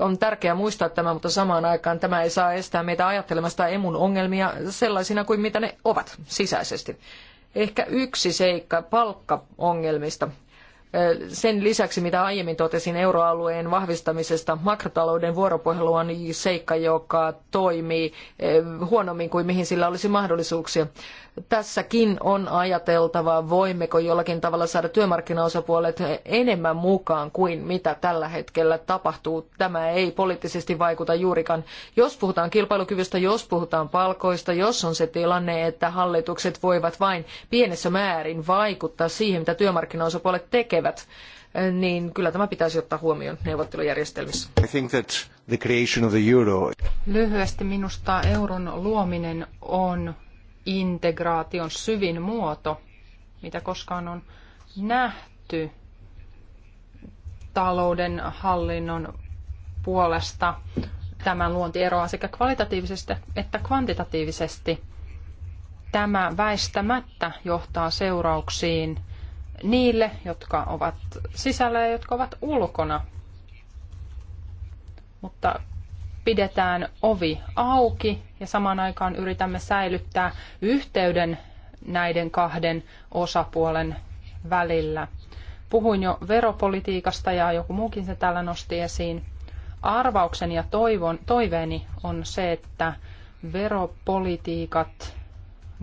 on tärkeää muistaa tämä, mutta samaan aikaan tämä ei saa estää meitä ajattelemasta emun ongelmia sellaisina kuin mitä ne ovat sisäisesti. Ehkä yksi seikka palkkaongelmista sen lisäksi, mitä aiemmin totesin euroalueen vahvistamisesta, makrotalouden vuoropuhelu on seikka, joka toimii huonommin kuin mihin sillä olisi mahdollisuuksia. Tässäkin on ajateltava, voimmeko jollakin tavalla saada työmarkkinaosapuolet enemmän mukaan kuin mitä tällä hetkellä tapahtuu. Tämä ei poliittisesti vaikuta juurikaan. Jos puhutaan kilpailukyvystä, jos puhutaan palkoista, jos on se tilanne, että hallitukset voivat vain pienessä määrin vaikuttaa siihen, mitä työmarkkinaosapuolet tekevät, niin kyllä tämä pitäisi ottaa huomioon neuvottelujärjestelmissä. Lyhyesti minusta euron luominen on integraation syvin muoto, mitä koskaan on nähty talouden hallinnon puolesta. Tämä luonti eroaa sekä kvalitatiivisesti että kvantitatiivisesti. Tämä väistämättä johtaa seurauksiin niille, jotka ovat sisällä ja jotka ovat ulkona. Mutta pidetään ovi auki ja samaan aikaan yritämme säilyttää yhteyden näiden kahden osapuolen välillä. Puhuin jo veropolitiikasta ja joku muukin se täällä nosti esiin. Arvaukseni ja toivon, toiveeni on se, että veropolitiikat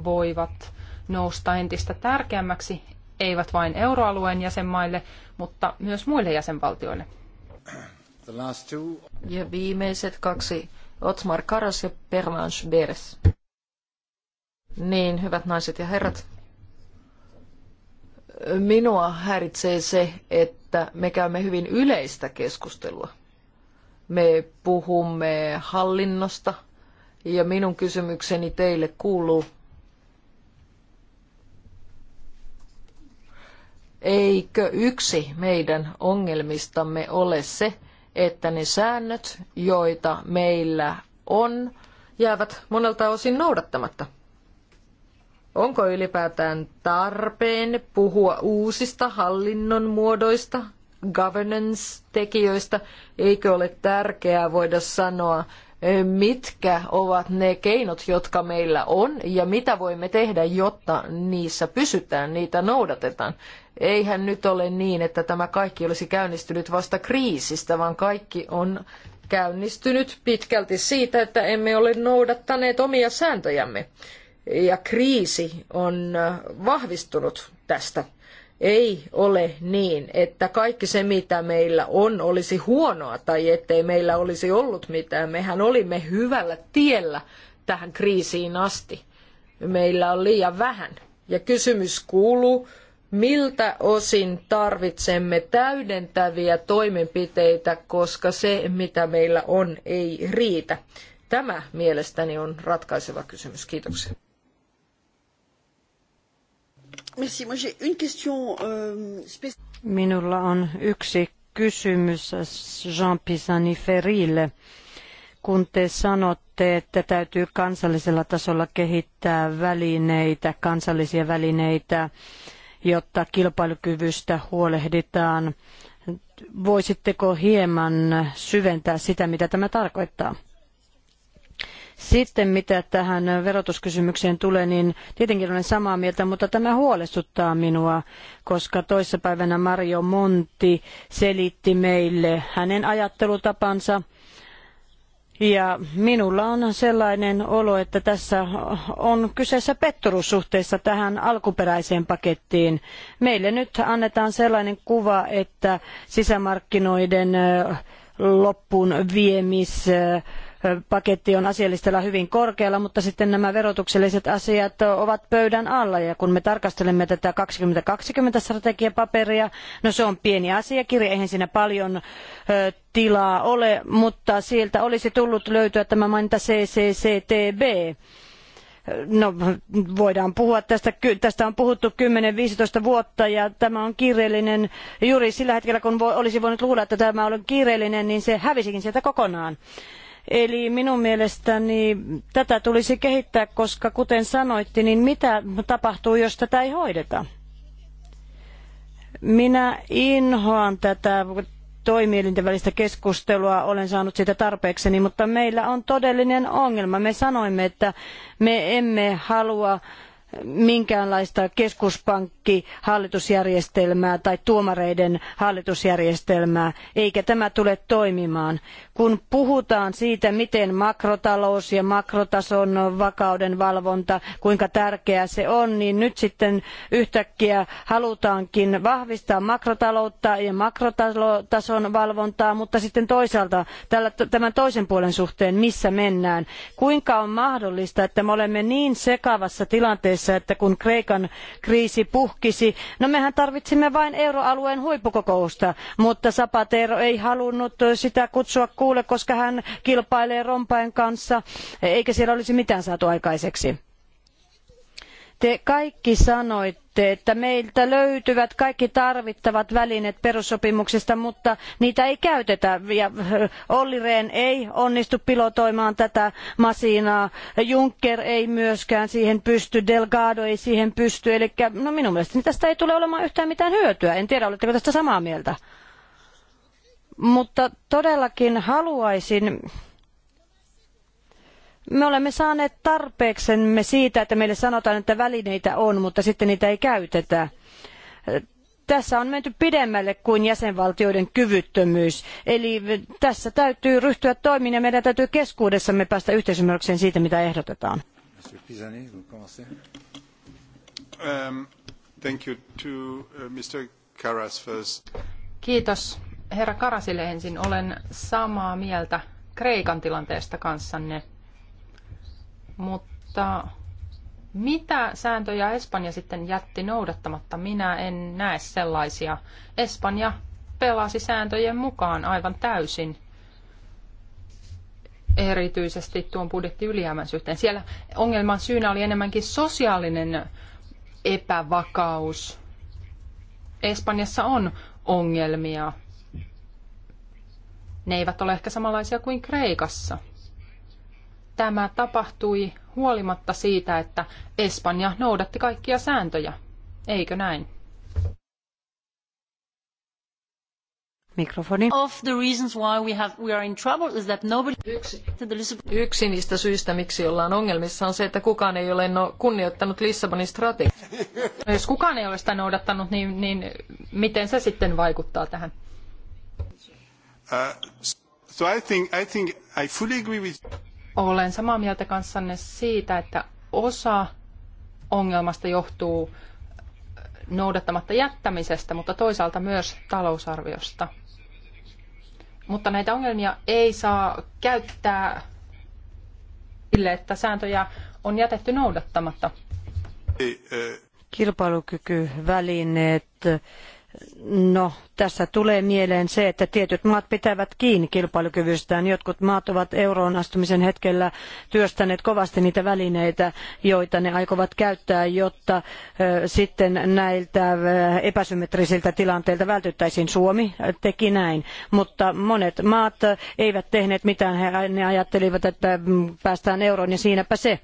voivat nousta entistä tärkeämmäksi, eivät vain euroalueen jäsenmaille, mutta myös muille jäsenvaltioille. Ja viimeiset kaksi, Otmar Karas ja Pervanche Beres. Niin, hyvät naiset ja herrat. Minua häiritsee se, että me käymme hyvin yleistä keskustelua. Me puhumme hallinnosta ja minun kysymykseni teille kuuluu, Eikö yksi meidän ongelmistamme ole se, että ne säännöt, joita meillä on, jäävät monelta osin noudattamatta. Onko ylipäätään tarpeen puhua uusista hallinnon muodoista, governance-tekijöistä? Eikö ole tärkeää voida sanoa, mitkä ovat ne keinot, jotka meillä on ja mitä voimme tehdä, jotta niissä pysytään, niitä noudatetaan. Eihän nyt ole niin, että tämä kaikki olisi käynnistynyt vasta kriisistä, vaan kaikki on käynnistynyt pitkälti siitä, että emme ole noudattaneet omia sääntöjämme. Ja kriisi on vahvistunut tästä. Ei ole niin, että kaikki se mitä meillä on olisi huonoa tai ettei meillä olisi ollut mitään. Mehän olimme hyvällä tiellä tähän kriisiin asti. Meillä on liian vähän. Ja kysymys kuuluu, miltä osin tarvitsemme täydentäviä toimenpiteitä, koska se, mitä meillä on, ei riitä. Tämä mielestäni on ratkaiseva kysymys. Kiitoksia. Euh, Minulla on yksi kysymys Jean Pisani Ferille. Kun te sanotte, että täytyy kansallisella tasolla kehittää välineitä, kansallisia välineitä, jotta kilpailukyvystä huolehditaan. Voisitteko hieman syventää sitä, mitä tämä tarkoittaa? Sitten mitä tähän verotuskysymykseen tulee, niin tietenkin olen samaa mieltä, mutta tämä huolestuttaa minua, koska toissapäivänä Mario Monti selitti meille hänen ajattelutapansa – ja minulla on sellainen olo, että tässä on kyseessä petturuus suhteessa tähän alkuperäiseen pakettiin. Meille nyt annetaan sellainen kuva, että sisämarkkinoiden loppuun viemis paketti on asialistalla hyvin korkealla, mutta sitten nämä verotukselliset asiat ovat pöydän alla. Ja kun me tarkastelemme tätä 2020 strategiapaperia, no se on pieni asiakirja, eihän siinä paljon tilaa ole, mutta sieltä olisi tullut löytyä tämä maininta CCCTB. No, voidaan puhua tästä, tästä on puhuttu 10-15 vuotta ja tämä on kiireellinen. Juuri sillä hetkellä, kun olisi voinut luulla, että tämä on kiireellinen, niin se hävisikin sieltä kokonaan. Eli minun mielestäni tätä tulisi kehittää, koska kuten sanoitte, niin mitä tapahtuu, jos tätä ei hoideta? Minä inhoan tätä toimielinten välistä keskustelua, olen saanut sitä tarpeekseni, mutta meillä on todellinen ongelma. Me sanoimme, että me emme halua minkäänlaista hallitusjärjestelmää tai tuomareiden hallitusjärjestelmää, eikä tämä tule toimimaan. Kun puhutaan siitä, miten makrotalous ja makrotason vakauden valvonta, kuinka tärkeää se on, niin nyt sitten yhtäkkiä halutaankin vahvistaa makrotaloutta ja makrotason valvontaa, mutta sitten toisaalta tämän toisen puolen suhteen, missä mennään. Kuinka on mahdollista, että me olemme niin sekavassa tilanteessa, mielessä, että kun Kreikan kriisi puhkisi, no mehän tarvitsimme vain euroalueen huippukokousta, mutta Zapatero ei halunnut sitä kutsua kuulle, koska hän kilpailee Rompain kanssa, eikä siellä olisi mitään saatu aikaiseksi te kaikki sanoitte, että meiltä löytyvät kaikki tarvittavat välineet perussopimuksesta, mutta niitä ei käytetä. Ja Olli Rehn ei onnistu pilotoimaan tätä masinaa, Juncker ei myöskään siihen pysty, Delgado ei siihen pysty. Eli no minun mielestäni tästä ei tule olemaan yhtään mitään hyötyä. En tiedä, oletteko tästä samaa mieltä. Mutta todellakin haluaisin me olemme saaneet tarpeeksemme siitä, että meille sanotaan, että välineitä on, mutta sitten niitä ei käytetä. Tässä on menty pidemmälle kuin jäsenvaltioiden kyvyttömyys. Eli tässä täytyy ryhtyä toimiin ja meidän täytyy keskuudessamme päästä yhteisymmärrykseen siitä, mitä ehdotetaan. Um, uh, Kiitos herra Karasille ensin. Olen samaa mieltä Kreikan tilanteesta kanssanne. Mutta mitä sääntöjä Espanja sitten jätti noudattamatta? Minä en näe sellaisia. Espanja pelasi sääntöjen mukaan aivan täysin erityisesti tuon budjettiylijäämän suhteen. Siellä ongelman syynä oli enemmänkin sosiaalinen epävakaus. Espanjassa on ongelmia. Ne eivät ole ehkä samanlaisia kuin Kreikassa – tämä tapahtui huolimatta siitä, että Espanja noudatti kaikkia sääntöjä. Eikö näin? Mikrofoni. Of the reasons why we, have, we are in trouble is that nobody... Yksi, yksi niistä syistä, miksi ollaan ongelmissa, on se, että kukaan ei ole no, kunnioittanut Lissabonin strategiaa. No, jos kukaan ei ole sitä noudattanut, niin, niin miten se sitten vaikuttaa tähän? Uh, so I think, I think I fully agree with... Olen samaa mieltä kanssanne siitä, että osa ongelmasta johtuu noudattamatta jättämisestä, mutta toisaalta myös talousarviosta. Mutta näitä ongelmia ei saa käyttää sille, että sääntöjä on jätetty noudattamatta. Kilpailukykyvälineet No, tässä tulee mieleen se, että tietyt maat pitävät kiinni kilpailukyvystään. Jotkut maat ovat euroon astumisen hetkellä työstäneet kovasti niitä välineitä, joita ne aikovat käyttää, jotta sitten näiltä epäsymmetrisiltä tilanteilta vältyttäisiin. Suomi teki näin, mutta monet maat eivät tehneet mitään. He, ne ajattelivat, että mm, päästään euroon ja siinäpä se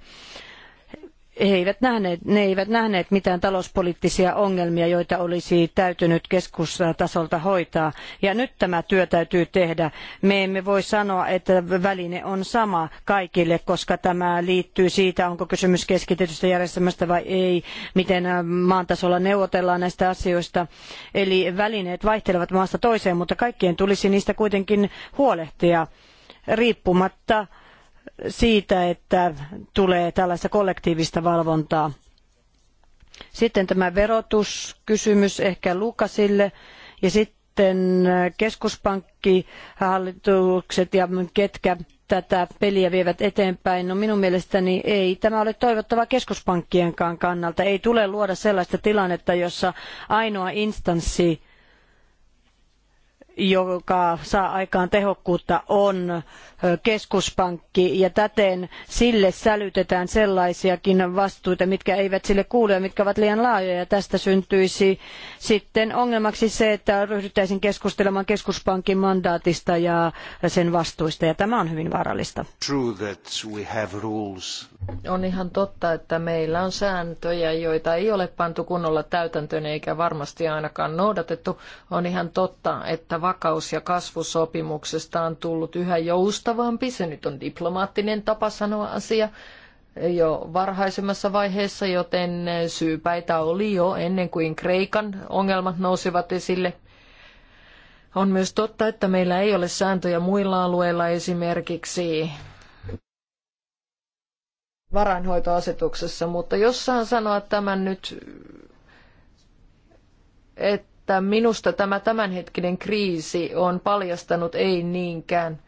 he eivät nähneet, ne eivät nähneet mitään talouspoliittisia ongelmia, joita olisi täytynyt keskustasolta hoitaa. Ja nyt tämä työ täytyy tehdä. Me emme voi sanoa, että väline on sama kaikille, koska tämä liittyy siitä, onko kysymys keskitetystä järjestelmästä vai ei, miten maan tasolla neuvotellaan näistä asioista. Eli välineet vaihtelevat maasta toiseen, mutta kaikkien tulisi niistä kuitenkin huolehtia riippumatta siitä, että tulee tällaista kollektiivista valvontaa. Sitten tämä verotuskysymys ehkä Lukasille ja sitten keskuspankkihallitukset ja ketkä tätä peliä vievät eteenpäin. No minun mielestäni ei. Tämä ole toivottava keskuspankkienkaan kannalta. Ei tule luoda sellaista tilannetta, jossa ainoa instanssi joka saa aikaan tehokkuutta, on keskuspankki ja täten sille sälytetään sellaisiakin vastuita, mitkä eivät sille kuulu ja mitkä ovat liian laajoja. Tästä syntyisi sitten ongelmaksi se, että ryhdyttäisiin keskustelemaan keskuspankin mandaatista ja sen vastuista ja tämä on hyvin vaarallista. On ihan totta, että meillä on sääntöjä, joita ei ole pantu kunnolla täytäntöön eikä varmasti ainakaan noudatettu. On ihan totta, että vakaus- ja kasvusopimuksesta on tullut yhä joustavampi. Se nyt on diplomaattinen tapa sanoa asia jo varhaisemmassa vaiheessa, joten syypäitä oli jo ennen kuin Kreikan ongelmat nousivat esille. On myös totta, että meillä ei ole sääntöjä muilla alueilla esimerkiksi varainhoitoasetuksessa, mutta jos saan sanoa tämän nyt, että että minusta tämä tämänhetkinen kriisi on paljastanut ei niinkään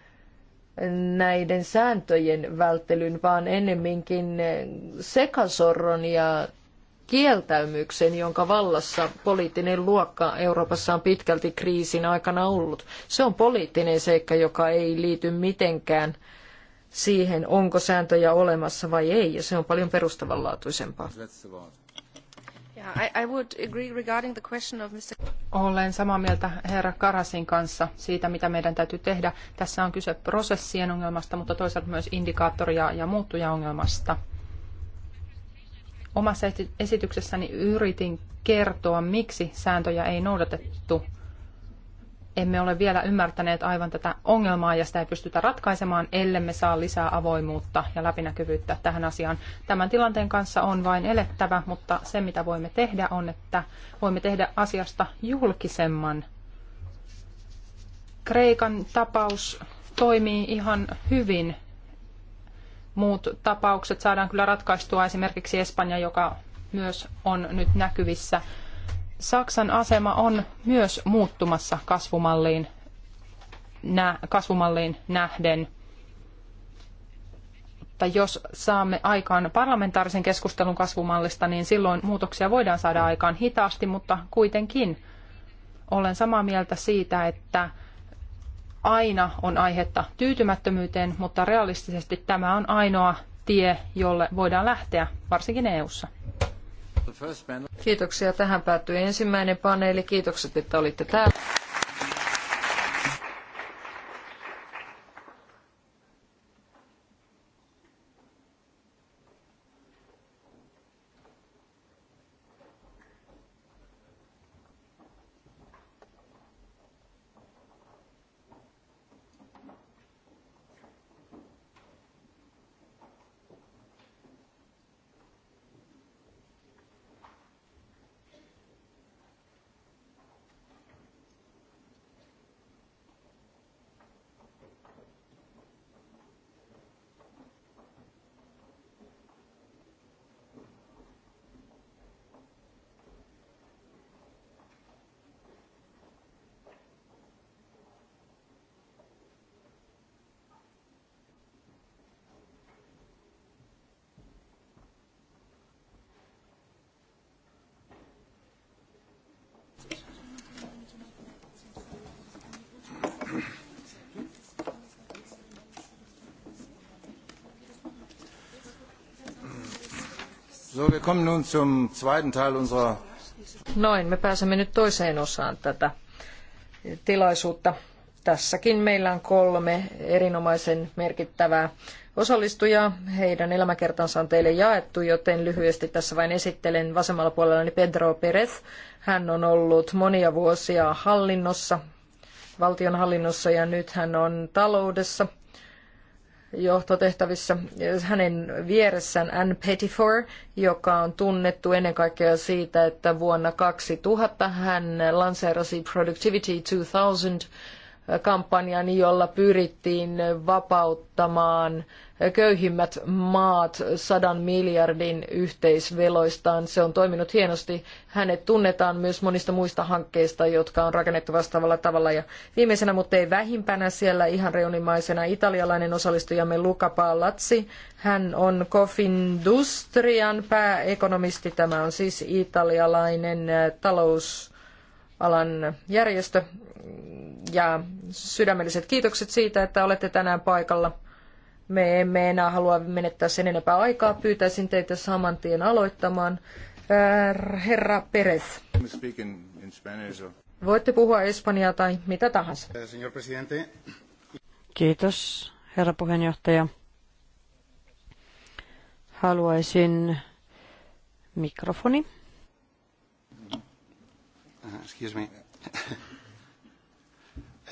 näiden sääntöjen välttelyn, vaan ennemminkin sekasorron ja kieltäymyksen, jonka vallassa poliittinen luokka Euroopassa on pitkälti kriisin aikana ollut. Se on poliittinen seikka, joka ei liity mitenkään siihen, onko sääntöjä olemassa vai ei, ja se on paljon perustavanlaatuisempaa. Olen samaa mieltä herra Karasin kanssa siitä, mitä meidän täytyy tehdä. Tässä on kyse prosessien ongelmasta, mutta toisaalta myös indikaattori- ja muuttujaongelmasta. Omassa esityksessäni yritin kertoa, miksi sääntöjä ei noudatettu – emme ole vielä ymmärtäneet aivan tätä ongelmaa ja sitä ei pystytä ratkaisemaan, ellemme saa lisää avoimuutta ja läpinäkyvyyttä tähän asiaan. Tämän tilanteen kanssa on vain elettävä, mutta se mitä voimme tehdä on, että voimme tehdä asiasta julkisemman. Kreikan tapaus toimii ihan hyvin. Muut tapaukset saadaan kyllä ratkaistua esimerkiksi Espanja, joka myös on nyt näkyvissä Saksan asema on myös muuttumassa kasvumalliin, nä, kasvumalliin nähden. Tai jos saamme aikaan parlamentaarisen keskustelun kasvumallista, niin silloin muutoksia voidaan saada aikaan hitaasti, mutta kuitenkin olen samaa mieltä siitä, että aina on aihetta tyytymättömyyteen, mutta realistisesti tämä on ainoa tie, jolle voidaan lähteä, varsinkin EU:ssa. ssa Kiitoksia. Tähän päättyi ensimmäinen paneeli. Kiitokset, että olitte täällä. Noin, me pääsemme nyt toiseen osaan tätä tilaisuutta. Tässäkin meillä on kolme erinomaisen merkittävää osallistujaa. Heidän elämäkertansa on teille jaettu, joten lyhyesti tässä vain esittelen vasemmalla puolellani Pedro Perez. Hän on ollut monia vuosia hallinnossa, valtionhallinnossa ja nyt hän on taloudessa – johtotehtävissä. Hänen vieressään Anne Pettifor, joka on tunnettu ennen kaikkea siitä, että vuonna 2000 hän lanseerasi Productivity 2000 kampanjan, jolla pyrittiin vapauttamaan köyhimmät maat sadan miljardin yhteisveloistaan. Se on toiminut hienosti. Hänet tunnetaan myös monista muista hankkeista, jotka on rakennettu vastaavalla tavalla. Ja viimeisenä, mutta ei vähimpänä siellä ihan reunimaisena italialainen osallistujamme Luca Palazzi. Hän on Cofindustrian pääekonomisti. Tämä on siis italialainen talous alan järjestö. Ja sydämelliset kiitokset siitä, että olette tänään paikalla. Me emme enää halua menettää sen enempää aikaa. Pyytäisin teitä saman tien aloittamaan. Äh, herra Perez. Voitte puhua espanjaa tai mitä tahansa. Eh, Kiitos, herra puheenjohtaja. Haluaisin mikrofoni. Excuse me.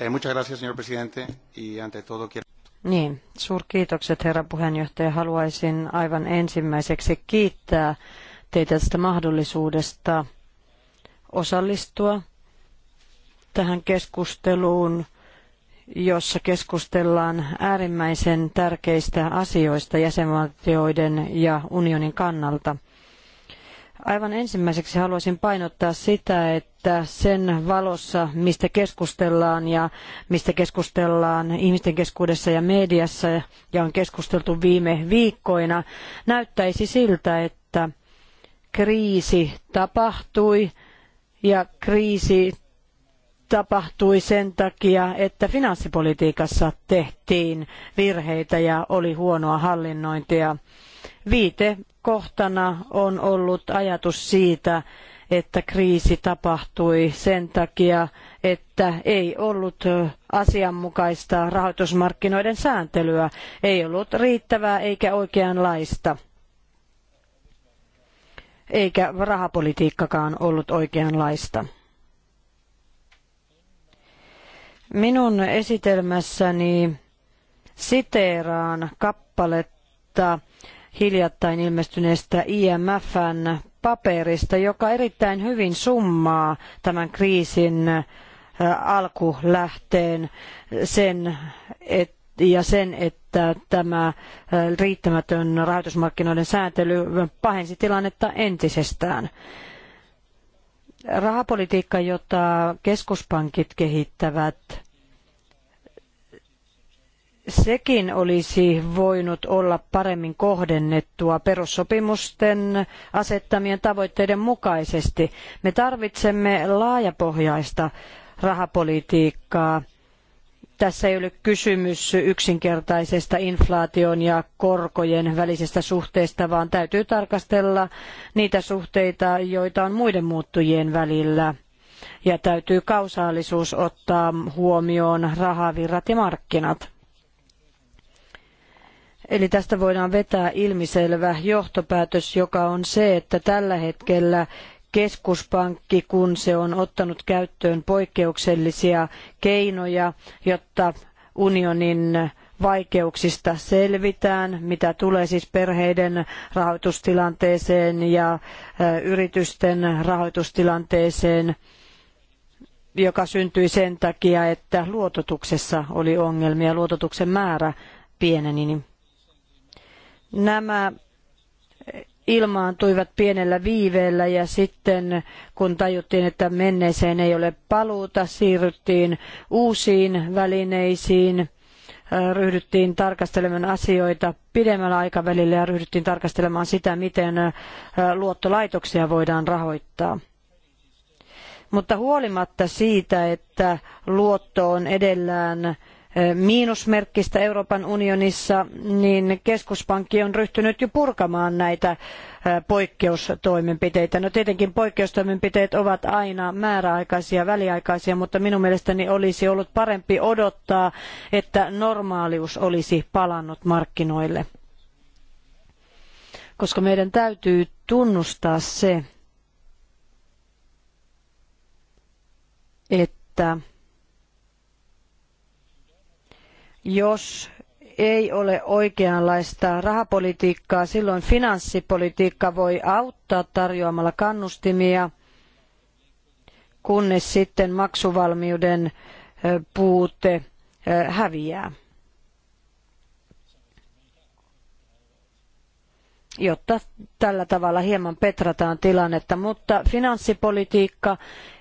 Eh, muchas gracias, señor presidente, y ante todo quiero... Niin, suurkiitokset herra puheenjohtaja. Haluaisin aivan ensimmäiseksi kiittää teitä tästä mahdollisuudesta osallistua tähän keskusteluun, jossa keskustellaan äärimmäisen tärkeistä asioista jäsenvaltioiden ja unionin kannalta. Aivan ensimmäiseksi haluaisin painottaa sitä, että sen valossa, mistä keskustellaan ja mistä keskustellaan ihmisten keskuudessa ja mediassa ja on keskusteltu viime viikkoina, näyttäisi siltä, että kriisi tapahtui ja kriisi tapahtui sen takia, että finanssipolitiikassa tehtiin virheitä ja oli huonoa hallinnointia. Viite kohtana on ollut ajatus siitä, että kriisi tapahtui sen takia, että ei ollut asianmukaista rahoitusmarkkinoiden sääntelyä, ei ollut riittävää eikä oikeanlaista, eikä rahapolitiikkakaan ollut oikeanlaista. Minun esitelmässäni siteeraan kappaletta hiljattain ilmestyneestä IMFn paperista, joka erittäin hyvin summaa tämän kriisin äh, alkulähteen sen, et, ja sen, että tämä äh, riittämätön rahoitusmarkkinoiden sääntely pahensi tilannetta entisestään. Rahapolitiikka, jota keskuspankit kehittävät, sekin olisi voinut olla paremmin kohdennettua perussopimusten asettamien tavoitteiden mukaisesti. Me tarvitsemme laajapohjaista rahapolitiikkaa. Tässä ei ole kysymys yksinkertaisesta inflaation ja korkojen välisestä suhteesta, vaan täytyy tarkastella niitä suhteita, joita on muiden muuttujien välillä. Ja täytyy kausaalisuus ottaa huomioon rahavirrat ja markkinat. Eli tästä voidaan vetää ilmiselvä johtopäätös, joka on se, että tällä hetkellä keskuspankki, kun se on ottanut käyttöön poikkeuksellisia keinoja, jotta unionin vaikeuksista selvitään, mitä tulee siis perheiden rahoitustilanteeseen ja yritysten rahoitustilanteeseen, joka syntyi sen takia, että luototuksessa oli ongelmia, luototuksen määrä pieneni. Nämä ilmaantuivat pienellä viiveellä ja sitten kun tajuttiin, että menneeseen ei ole paluuta, siirryttiin uusiin välineisiin, äh, ryhdyttiin tarkastelemaan asioita pidemmällä aikavälillä ja ryhdyttiin tarkastelemaan sitä, miten äh, luottolaitoksia voidaan rahoittaa. Mutta huolimatta siitä, että luotto on edellään miinusmerkkistä Euroopan unionissa, niin keskuspankki on ryhtynyt jo purkamaan näitä poikkeustoimenpiteitä. No tietenkin poikkeustoimenpiteet ovat aina määräaikaisia, väliaikaisia, mutta minun mielestäni olisi ollut parempi odottaa, että normaalius olisi palannut markkinoille. Koska meidän täytyy tunnustaa se, että jos ei ole oikeanlaista rahapolitiikkaa, silloin finanssipolitiikka voi auttaa tarjoamalla kannustimia, kunnes sitten maksuvalmiuden puute häviää. jotta tällä tavalla hieman petrataan tilannetta, mutta finanssipolitiikka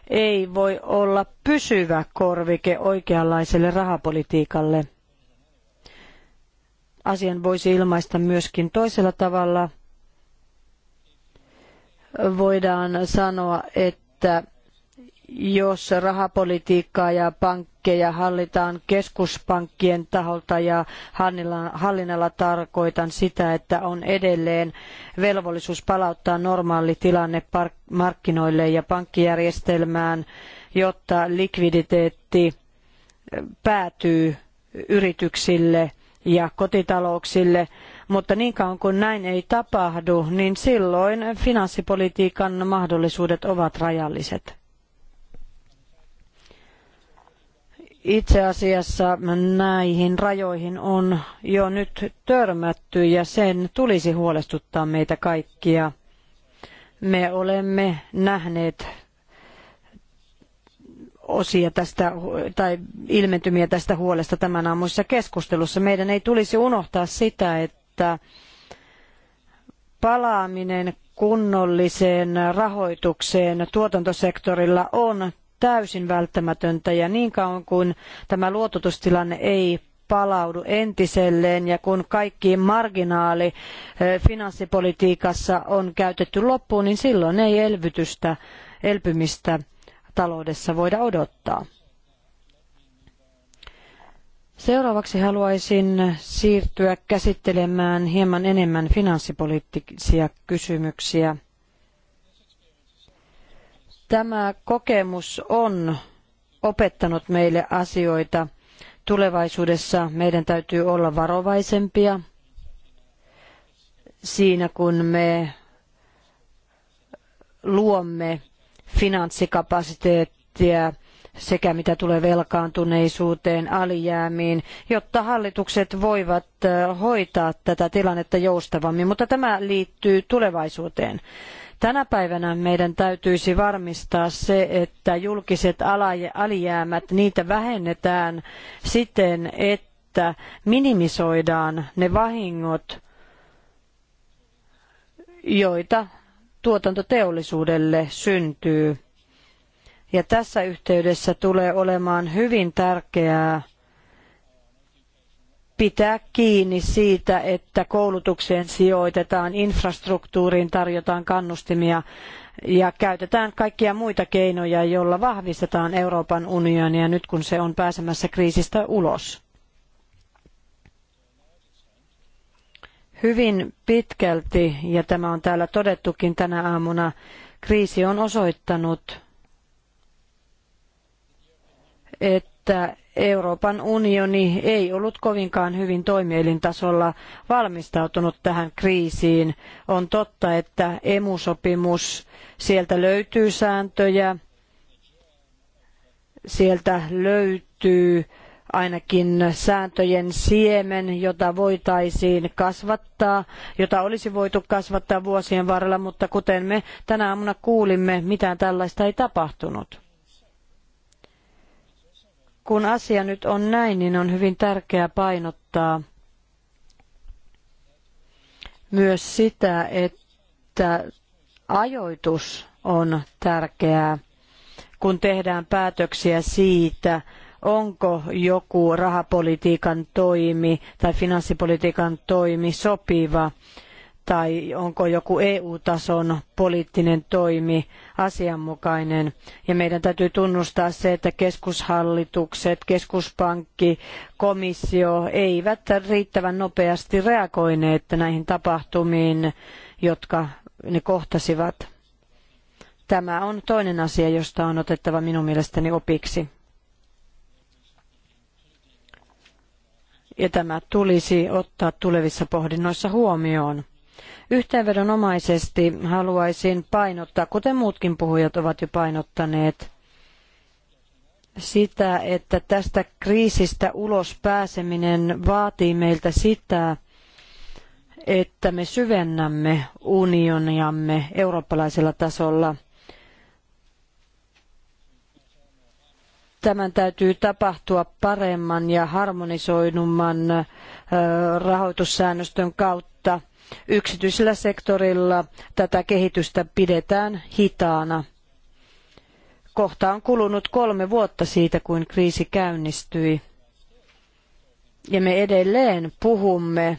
ei voi olla pysyvä korvike oikeanlaiselle rahapolitiikalle asian voisi ilmaista myöskin toisella tavalla. Voidaan sanoa, että jos rahapolitiikkaa ja pankkeja hallitaan keskuspankkien taholta ja hallinnalla tarkoitan sitä, että on edelleen velvollisuus palauttaa normaali tilanne markkinoille ja pankkijärjestelmään, jotta likviditeetti päätyy yrityksille – ja kotitalouksille, mutta niin kauan kuin näin ei tapahdu, niin silloin finanssipolitiikan mahdollisuudet ovat rajalliset. Itse asiassa näihin rajoihin on jo nyt törmätty ja sen tulisi huolestuttaa meitä kaikkia. Me olemme nähneet osia tästä tai ilmentymiä tästä huolesta tämän aamuisessa keskustelussa. Meidän ei tulisi unohtaa sitä, että palaaminen kunnolliseen rahoitukseen tuotantosektorilla on täysin välttämätöntä ja niin kauan kuin tämä luototustilanne ei palaudu entiselleen ja kun kaikki marginaali eh, finanssipolitiikassa on käytetty loppuun, niin silloin ei elvytystä, elpymistä taloudessa voida odottaa. Seuraavaksi haluaisin siirtyä käsittelemään hieman enemmän finanssipoliittisia kysymyksiä. Tämä kokemus on opettanut meille asioita. Tulevaisuudessa meidän täytyy olla varovaisempia siinä, kun me luomme finanssikapasiteettia sekä mitä tulee velkaantuneisuuteen, alijäämiin, jotta hallitukset voivat hoitaa tätä tilannetta joustavammin, mutta tämä liittyy tulevaisuuteen. Tänä päivänä meidän täytyisi varmistaa se, että julkiset alijäämät, niitä vähennetään siten, että minimisoidaan ne vahingot, joita tuotantoteollisuudelle syntyy. Ja tässä yhteydessä tulee olemaan hyvin tärkeää pitää kiinni siitä, että koulutukseen sijoitetaan, infrastruktuuriin tarjotaan kannustimia ja käytetään kaikkia muita keinoja, joilla vahvistetaan Euroopan unionia nyt kun se on pääsemässä kriisistä ulos. hyvin pitkälti, ja tämä on täällä todettukin tänä aamuna, kriisi on osoittanut, että Euroopan unioni ei ollut kovinkaan hyvin toimielintasolla valmistautunut tähän kriisiin. On totta, että emusopimus, sieltä löytyy sääntöjä, sieltä löytyy ainakin sääntöjen siemen, jota voitaisiin kasvattaa, jota olisi voitu kasvattaa vuosien varrella, mutta kuten me tänä aamuna kuulimme, mitään tällaista ei tapahtunut. Kun asia nyt on näin, niin on hyvin tärkeää painottaa myös sitä, että ajoitus on tärkeää, kun tehdään päätöksiä siitä, onko joku rahapolitiikan toimi tai finanssipolitiikan toimi sopiva tai onko joku EU-tason poliittinen toimi asianmukainen. Ja meidän täytyy tunnustaa se, että keskushallitukset, keskuspankki, komissio eivät riittävän nopeasti reagoineet näihin tapahtumiin, jotka ne kohtasivat. Tämä on toinen asia, josta on otettava minun mielestäni opiksi. ja tämä tulisi ottaa tulevissa pohdinnoissa huomioon. Yhteenvedonomaisesti haluaisin painottaa, kuten muutkin puhujat ovat jo painottaneet, sitä, että tästä kriisistä ulos pääseminen vaatii meiltä sitä, että me syvennämme unioniamme eurooppalaisella tasolla – tämän täytyy tapahtua paremman ja harmonisoidumman rahoitussäännöstön kautta. Yksityisellä sektorilla tätä kehitystä pidetään hitaana. Kohta on kulunut kolme vuotta siitä, kun kriisi käynnistyi. Ja me edelleen puhumme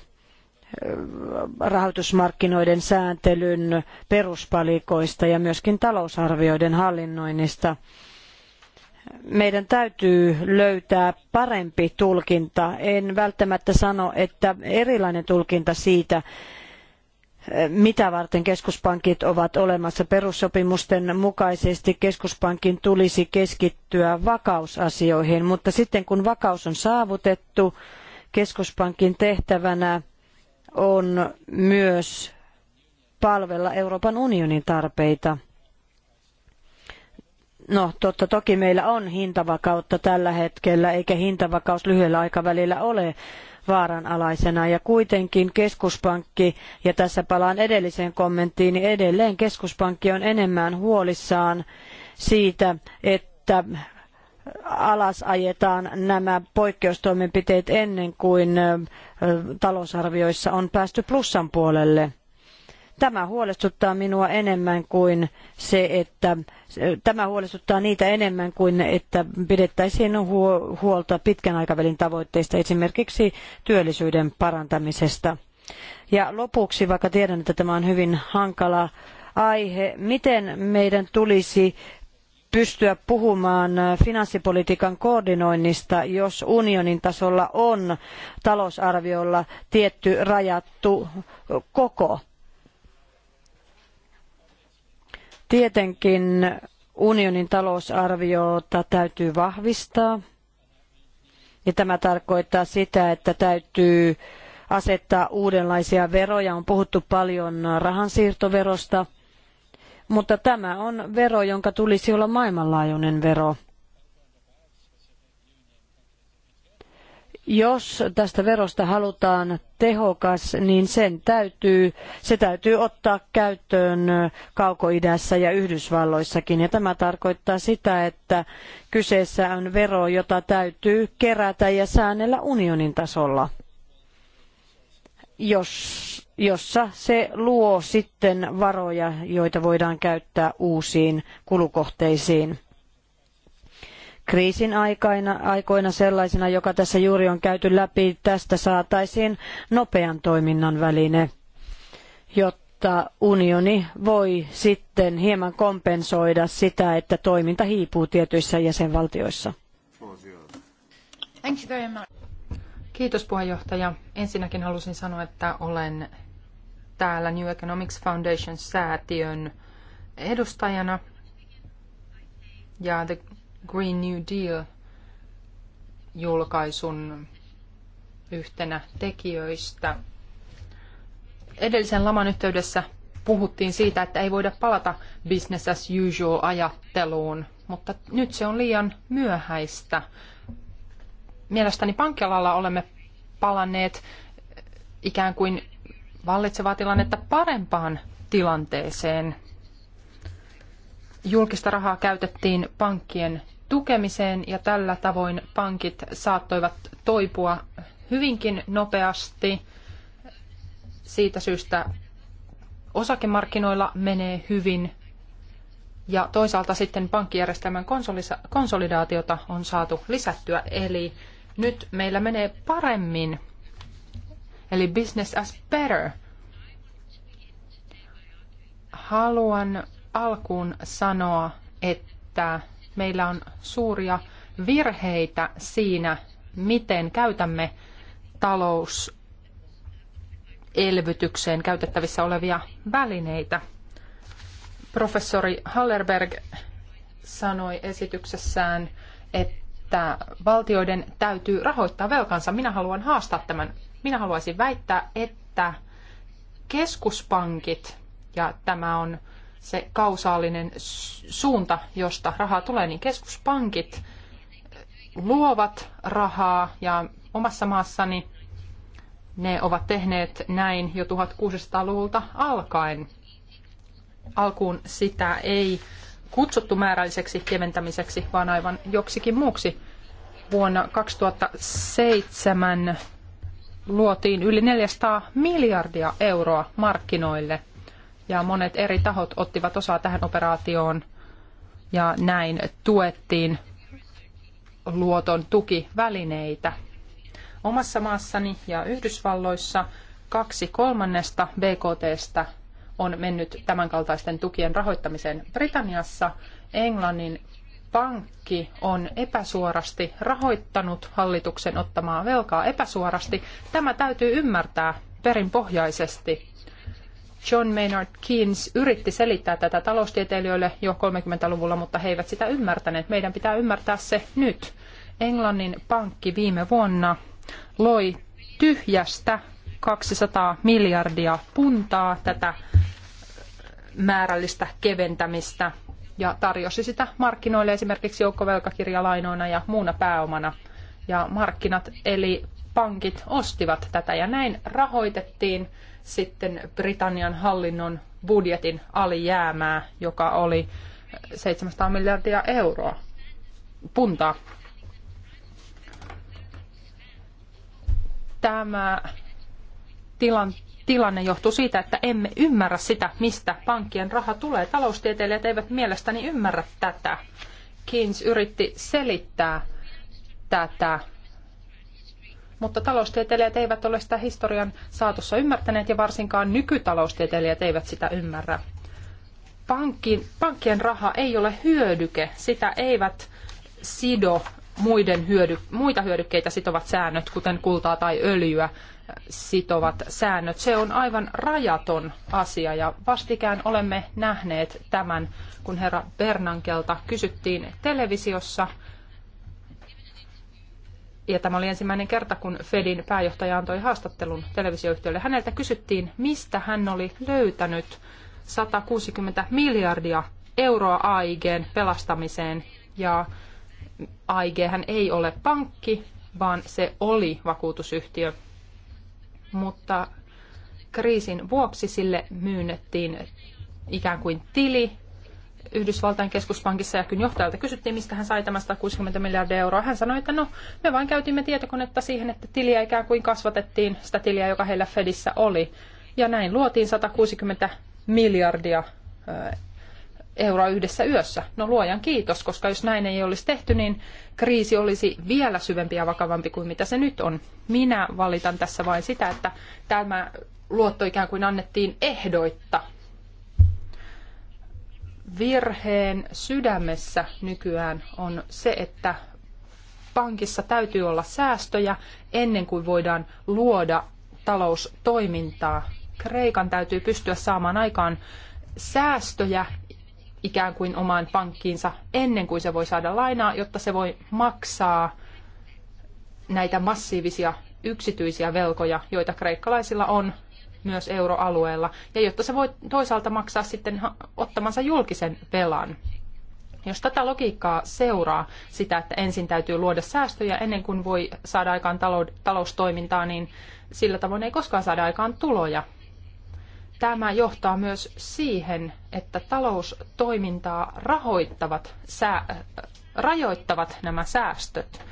rahoitusmarkkinoiden sääntelyn peruspalikoista ja myöskin talousarvioiden hallinnoinnista meidän täytyy löytää parempi tulkinta. En välttämättä sano, että erilainen tulkinta siitä, mitä varten keskuspankit ovat olemassa perussopimusten mukaisesti keskuspankin tulisi keskittyä vakausasioihin mutta sitten kun vakaus on saavutettu keskuspankin tehtävänä on myös palvella Euroopan unionin tarpeita No totta toki meillä on hintavakautta tällä hetkellä, eikä hintavakaus lyhyellä aikavälillä ole vaaranalaisena. Ja kuitenkin keskuspankki, ja tässä palaan edelliseen kommenttiin, niin edelleen keskuspankki on enemmän huolissaan siitä, että alas ajetaan nämä poikkeustoimenpiteet ennen kuin talousarvioissa on päästy plussan puolelle. Tämä huolestuttaa minua enemmän kuin se, että tämä huolestuttaa niitä enemmän kuin että pidettäisiin huolta pitkän aikavälin tavoitteista, esimerkiksi työllisyyden parantamisesta. Ja lopuksi, vaikka tiedän, että tämä on hyvin hankala aihe, miten meidän tulisi pystyä puhumaan finanssipolitiikan koordinoinnista, jos unionin tasolla on talousarviolla tietty rajattu koko. Tietenkin unionin talousarviota täytyy vahvistaa. Ja tämä tarkoittaa sitä, että täytyy asettaa uudenlaisia veroja. On puhuttu paljon rahansiirtoverosta, mutta tämä on vero, jonka tulisi olla maailmanlaajuinen vero. Jos tästä verosta halutaan tehokas, niin sen täytyy, se täytyy ottaa käyttöön Kaukoidässä ja Yhdysvalloissakin. Ja tämä tarkoittaa sitä, että kyseessä on vero, jota täytyy kerätä ja säännellä unionin tasolla, jos, jossa se luo sitten varoja, joita voidaan käyttää uusiin kulukohteisiin kriisin aikaina, aikoina sellaisena, joka tässä juuri on käyty läpi, tästä saataisiin nopean toiminnan väline, jotta unioni voi sitten hieman kompensoida sitä, että toiminta hiipuu tietyissä jäsenvaltioissa. Kiitos puheenjohtaja. Ensinnäkin halusin sanoa, että olen täällä New Economics Foundation säätiön edustajana. Ja The Green New Deal-julkaisun yhtenä tekijöistä. Edellisen laman yhteydessä puhuttiin siitä, että ei voida palata business as usual ajatteluun, mutta nyt se on liian myöhäistä. Mielestäni pankkialalla olemme palanneet ikään kuin vallitsevaa tilannetta parempaan tilanteeseen julkista rahaa käytettiin pankkien tukemiseen ja tällä tavoin pankit saattoivat toipua hyvinkin nopeasti. Siitä syystä osakemarkkinoilla menee hyvin ja toisaalta sitten pankkijärjestelmän konsolidaatiota on saatu lisättyä, eli nyt meillä menee paremmin, eli business as better. Haluan alkuun sanoa, että meillä on suuria virheitä siinä, miten käytämme talouselvytykseen käytettävissä olevia välineitä. Professori Hallerberg sanoi esityksessään, että valtioiden täytyy rahoittaa velkansa. Minä haluan haastaa tämän. Minä haluaisin väittää, että keskuspankit, ja tämä on se kausaalinen suunta, josta rahaa tulee, niin keskuspankit luovat rahaa ja omassa maassani ne ovat tehneet näin jo 1600-luvulta alkaen. Alkuun sitä ei kutsuttu määrälliseksi keventämiseksi, vaan aivan joksikin muuksi. Vuonna 2007 luotiin yli 400 miljardia euroa markkinoille ja monet eri tahot ottivat osaa tähän operaatioon ja näin tuettiin luoton tukivälineitä. Omassa maassani ja Yhdysvalloissa kaksi kolmannesta BKTstä on mennyt tämänkaltaisten tukien rahoittamiseen. Britanniassa Englannin pankki on epäsuorasti rahoittanut hallituksen ottamaa velkaa epäsuorasti. Tämä täytyy ymmärtää perinpohjaisesti. John Maynard Keynes yritti selittää tätä taloustieteilijöille jo 30-luvulla, mutta he eivät sitä ymmärtäneet. Meidän pitää ymmärtää se nyt. Englannin pankki viime vuonna loi tyhjästä 200 miljardia puntaa tätä määrällistä keventämistä ja tarjosi sitä markkinoille esimerkiksi joukkovelkakirjalainoina ja muuna pääomana. Ja markkinat eli pankit ostivat tätä ja näin rahoitettiin sitten Britannian hallinnon budjetin alijäämää, joka oli 700 miljardia euroa puntaa. Tämä tilan, tilanne johtuu siitä, että emme ymmärrä sitä, mistä pankkien raha tulee. Taloustieteilijät eivät mielestäni ymmärrä tätä. Keynes yritti selittää tätä mutta taloustieteilijät eivät ole sitä historian saatossa ymmärtäneet ja varsinkaan nykytaloustieteilijät eivät sitä ymmärrä. Pankki, pankkien raha ei ole hyödyke, sitä eivät sido muiden hyödy, muita hyödykkeitä sitovat säännöt, kuten kultaa tai öljyä sitovat säännöt. Se on aivan rajaton asia ja vastikään olemme nähneet tämän, kun herra Bernankelta kysyttiin televisiossa – ja tämä oli ensimmäinen kerta, kun Fedin pääjohtaja antoi haastattelun televisioyhtiölle. Häneltä kysyttiin, mistä hän oli löytänyt 160 miljardia euroa AIGn pelastamiseen. Ja AIG hän ei ole pankki, vaan se oli vakuutusyhtiö. Mutta kriisin vuoksi sille myynnettiin ikään kuin tili Yhdysvaltain keskuspankissa ja kyn johtajalta kysyttiin, mistä hän sai tämän 160 miljardia euroa, hän sanoi, että no, me vain käytimme tietokonetta siihen, että tiliä ikään kuin kasvatettiin sitä tiliä, joka heillä Fedissä oli. Ja näin luotiin 160 miljardia euroa yhdessä yössä. No luojan kiitos, koska jos näin ei olisi tehty, niin kriisi olisi vielä syvempi ja vakavampi kuin mitä se nyt on. Minä valitan tässä vain sitä, että tämä luotto ikään kuin annettiin ehdoitta virheen sydämessä nykyään on se, että pankissa täytyy olla säästöjä ennen kuin voidaan luoda taloustoimintaa. Kreikan täytyy pystyä saamaan aikaan säästöjä ikään kuin omaan pankkiinsa ennen kuin se voi saada lainaa, jotta se voi maksaa näitä massiivisia yksityisiä velkoja, joita kreikkalaisilla on myös euroalueella, ja jotta se voi toisaalta maksaa sitten ottamansa julkisen velan. Jos tätä logiikkaa seuraa sitä, että ensin täytyy luoda säästöjä ennen kuin voi saada aikaan taloustoimintaa, niin sillä tavoin ei koskaan saada aikaan tuloja. Tämä johtaa myös siihen, että taloustoimintaa rahoittavat, sää, rajoittavat nämä säästöt.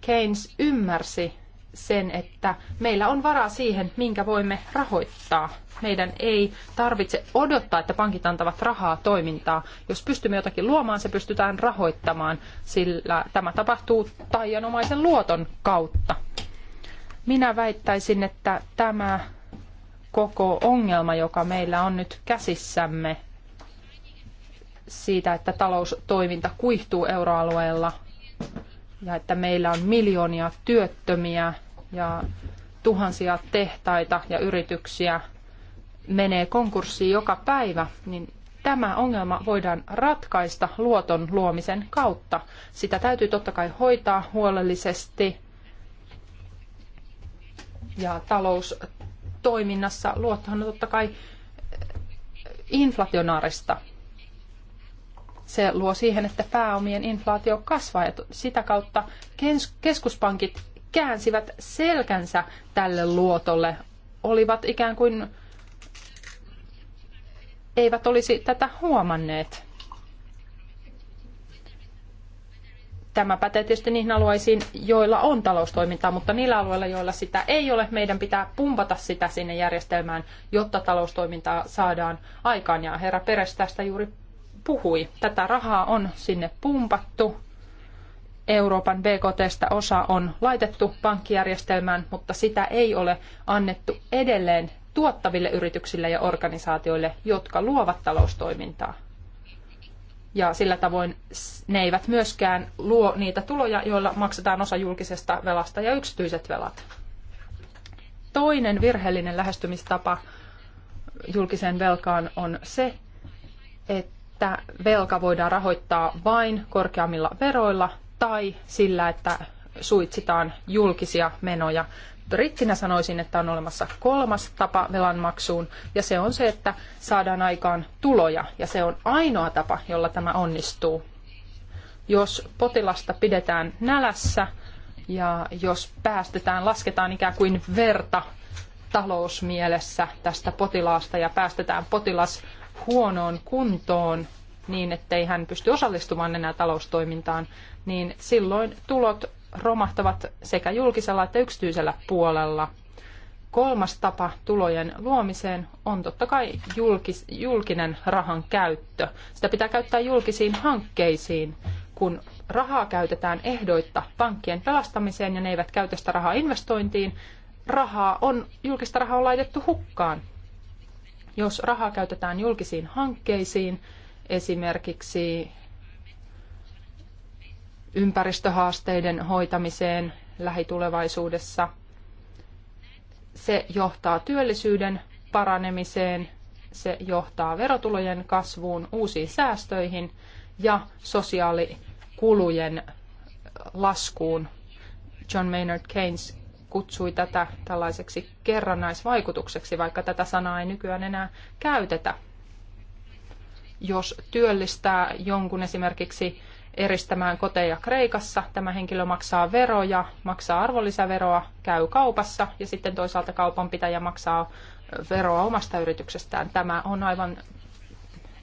Keynes ymmärsi sen, että meillä on varaa siihen, minkä voimme rahoittaa. Meidän ei tarvitse odottaa, että pankit antavat rahaa toimintaa. Jos pystymme jotakin luomaan, se pystytään rahoittamaan, sillä tämä tapahtuu taianomaisen luoton kautta. Minä väittäisin, että tämä koko ongelma, joka meillä on nyt käsissämme siitä, että taloustoiminta kuihtuu euroalueella, ja että meillä on miljoonia työttömiä ja tuhansia tehtaita ja yrityksiä menee konkurssiin joka päivä, niin tämä ongelma voidaan ratkaista luoton luomisen kautta. Sitä täytyy totta kai hoitaa huolellisesti ja taloustoiminnassa luottohan on totta kai inflationaarista. Se luo siihen, että pääomien inflaatio kasvaa ja sitä kautta keskuspankit käänsivät selkänsä tälle luotolle, olivat ikään kuin eivät olisi tätä huomanneet. Tämä pätee tietysti niihin alueisiin, joilla on taloustoimintaa, mutta niillä alueilla, joilla sitä ei ole, meidän pitää pumpata sitä sinne järjestelmään, jotta taloustoimintaa saadaan aikaan. Ja herra Peres tästä juuri puhui. Tätä rahaa on sinne pumpattu. Euroopan BKTstä osa on laitettu pankkijärjestelmään, mutta sitä ei ole annettu edelleen tuottaville yrityksille ja organisaatioille, jotka luovat taloustoimintaa. Ja sillä tavoin ne eivät myöskään luo niitä tuloja, joilla maksetaan osa julkisesta velasta ja yksityiset velat. Toinen virheellinen lähestymistapa julkiseen velkaan on se, että että velka voidaan rahoittaa vain korkeammilla veroilla tai sillä, että suitsitaan julkisia menoja. Brittinä sanoisin, että on olemassa kolmas tapa velan maksuun, ja se on se, että saadaan aikaan tuloja, ja se on ainoa tapa, jolla tämä onnistuu. Jos potilasta pidetään nälässä, ja jos päästetään, lasketaan ikään kuin verta talousmielessä tästä potilaasta ja päästetään potilas huonoon kuntoon niin, ettei hän pysty osallistumaan enää taloustoimintaan, niin silloin tulot romahtavat sekä julkisella että yksityisellä puolella. Kolmas tapa tulojen luomiseen on totta kai julkis, julkinen rahan käyttö. Sitä pitää käyttää julkisiin hankkeisiin, kun rahaa käytetään ehdoitta pankkien pelastamiseen ja ne eivät käytä sitä rahaa investointiin, rahaa on, julkista rahaa on laitettu hukkaan. Jos rahaa käytetään julkisiin hankkeisiin, esimerkiksi ympäristöhaasteiden hoitamiseen lähitulevaisuudessa, se johtaa työllisyyden paranemiseen, se johtaa verotulojen kasvuun, uusiin säästöihin ja sosiaalikulujen laskuun. John Maynard Keynes kutsui tätä tällaiseksi kerrannaisvaikutukseksi, vaikka tätä sanaa ei nykyään enää käytetä. Jos työllistää jonkun esimerkiksi eristämään koteja Kreikassa, tämä henkilö maksaa veroja, maksaa arvonlisäveroa, käy kaupassa ja sitten toisaalta kaupanpitäjä maksaa veroa omasta yrityksestään. Tämä on aivan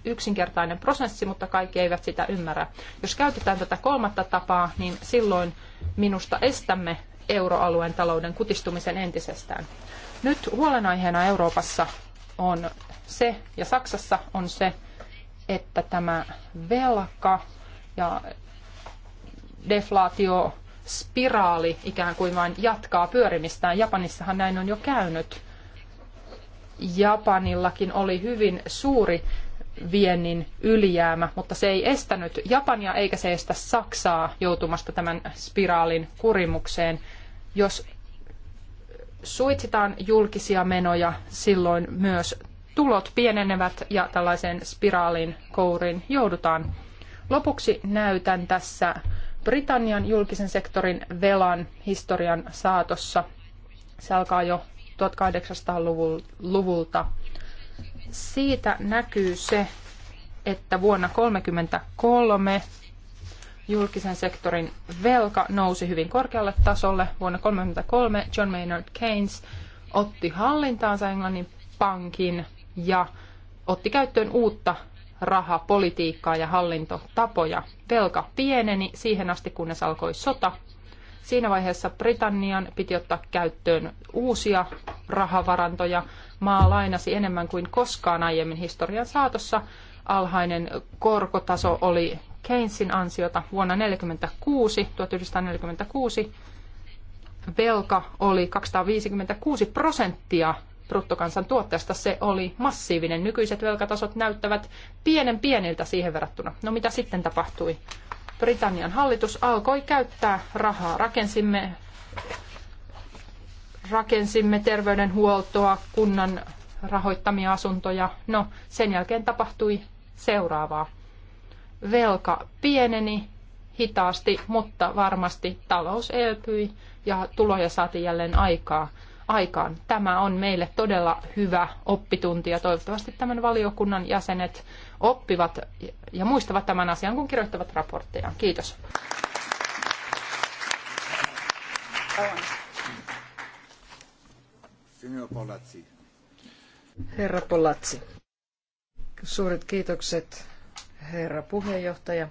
yksinkertainen prosessi, mutta kaikki eivät sitä ymmärrä. Jos käytetään tätä kolmatta tapaa, niin silloin minusta estämme euroalueen talouden kutistumisen entisestään. Nyt huolenaiheena Euroopassa on se, ja Saksassa on se, että tämä velka ja deflaatio spiraali ikään kuin vain jatkaa pyörimistään. Japanissahan näin on jo käynyt. Japanillakin oli hyvin suuri viennin ylijäämä, mutta se ei estänyt Japania eikä se estä Saksaa joutumasta tämän spiraalin kurimukseen. Jos suitsitaan julkisia menoja, silloin myös tulot pienenevät ja tällaisen spiraalin kouriin joudutaan. Lopuksi näytän tässä Britannian julkisen sektorin velan historian saatossa. Se alkaa jo 1800-luvulta. Siitä näkyy se, että vuonna 1933 julkisen sektorin velka nousi hyvin korkealle tasolle. Vuonna 1933 John Maynard Keynes otti hallintaansa Englannin pankin ja otti käyttöön uutta rahapolitiikkaa ja hallintotapoja. Velka pieneni siihen asti, kunnes alkoi sota. Siinä vaiheessa Britannian piti ottaa käyttöön uusia rahavarantoja. Maa lainasi enemmän kuin koskaan aiemmin historian saatossa. Alhainen korkotaso oli Keynesin ansiota vuonna 1946, 1946 velka oli 256 prosenttia bruttokansantuotteesta. Se oli massiivinen. Nykyiset velkatasot näyttävät pienen pieniltä siihen verrattuna. No mitä sitten tapahtui? Britannian hallitus alkoi käyttää rahaa. Rakensimme, rakensimme terveydenhuoltoa, kunnan rahoittamia asuntoja. No, sen jälkeen tapahtui seuraavaa velka pieneni hitaasti, mutta varmasti talous elpyi ja tuloja saatiin jälleen aikaa, aikaan. Tämä on meille todella hyvä oppitunti ja toivottavasti tämän valiokunnan jäsenet oppivat ja muistavat tämän asian, kun kirjoittavat raportteja. Kiitos. Herra Polazzi, suuret kiitokset herra puheenjohtaja.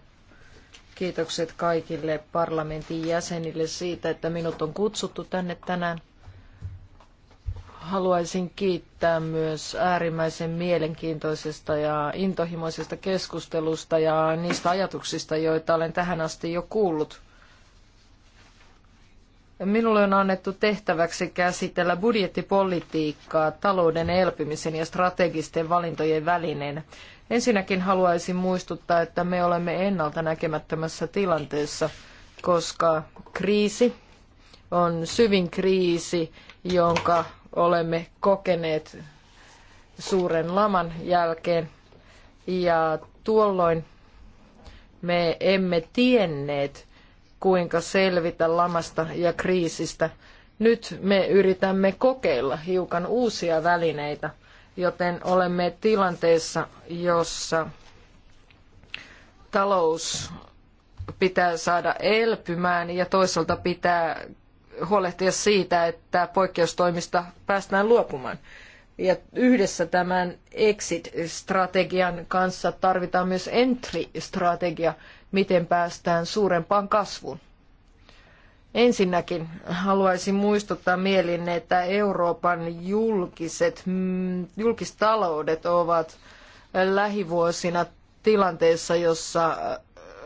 Kiitokset kaikille parlamentin jäsenille siitä, että minut on kutsuttu tänne tänään. Haluaisin kiittää myös äärimmäisen mielenkiintoisesta ja intohimoisesta keskustelusta ja niistä ajatuksista, joita olen tähän asti jo kuullut. Minulle on annettu tehtäväksi käsitellä budjettipolitiikkaa talouden elpymisen ja strategisten valintojen välinen. Ensinnäkin haluaisin muistuttaa, että me olemme ennalta näkemättömässä tilanteessa, koska kriisi on syvin kriisi, jonka olemme kokeneet suuren laman jälkeen. Ja tuolloin me emme tienneet, kuinka selvitä lamasta ja kriisistä. Nyt me yritämme kokeilla hiukan uusia välineitä, joten olemme tilanteessa, jossa talous pitää saada elpymään ja toisaalta pitää huolehtia siitä, että poikkeustoimista päästään luopumaan. Ja yhdessä tämän exit-strategian kanssa tarvitaan myös entry-strategia, miten päästään suurempaan kasvuun. Ensinnäkin haluaisin muistuttaa mielin, että Euroopan julkiset, mm, julkistaloudet ovat lähivuosina tilanteessa, jossa äh,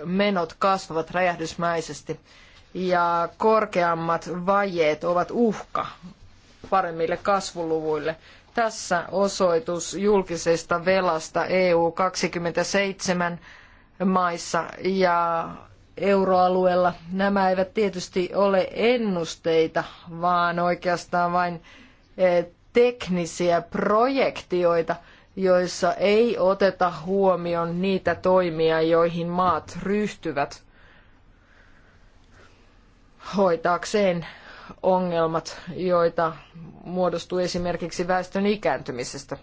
menot kasvavat räjähdysmäisesti ja korkeammat vajeet ovat uhka paremmille kasvuluvuille. Tässä osoitus julkisesta velasta EU 27 maissa ja euroalueella. Nämä eivät tietysti ole ennusteita, vaan oikeastaan vain e, teknisiä projektioita, joissa ei oteta huomioon niitä toimia, joihin maat ryhtyvät hoitaakseen ongelmat, joita muodostuu esimerkiksi väestön ikääntymisestä.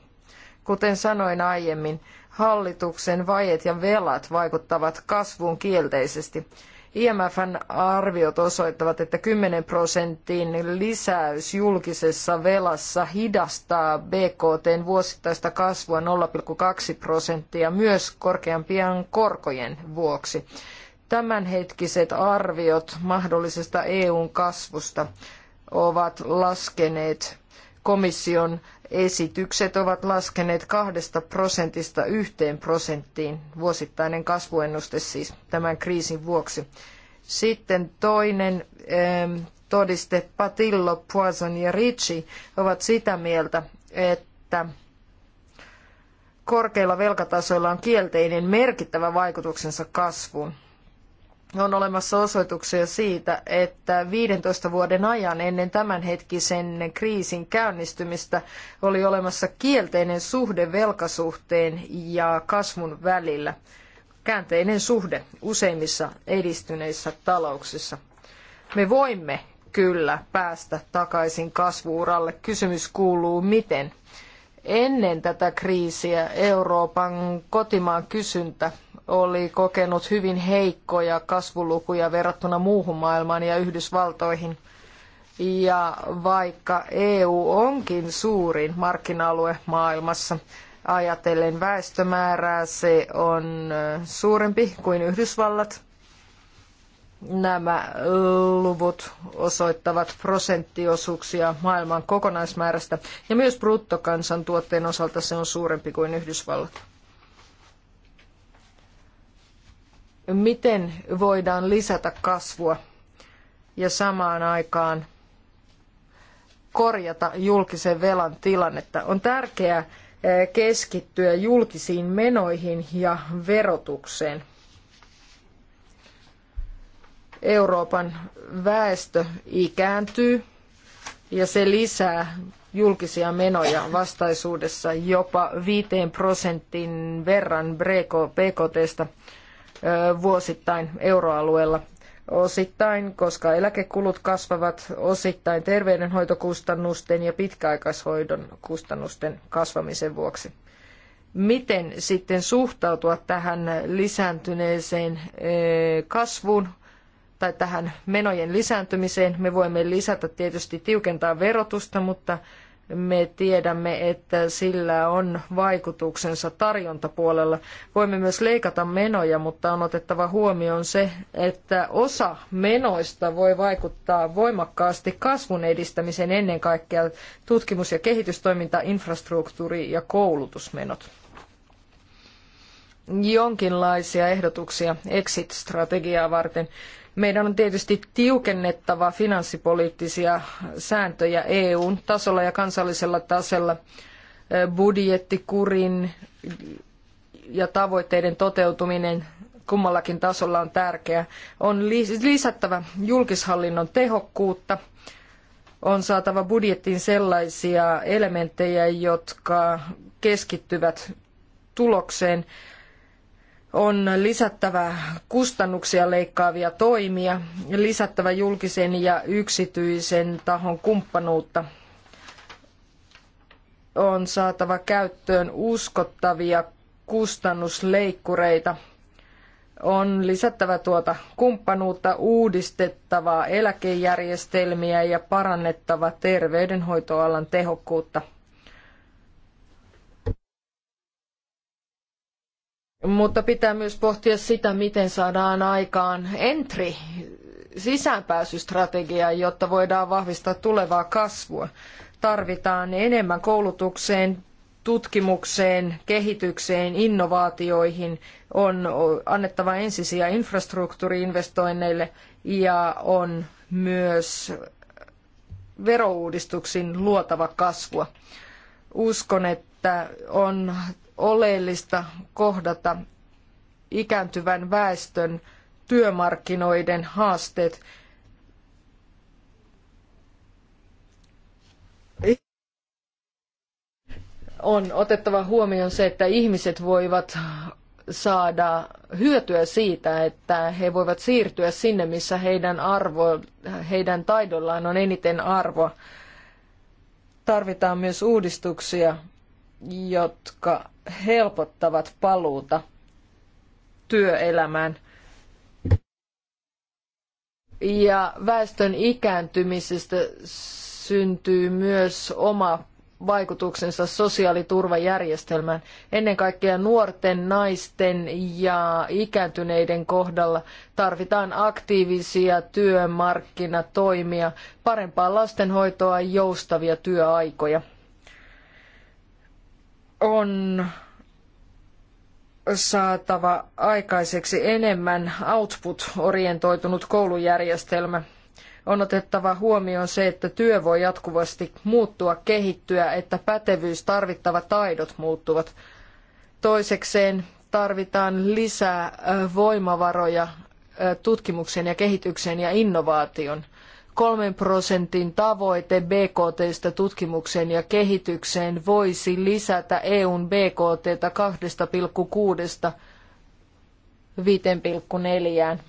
Kuten sanoin aiemmin, hallituksen vajet ja velat vaikuttavat kasvuun kielteisesti. IMFn arviot osoittavat, että 10 prosentin lisäys julkisessa velassa hidastaa BKTn vuosittaista kasvua 0,2 prosenttia myös korkeampien korkojen vuoksi. Tämänhetkiset arviot mahdollisesta EUn kasvusta ovat laskeneet komission esitykset ovat laskeneet kahdesta prosentista yhteen prosenttiin, vuosittainen kasvuennuste siis tämän kriisin vuoksi. Sitten toinen todiste, Patillo, Poison ja Ricci, ovat sitä mieltä, että korkeilla velkatasoilla on kielteinen merkittävä vaikutuksensa kasvuun on olemassa osoituksia siitä, että 15 vuoden ajan ennen tämänhetkisen kriisin käynnistymistä oli olemassa kielteinen suhde velkasuhteen ja kasvun välillä. Käänteinen suhde useimmissa edistyneissä talouksissa. Me voimme kyllä päästä takaisin kasvuuralle. Kysymys kuuluu miten. Ennen tätä kriisiä Euroopan kotimaan kysyntä oli kokenut hyvin heikkoja kasvulukuja verrattuna muuhun maailmaan ja Yhdysvaltoihin. Ja vaikka EU onkin suurin markkina-alue maailmassa, ajatellen väestömäärää se on suurempi kuin Yhdysvallat. Nämä luvut osoittavat prosenttiosuuksia maailman kokonaismäärästä ja myös bruttokansantuotteen osalta se on suurempi kuin Yhdysvallat. miten voidaan lisätä kasvua ja samaan aikaan korjata julkisen velan tilannetta. On tärkeää eh, keskittyä julkisiin menoihin ja verotukseen. Euroopan väestö ikääntyy ja se lisää julkisia menoja vastaisuudessa jopa 5 prosentin verran BKTstä vuosittain euroalueella osittain, koska eläkekulut kasvavat, osittain terveydenhoitokustannusten ja pitkäaikaishoidon kustannusten kasvamisen vuoksi. Miten sitten suhtautua tähän lisääntyneeseen kasvuun tai tähän menojen lisääntymiseen? Me voimme lisätä tietysti tiukentaa verotusta, mutta me tiedämme, että sillä on vaikutuksensa tarjontapuolella. Voimme myös leikata menoja, mutta on otettava huomioon se, että osa menoista voi vaikuttaa voimakkaasti kasvun edistämiseen ennen kaikkea tutkimus- ja kehitystoiminta, infrastruktuuri- ja koulutusmenot. Jonkinlaisia ehdotuksia exit-strategiaa varten. Meidän on tietysti tiukennettava finanssipoliittisia sääntöjä EUn tasolla ja kansallisella tasolla budjettikurin ja tavoitteiden toteutuminen kummallakin tasolla on tärkeää. On lisättävä julkishallinnon tehokkuutta, on saatava budjettiin sellaisia elementtejä, jotka keskittyvät tulokseen on lisättävä kustannuksia leikkaavia toimia, lisättävä julkisen ja yksityisen tahon kumppanuutta. On saatava käyttöön uskottavia kustannusleikkureita. On lisättävä tuota kumppanuutta, uudistettava eläkejärjestelmiä ja parannettava terveydenhoitoalan tehokkuutta – Mutta pitää myös pohtia sitä, miten saadaan aikaan entry, sisäänpääsystrategia, jotta voidaan vahvistaa tulevaa kasvua. Tarvitaan enemmän koulutukseen, tutkimukseen, kehitykseen, innovaatioihin, on annettava ensisija infrastruktuuriinvestoinneille ja on myös verouudistuksin luotava kasvua. Uskon, että on oleellista kohdata ikääntyvän väestön työmarkkinoiden haasteet. On otettava huomioon se, että ihmiset voivat saada hyötyä siitä, että he voivat siirtyä sinne, missä heidän, arvo, heidän taidollaan on eniten arvoa. Tarvitaan myös uudistuksia jotka helpottavat paluuta työelämään. Ja väestön ikääntymisestä syntyy myös oma vaikutuksensa sosiaaliturvajärjestelmään. Ennen kaikkea nuorten naisten ja ikääntyneiden kohdalla tarvitaan aktiivisia työmarkkinatoimia, parempaa lastenhoitoa, ja joustavia työaikoja on saatava aikaiseksi enemmän output-orientoitunut koulujärjestelmä. On otettava huomioon se, että työ voi jatkuvasti muuttua, kehittyä, että pätevyys, tarvittavat taidot muuttuvat. Toisekseen tarvitaan lisää voimavaroja tutkimuksen ja kehityksen ja innovaation kolmen prosentin tavoite BKTstä tutkimukseen ja kehitykseen voisi lisätä EUn BKTtä 2,6 5,4.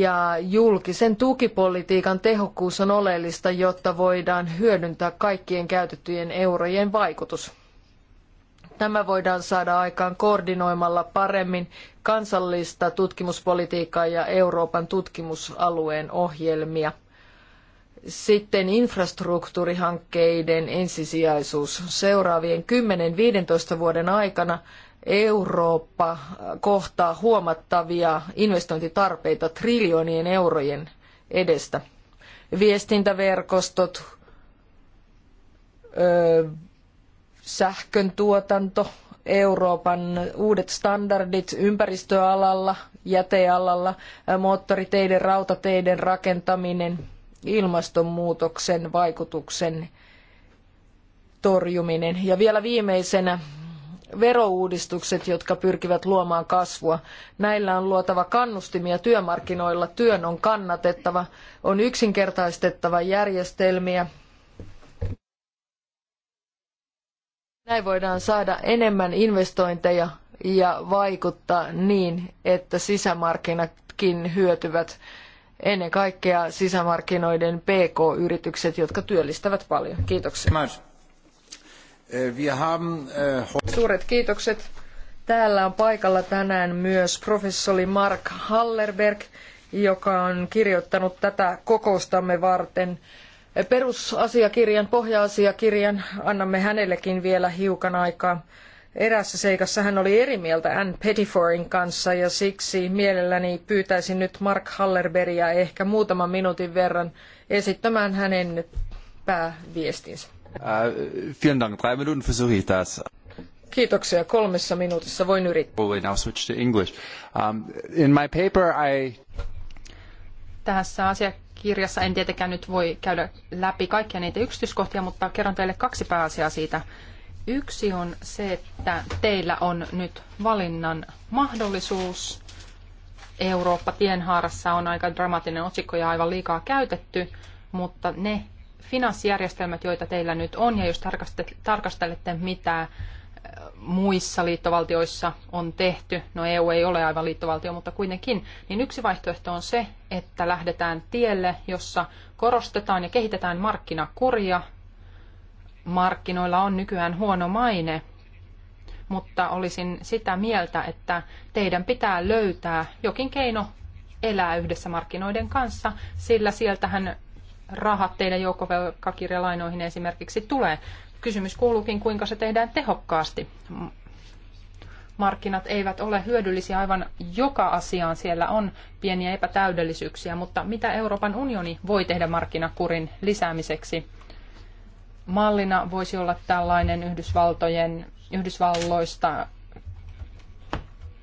Ja julkisen tukipolitiikan tehokkuus on oleellista, jotta voidaan hyödyntää kaikkien käytettyjen eurojen vaikutus. Tämä voidaan saada aikaan koordinoimalla paremmin kansallista tutkimuspolitiikkaa ja Euroopan tutkimusalueen ohjelmia. Sitten infrastruktuurihankkeiden ensisijaisuus. Seuraavien 10-15 vuoden aikana Eurooppa kohtaa huomattavia investointitarpeita triljoonien eurojen edestä. Viestintäverkostot, öö, sähkön tuotanto, Euroopan uudet standardit ympäristöalalla, jätealalla, moottoriteiden, rautateiden rakentaminen, ilmastonmuutoksen vaikutuksen torjuminen. Ja vielä viimeisenä verouudistukset, jotka pyrkivät luomaan kasvua. Näillä on luotava kannustimia työmarkkinoilla, työn on kannatettava, on yksinkertaistettava järjestelmiä, Näin voidaan saada enemmän investointeja ja vaikuttaa niin, että sisämarkkinatkin hyötyvät ennen kaikkea sisämarkkinoiden PK-yritykset, jotka työllistävät paljon. Kiitoksia. Suuret kiitokset. Täällä on paikalla tänään myös professori Mark Hallerberg, joka on kirjoittanut tätä kokoustamme varten perusasiakirjan, pohja-asiakirjan. Annamme hänellekin vielä hiukan aikaa. Erässä seikassa hän oli eri mieltä Ann Pettiforin kanssa ja siksi mielelläni pyytäisin nyt Mark Hallerberia ehkä muutaman minuutin verran esittämään hänen pääviestinsä. Äh, vielen Dank. Drei Minuten versuche ich das. Kiitoksia. Kolmessa minuutissa voin yrittää. Oh, now switch to English. Um, in my paper I... Tässä asiakirjassa kirjassa. En tietenkään nyt voi käydä läpi kaikkia niitä yksityiskohtia, mutta kerron teille kaksi pääasiaa siitä. Yksi on se, että teillä on nyt valinnan mahdollisuus. Eurooppa tienhaarassa on aika dramaattinen otsikko ja aivan liikaa käytetty, mutta ne finanssijärjestelmät, joita teillä nyt on, ja jos tarkastelette, mitä muissa liittovaltioissa on tehty, no EU ei ole aivan liittovaltio, mutta kuitenkin, niin yksi vaihtoehto on se, että lähdetään tielle, jossa korostetaan ja kehitetään markkinakuria. Markkinoilla on nykyään huono maine, mutta olisin sitä mieltä, että teidän pitää löytää jokin keino elää yhdessä markkinoiden kanssa, sillä sieltähän rahat teidän joukkovelkakirjalainoihin esimerkiksi tulee. Kysymys kuuluukin, kuinka se tehdään tehokkaasti. Markkinat eivät ole hyödyllisiä aivan joka asiaan. Siellä on pieniä epätäydellisyyksiä, mutta mitä Euroopan unioni voi tehdä markkinakurin lisäämiseksi? Mallina voisi olla tällainen Yhdysvaltojen, Yhdysvalloista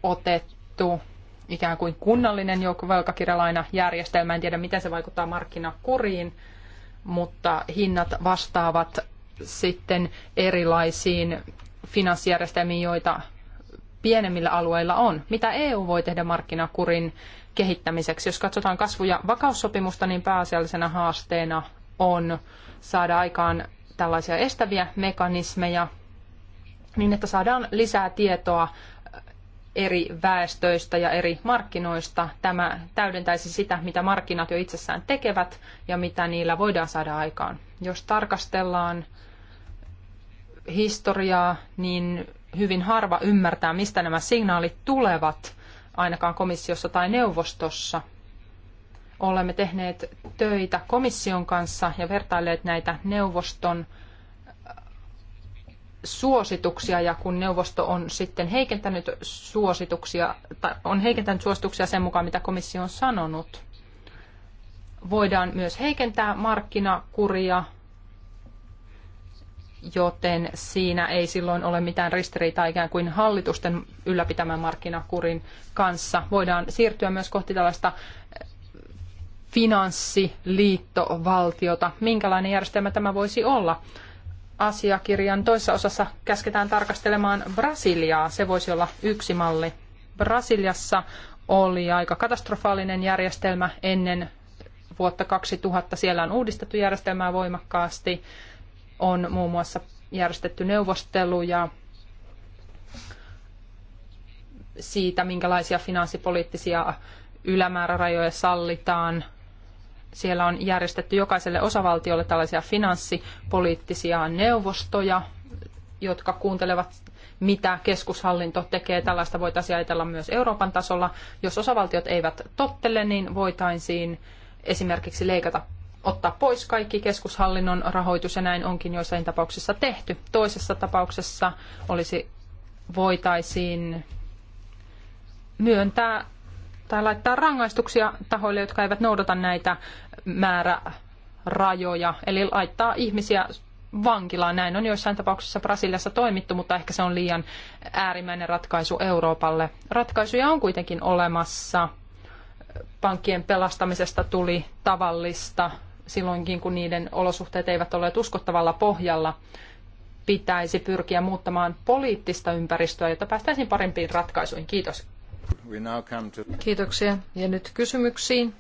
otettu ikään kuin kunnallinen järjestelmä. En tiedä, miten se vaikuttaa markkinakuriin, mutta hinnat vastaavat sitten erilaisiin finanssijärjestelmiin, joita pienemmillä alueilla on. Mitä EU voi tehdä markkinakurin kehittämiseksi? Jos katsotaan kasvu- ja vakaussopimusta, niin pääasiallisena haasteena on saada aikaan tällaisia estäviä mekanismeja, niin että saadaan lisää tietoa eri väestöistä ja eri markkinoista. Tämä täydentäisi sitä, mitä markkinat jo itsessään tekevät ja mitä niillä voidaan saada aikaan. Jos tarkastellaan historiaa, niin hyvin harva ymmärtää, mistä nämä signaalit tulevat, ainakaan komissiossa tai neuvostossa. Olemme tehneet töitä komission kanssa ja vertailleet näitä neuvoston äh, suosituksia ja kun neuvosto on sitten heikentänyt suosituksia, tai on heikentänyt suosituksia sen mukaan, mitä komissio on sanonut, voidaan myös heikentää markkinakuria joten siinä ei silloin ole mitään ristiriitaa ikään kuin hallitusten ylläpitämän markkinakurin kanssa. Voidaan siirtyä myös kohti tällaista eh, finanssiliittovaltiota. Minkälainen järjestelmä tämä voisi olla? Asiakirjan toisessa osassa käsketään tarkastelemaan Brasiliaa. Se voisi olla yksi malli. Brasiliassa oli aika katastrofaalinen järjestelmä ennen vuotta 2000. Siellä on uudistettu järjestelmää voimakkaasti on muun muassa järjestetty neuvosteluja siitä, minkälaisia finanssipoliittisia ylämäärärajoja sallitaan. Siellä on järjestetty jokaiselle osavaltiolle tällaisia finanssipoliittisia neuvostoja, jotka kuuntelevat, mitä keskushallinto tekee. Tällaista voitaisiin ajatella myös Euroopan tasolla. Jos osavaltiot eivät tottele, niin voitaisiin esimerkiksi leikata ottaa pois kaikki keskushallinnon rahoitus ja näin onkin joissain tapauksissa tehty. Toisessa tapauksessa olisi voitaisiin myöntää tai laittaa rangaistuksia tahoille, jotka eivät noudata näitä määrärajoja, eli laittaa ihmisiä vankilaan. Näin on joissain tapauksissa Brasiliassa toimittu, mutta ehkä se on liian äärimmäinen ratkaisu Euroopalle. Ratkaisuja on kuitenkin olemassa pankkien pelastamisesta tuli tavallista silloinkin, kun niiden olosuhteet eivät ole uskottavalla pohjalla, pitäisi pyrkiä muuttamaan poliittista ympäristöä, jotta päästäisiin parempiin ratkaisuihin. Kiitos. Kiitoksia. Ja nyt kysymyksiin.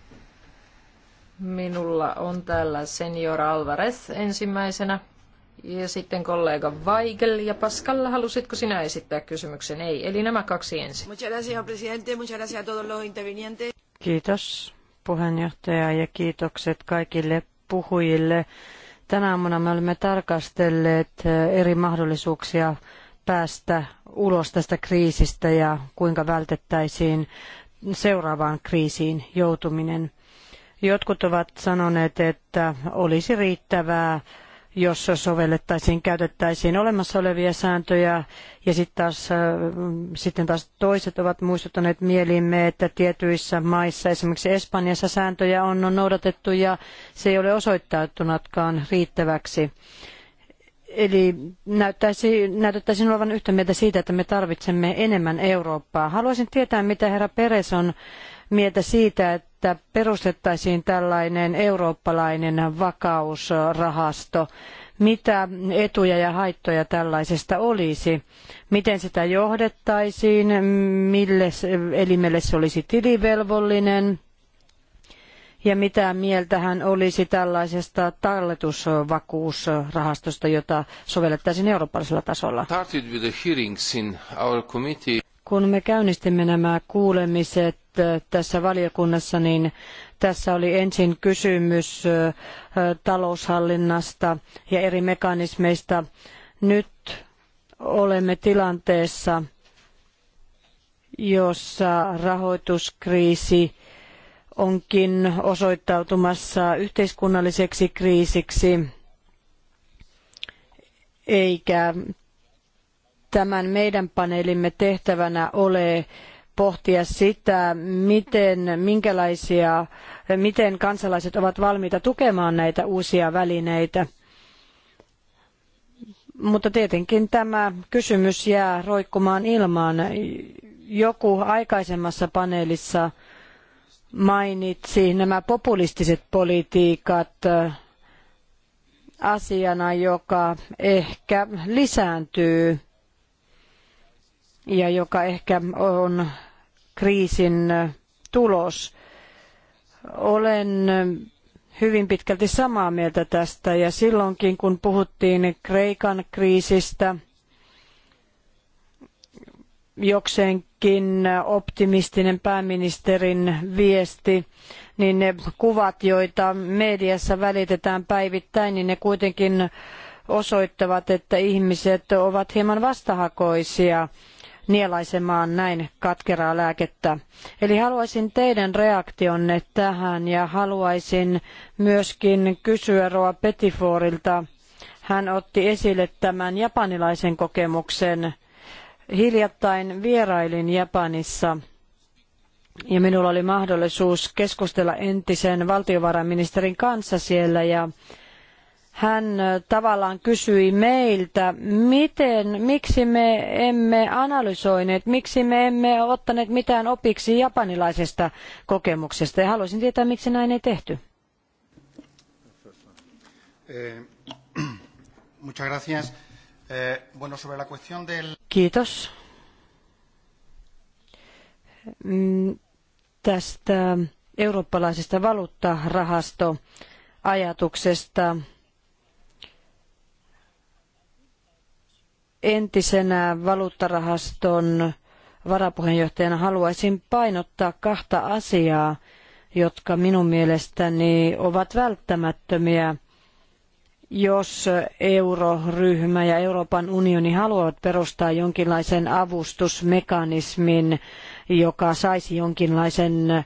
Minulla on täällä senior Alvarez ensimmäisenä. Ja sitten kollega Weigel ja Pascal, halusitko sinä esittää kysymyksen? Ei, eli nämä kaksi ensin. Kiitos puheenjohtaja ja kiitokset kaikille puhujille. Tänä aamuna me olemme tarkastelleet eh, eri mahdollisuuksia päästä ulos tästä kriisistä ja kuinka vältettäisiin seuraavaan kriisiin joutuminen. Jotkut ovat sanoneet, että olisi riittävää jossa sovellettaisiin, käytettäisiin olemassa olevia sääntöjä ja sitten taas, äh, sitten taas toiset ovat muistuttaneet mieliimme, että tietyissä maissa, esimerkiksi Espanjassa, sääntöjä on, on noudatettu ja se ei ole osoittautunutkaan riittäväksi. Eli näyttäisi, näytettäisiin olevan yhtä mieltä siitä, että me tarvitsemme enemmän Eurooppaa. Haluaisin tietää, mitä herra Peres on mieltä siitä, että perustettaisiin tällainen eurooppalainen vakausrahasto. Mitä etuja ja haittoja tällaisesta olisi? Miten sitä johdettaisiin? Mille elimelle se olisi tilivelvollinen? ja mitä mieltä hän olisi tällaisesta talletusvakuusrahastosta, jota sovellettaisiin eurooppalaisella tasolla? kun me käynnistimme nämä kuulemiset äh, tässä valiokunnassa, niin tässä oli ensin kysymys äh, taloushallinnasta ja eri mekanismeista. Nyt olemme tilanteessa, jossa rahoituskriisi onkin osoittautumassa yhteiskunnalliseksi kriisiksi eikä tämän meidän paneelimme tehtävänä ole pohtia sitä, miten, minkälaisia, miten kansalaiset ovat valmiita tukemaan näitä uusia välineitä. Mutta tietenkin tämä kysymys jää roikkumaan ilmaan. Joku aikaisemmassa paneelissa mainitsi nämä populistiset politiikat asiana, joka ehkä lisääntyy – ja joka ehkä on kriisin tulos. Olen hyvin pitkälti samaa mieltä tästä ja silloinkin kun puhuttiin Kreikan kriisistä jokseenkin optimistinen pääministerin viesti, niin ne kuvat, joita mediassa välitetään päivittäin, niin ne kuitenkin osoittavat, että ihmiset ovat hieman vastahakoisia nielaisemaan näin katkeraa lääkettä. Eli haluaisin teidän reaktionne tähän ja haluaisin myöskin kysyä Roa Petiforilta. Hän otti esille tämän japanilaisen kokemuksen. Hiljattain vierailin Japanissa ja minulla oli mahdollisuus keskustella entisen valtiovarainministerin kanssa siellä ja hän tavallaan kysyi meiltä, miten, miksi me emme analysoineet, miksi me emme ottaneet mitään opiksi japanilaisesta kokemuksesta. Ja haluaisin tietää, miksi näin ei tehty. Eh, eh, Kiitos. Mm, tästä eurooppalaisesta valuuttarahastoajatuksesta ajatuksesta entisenä valuuttarahaston varapuheenjohtajana haluaisin painottaa kahta asiaa, jotka minun mielestäni ovat välttämättömiä, jos euroryhmä ja Euroopan unioni haluavat perustaa jonkinlaisen avustusmekanismin, joka saisi jonkinlaisen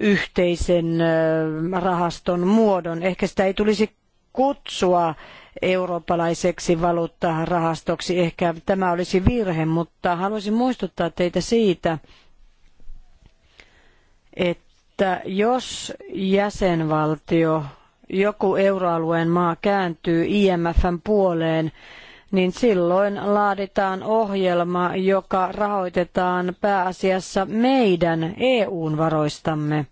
yhteisen äh, rahaston muodon. Ehkä sitä ei tulisi kutsua eurooppalaiseksi valuuttarahastoksi. Ehkä tämä olisi virhe, mutta haluaisin muistuttaa teitä siitä, että jos jäsenvaltio, joku euroalueen maa kääntyy IMFn puoleen, niin silloin laaditaan ohjelma, joka rahoitetaan pääasiassa meidän EUn varoistamme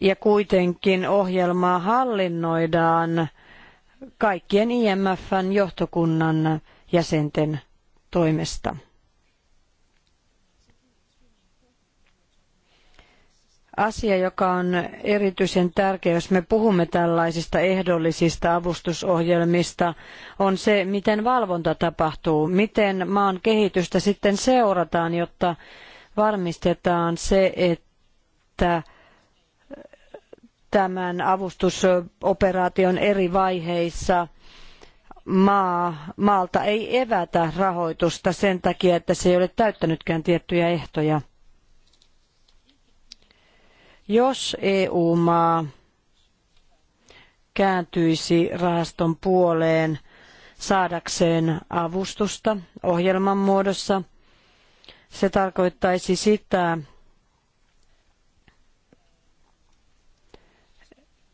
ja kuitenkin ohjelmaa hallinnoidaan kaikkien IMFn johtokunnan jäsenten toimesta. asia, joka on erityisen tärkeä, jos me puhumme tällaisista ehdollisista avustusohjelmista, on se, miten valvonta tapahtuu, miten maan kehitystä sitten seurataan, jotta varmistetaan se, että tämän avustusoperaation eri vaiheissa maa, maalta ei evätä rahoitusta sen takia, että se ei ole täyttänytkään tiettyjä ehtoja. Jos EU-maa kääntyisi rahaston puoleen saadakseen avustusta ohjelman muodossa, se tarkoittaisi sitä,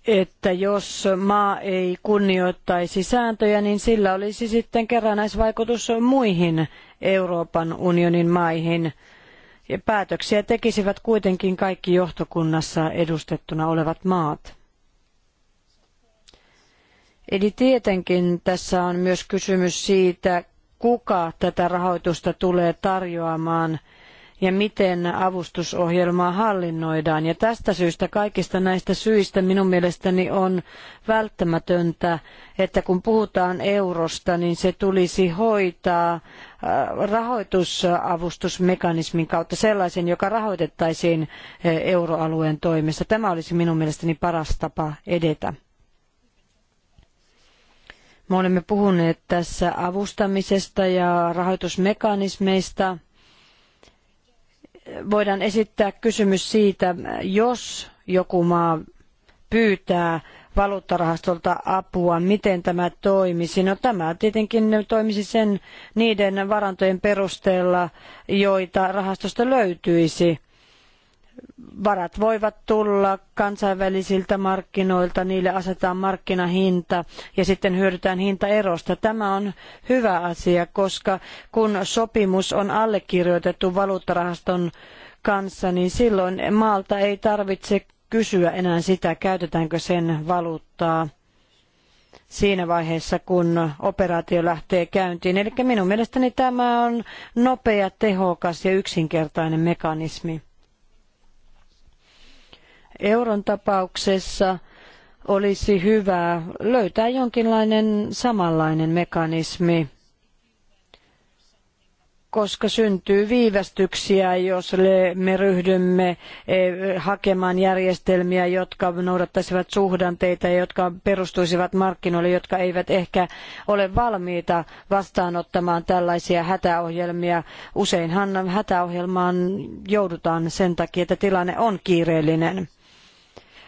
että jos maa ei kunnioittaisi sääntöjä, niin sillä olisi sitten kerrannaisvaikutus muihin Euroopan unionin maihin. Ja päätöksiä tekisivät kuitenkin kaikki johtokunnassa edustettuna olevat maat. Eli tietenkin tässä on myös kysymys siitä, kuka tätä rahoitusta tulee tarjoamaan – ja miten avustusohjelmaa hallinnoidaan. Ja tästä syystä, kaikista näistä syistä minun mielestäni on välttämätöntä, että kun puhutaan eurosta, niin se tulisi hoitaa äh, rahoitusavustusmekanismin kautta sellaisen, joka rahoitettaisiin äh, euroalueen toimesta. Tämä olisi minun mielestäni paras tapa edetä. Me olemme puhuneet tässä avustamisesta ja rahoitusmekanismeista voidaan esittää kysymys siitä, jos joku maa pyytää valuuttarahastolta apua, miten tämä toimisi? No tämä tietenkin toimisi sen niiden varantojen perusteella, joita rahastosta löytyisi varat voivat tulla kansainvälisiltä markkinoilta, niille asetetaan markkinahinta ja sitten hyödytään hintaerosta. Tämä on hyvä asia, koska kun sopimus on allekirjoitettu valuuttarahaston kanssa, niin silloin maalta ei tarvitse kysyä enää sitä, käytetäänkö sen valuuttaa siinä vaiheessa, kun operaatio lähtee käyntiin. Eli minun mielestäni tämä on nopea, tehokas ja yksinkertainen mekanismi euron tapauksessa olisi hyvä löytää jonkinlainen samanlainen mekanismi, koska syntyy viivästyksiä, jos me ryhdymme e, hakemaan järjestelmiä, jotka noudattaisivat suhdanteita ja jotka perustuisivat markkinoille, jotka eivät ehkä ole valmiita vastaanottamaan tällaisia hätäohjelmia. Useinhan hätäohjelmaan joudutaan sen takia, että tilanne on kiireellinen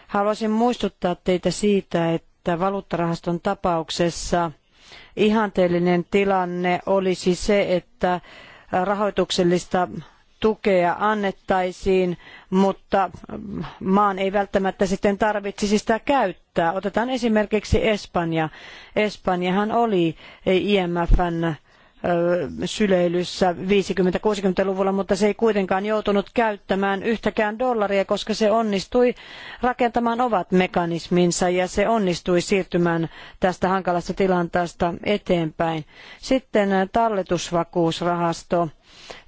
Haluaisin muistuttaa teitä siitä, että valuuttarahaston tapauksessa ihanteellinen tilanne olisi se, että rahoituksellista tukea annettaisiin, mutta maan ei välttämättä sitten tarvitsisi sitä käyttää. Otetaan esimerkiksi Espanja. Espanjahan oli IMFn e syleilyssä 50-60-luvulla, mutta se ei kuitenkaan joutunut käyttämään yhtäkään dollaria, koska se onnistui rakentamaan ovat mekanisminsa ja se onnistui siirtymään tästä hankalasta tilanteesta eteenpäin. Sitten talletusvakuusrahasto.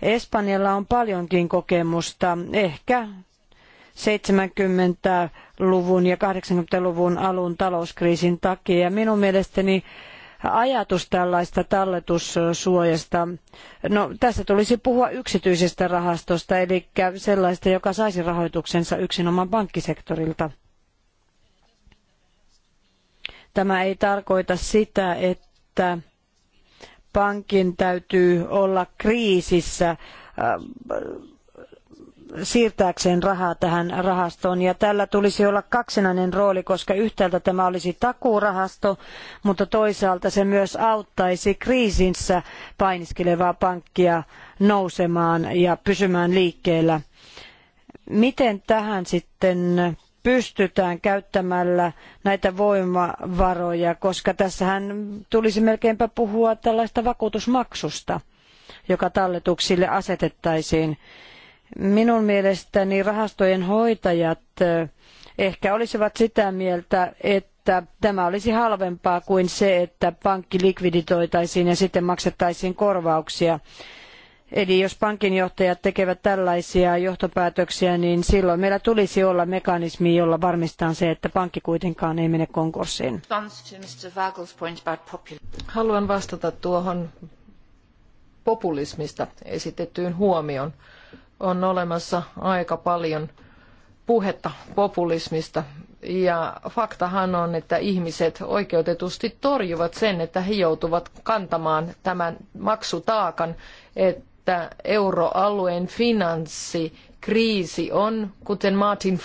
Espanjalla on paljonkin kokemusta, ehkä 70-luvun ja 80-luvun alun talouskriisin takia. Minun mielestäni ajatus tällaista talletussuojasta? No, tässä tulisi puhua yksityisestä rahastosta, eli sellaista, joka saisi rahoituksensa yksinomaan pankkisektorilta. Tämä ei tarkoita sitä, että pankin täytyy olla kriisissä äh, siirtääkseen rahaa tähän rahastoon. Ja tällä tulisi olla kaksinainen rooli, koska yhtäältä tämä olisi takuurahasto, mutta toisaalta se myös auttaisi kriisinsä painiskelevaa pankkia nousemaan ja pysymään liikkeellä. Miten tähän sitten pystytään käyttämällä näitä voimavaroja, koska tässähän tulisi melkeinpä puhua tällaista vakuutusmaksusta, joka talletuksille asetettaisiin. Minun mielestäni rahastojen hoitajat eh, ehkä olisivat sitä mieltä, että tämä olisi halvempaa kuin se, että pankki likviditoitaisiin ja sitten maksettaisiin korvauksia. Eli jos pankinjohtajat tekevät tällaisia johtopäätöksiä, niin silloin meillä tulisi olla mekanismi, jolla varmistetaan se, että pankki kuitenkaan ei mene konkurssiin. Haluan vastata tuohon populismista esitettyyn huomioon on olemassa aika paljon puhetta populismista. Ja faktahan on, että ihmiset oikeutetusti torjuvat sen, että he joutuvat kantamaan tämän maksutaakan, että euroalueen finanssikriisi on, kuten Martin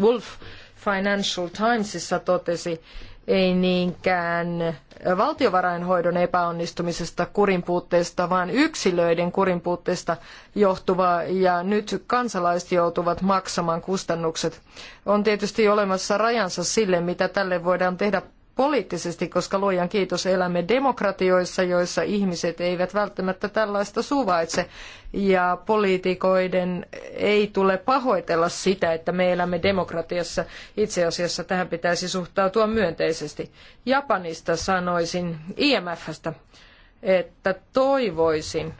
Wolf Financial Timesissa totesi, ei niinkään valtiovarainhoidon epäonnistumisesta kurinpuutteesta, vaan yksilöiden kurinpuutteesta johtuvaa ja nyt kansalaiset joutuvat maksamaan kustannukset. On tietysti olemassa rajansa sille, mitä tälle voidaan tehdä poliittisesti, koska luojan kiitos elämme demokratioissa, joissa ihmiset eivät välttämättä tällaista suvaitse. Ja poliitikoiden ei tule pahoitella sitä, että me elämme demokratiassa. Itse asiassa tähän pitäisi suhtautua myönteisesti. Japanista sanoisin IMFstä, että toivoisin,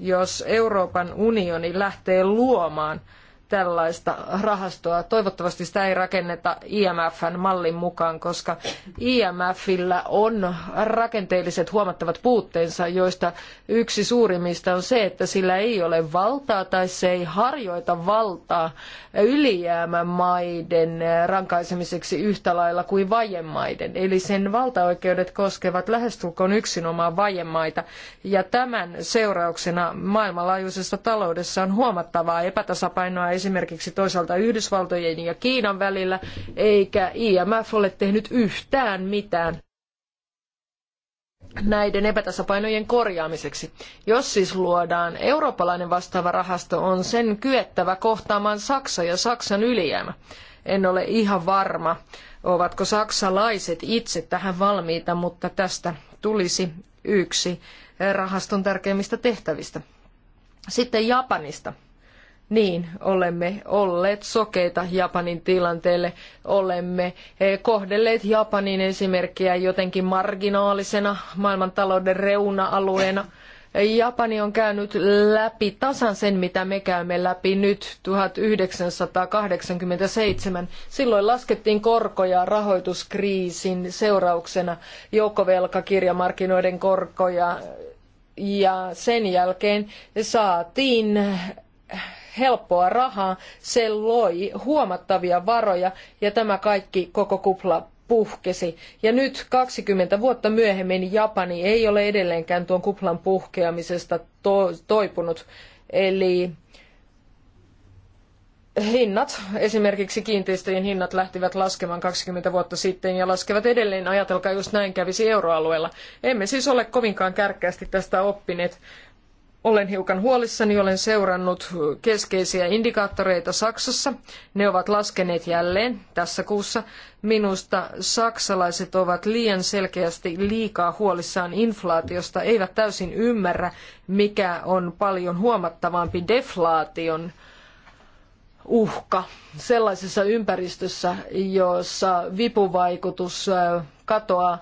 jos Euroopan unioni lähtee luomaan – tällaista rahastoa. Toivottavasti sitä ei rakenneta IMFn mallin mukaan, koska IMFillä on rakenteelliset huomattavat puutteensa, joista yksi suurimmista on se, että sillä ei ole valtaa tai se ei harjoita valtaa ylijäämämaiden rankaisemiseksi yhtä lailla kuin vajemaiden. Eli sen valtaoikeudet koskevat lähestulkoon yksinomaan vajemaita ja tämän seurauksena maailmanlaajuisessa taloudessa on huomattavaa epätasapainoa esimerkiksi toisaalta Yhdysvaltojen ja Kiinan välillä, eikä IMF ole tehnyt yhtään mitään näiden epätasapainojen korjaamiseksi. Jos siis luodaan eurooppalainen vastaava rahasto, on sen kyettävä kohtaamaan Saksa ja Saksan ylijäämä. En ole ihan varma, ovatko saksalaiset itse tähän valmiita, mutta tästä tulisi yksi rahaston tärkeimmistä tehtävistä. Sitten Japanista. Niin, olemme olleet sokeita Japanin tilanteelle. Olemme eh, kohdelleet Japanin esimerkkiä jotenkin marginaalisena maailmantalouden reuna-alueena. Japani on käynyt läpi tasan sen, mitä me käymme läpi nyt 1987. Silloin laskettiin korkoja rahoituskriisin seurauksena, joukkovelkakirjamarkkinoiden korkoja ja sen jälkeen saatiin helppoa rahaa, se loi huomattavia varoja ja tämä kaikki koko kupla puhkesi. Ja nyt 20 vuotta myöhemmin Japani ei ole edelleenkään tuon kuplan puhkeamisesta to toipunut. Eli hinnat, esimerkiksi kiinteistöjen hinnat lähtivät laskemaan 20 vuotta sitten ja laskevat edelleen. Ajatelkaa, jos näin kävisi euroalueella. Emme siis ole kovinkaan kärkkäästi tästä oppineet. Olen hiukan huolissani, olen seurannut keskeisiä indikaattoreita Saksassa. Ne ovat laskeneet jälleen tässä kuussa. Minusta saksalaiset ovat liian selkeästi liikaa huolissaan inflaatiosta, eivät täysin ymmärrä, mikä on paljon huomattavampi deflaation uhka sellaisessa ympäristössä, jossa vipuvaikutus katoaa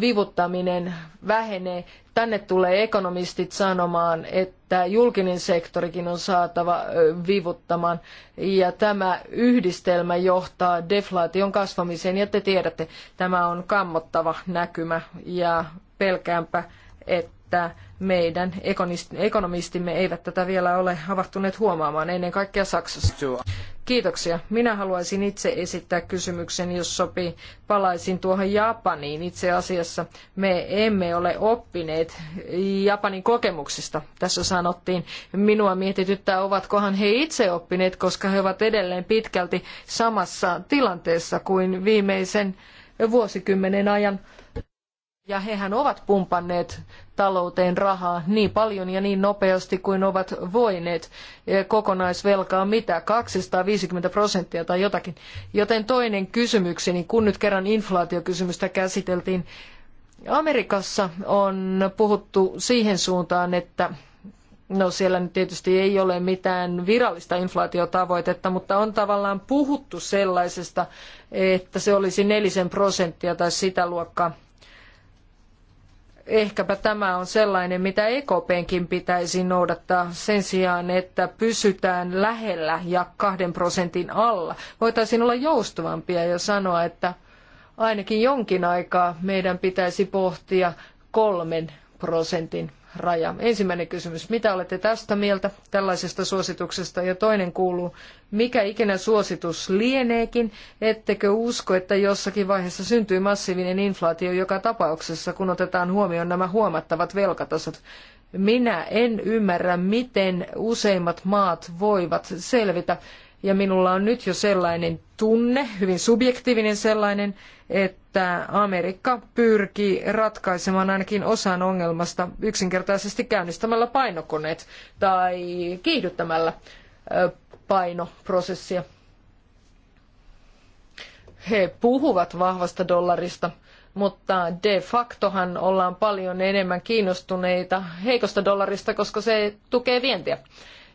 vivuttaminen vähenee. Tänne tulee ekonomistit sanomaan, että julkinen sektorikin on saatava vivuttamaan ja tämä yhdistelmä johtaa deflaation kasvamiseen ja te tiedätte, tämä on kammottava näkymä ja pelkäänpä, että meidän ekonomistimme eivät tätä vielä ole havahtuneet huomaamaan, ennen kaikkea Saksassa. Kiitoksia. Minä haluaisin itse esittää kysymyksen, jos sopii. Palaisin tuohon Japaniin. Itse asiassa me emme ole oppineet Japanin kokemuksista. Tässä sanottiin, minua mietityttää, ovatkohan he itse oppineet, koska he ovat edelleen pitkälti samassa tilanteessa kuin viimeisen vuosikymmenen ajan ja hehän ovat pumpanneet talouteen rahaa niin paljon ja niin nopeasti kuin ovat voineet. E, kokonaisvelkaa mitä? 250 prosenttia tai jotakin. Joten toinen kysymykseni, kun nyt kerran inflaatiokysymystä käsiteltiin. Amerikassa on puhuttu siihen suuntaan, että No siellä nyt tietysti ei ole mitään virallista inflaatiotavoitetta, mutta on tavallaan puhuttu sellaisesta, että se olisi nelisen prosenttia tai sitä luokkaa ehkäpä tämä on sellainen, mitä EKPnkin pitäisi noudattaa sen sijaan, että pysytään lähellä ja kahden prosentin alla. Voitaisiin olla joustavampia ja sanoa, että ainakin jonkin aikaa meidän pitäisi pohtia kolmen prosentin raja. Ensimmäinen kysymys, mitä olette tästä mieltä tällaisesta suosituksesta? Ja toinen kuuluu, mikä ikinä suositus lieneekin, ettekö usko, että jossakin vaiheessa syntyy massiivinen inflaatio joka tapauksessa, kun otetaan huomioon nämä huomattavat velkatasot? Minä en ymmärrä, miten useimmat maat voivat selvitä ja minulla on nyt jo sellainen tunne, hyvin subjektiivinen sellainen, että että Amerikka pyrki ratkaisemaan ainakin osan ongelmasta yksinkertaisesti käynnistämällä painokoneet tai kiihdyttämällä painoprosessia. He puhuvat vahvasta dollarista, mutta de factohan ollaan paljon enemmän kiinnostuneita heikosta dollarista, koska se tukee vientiä.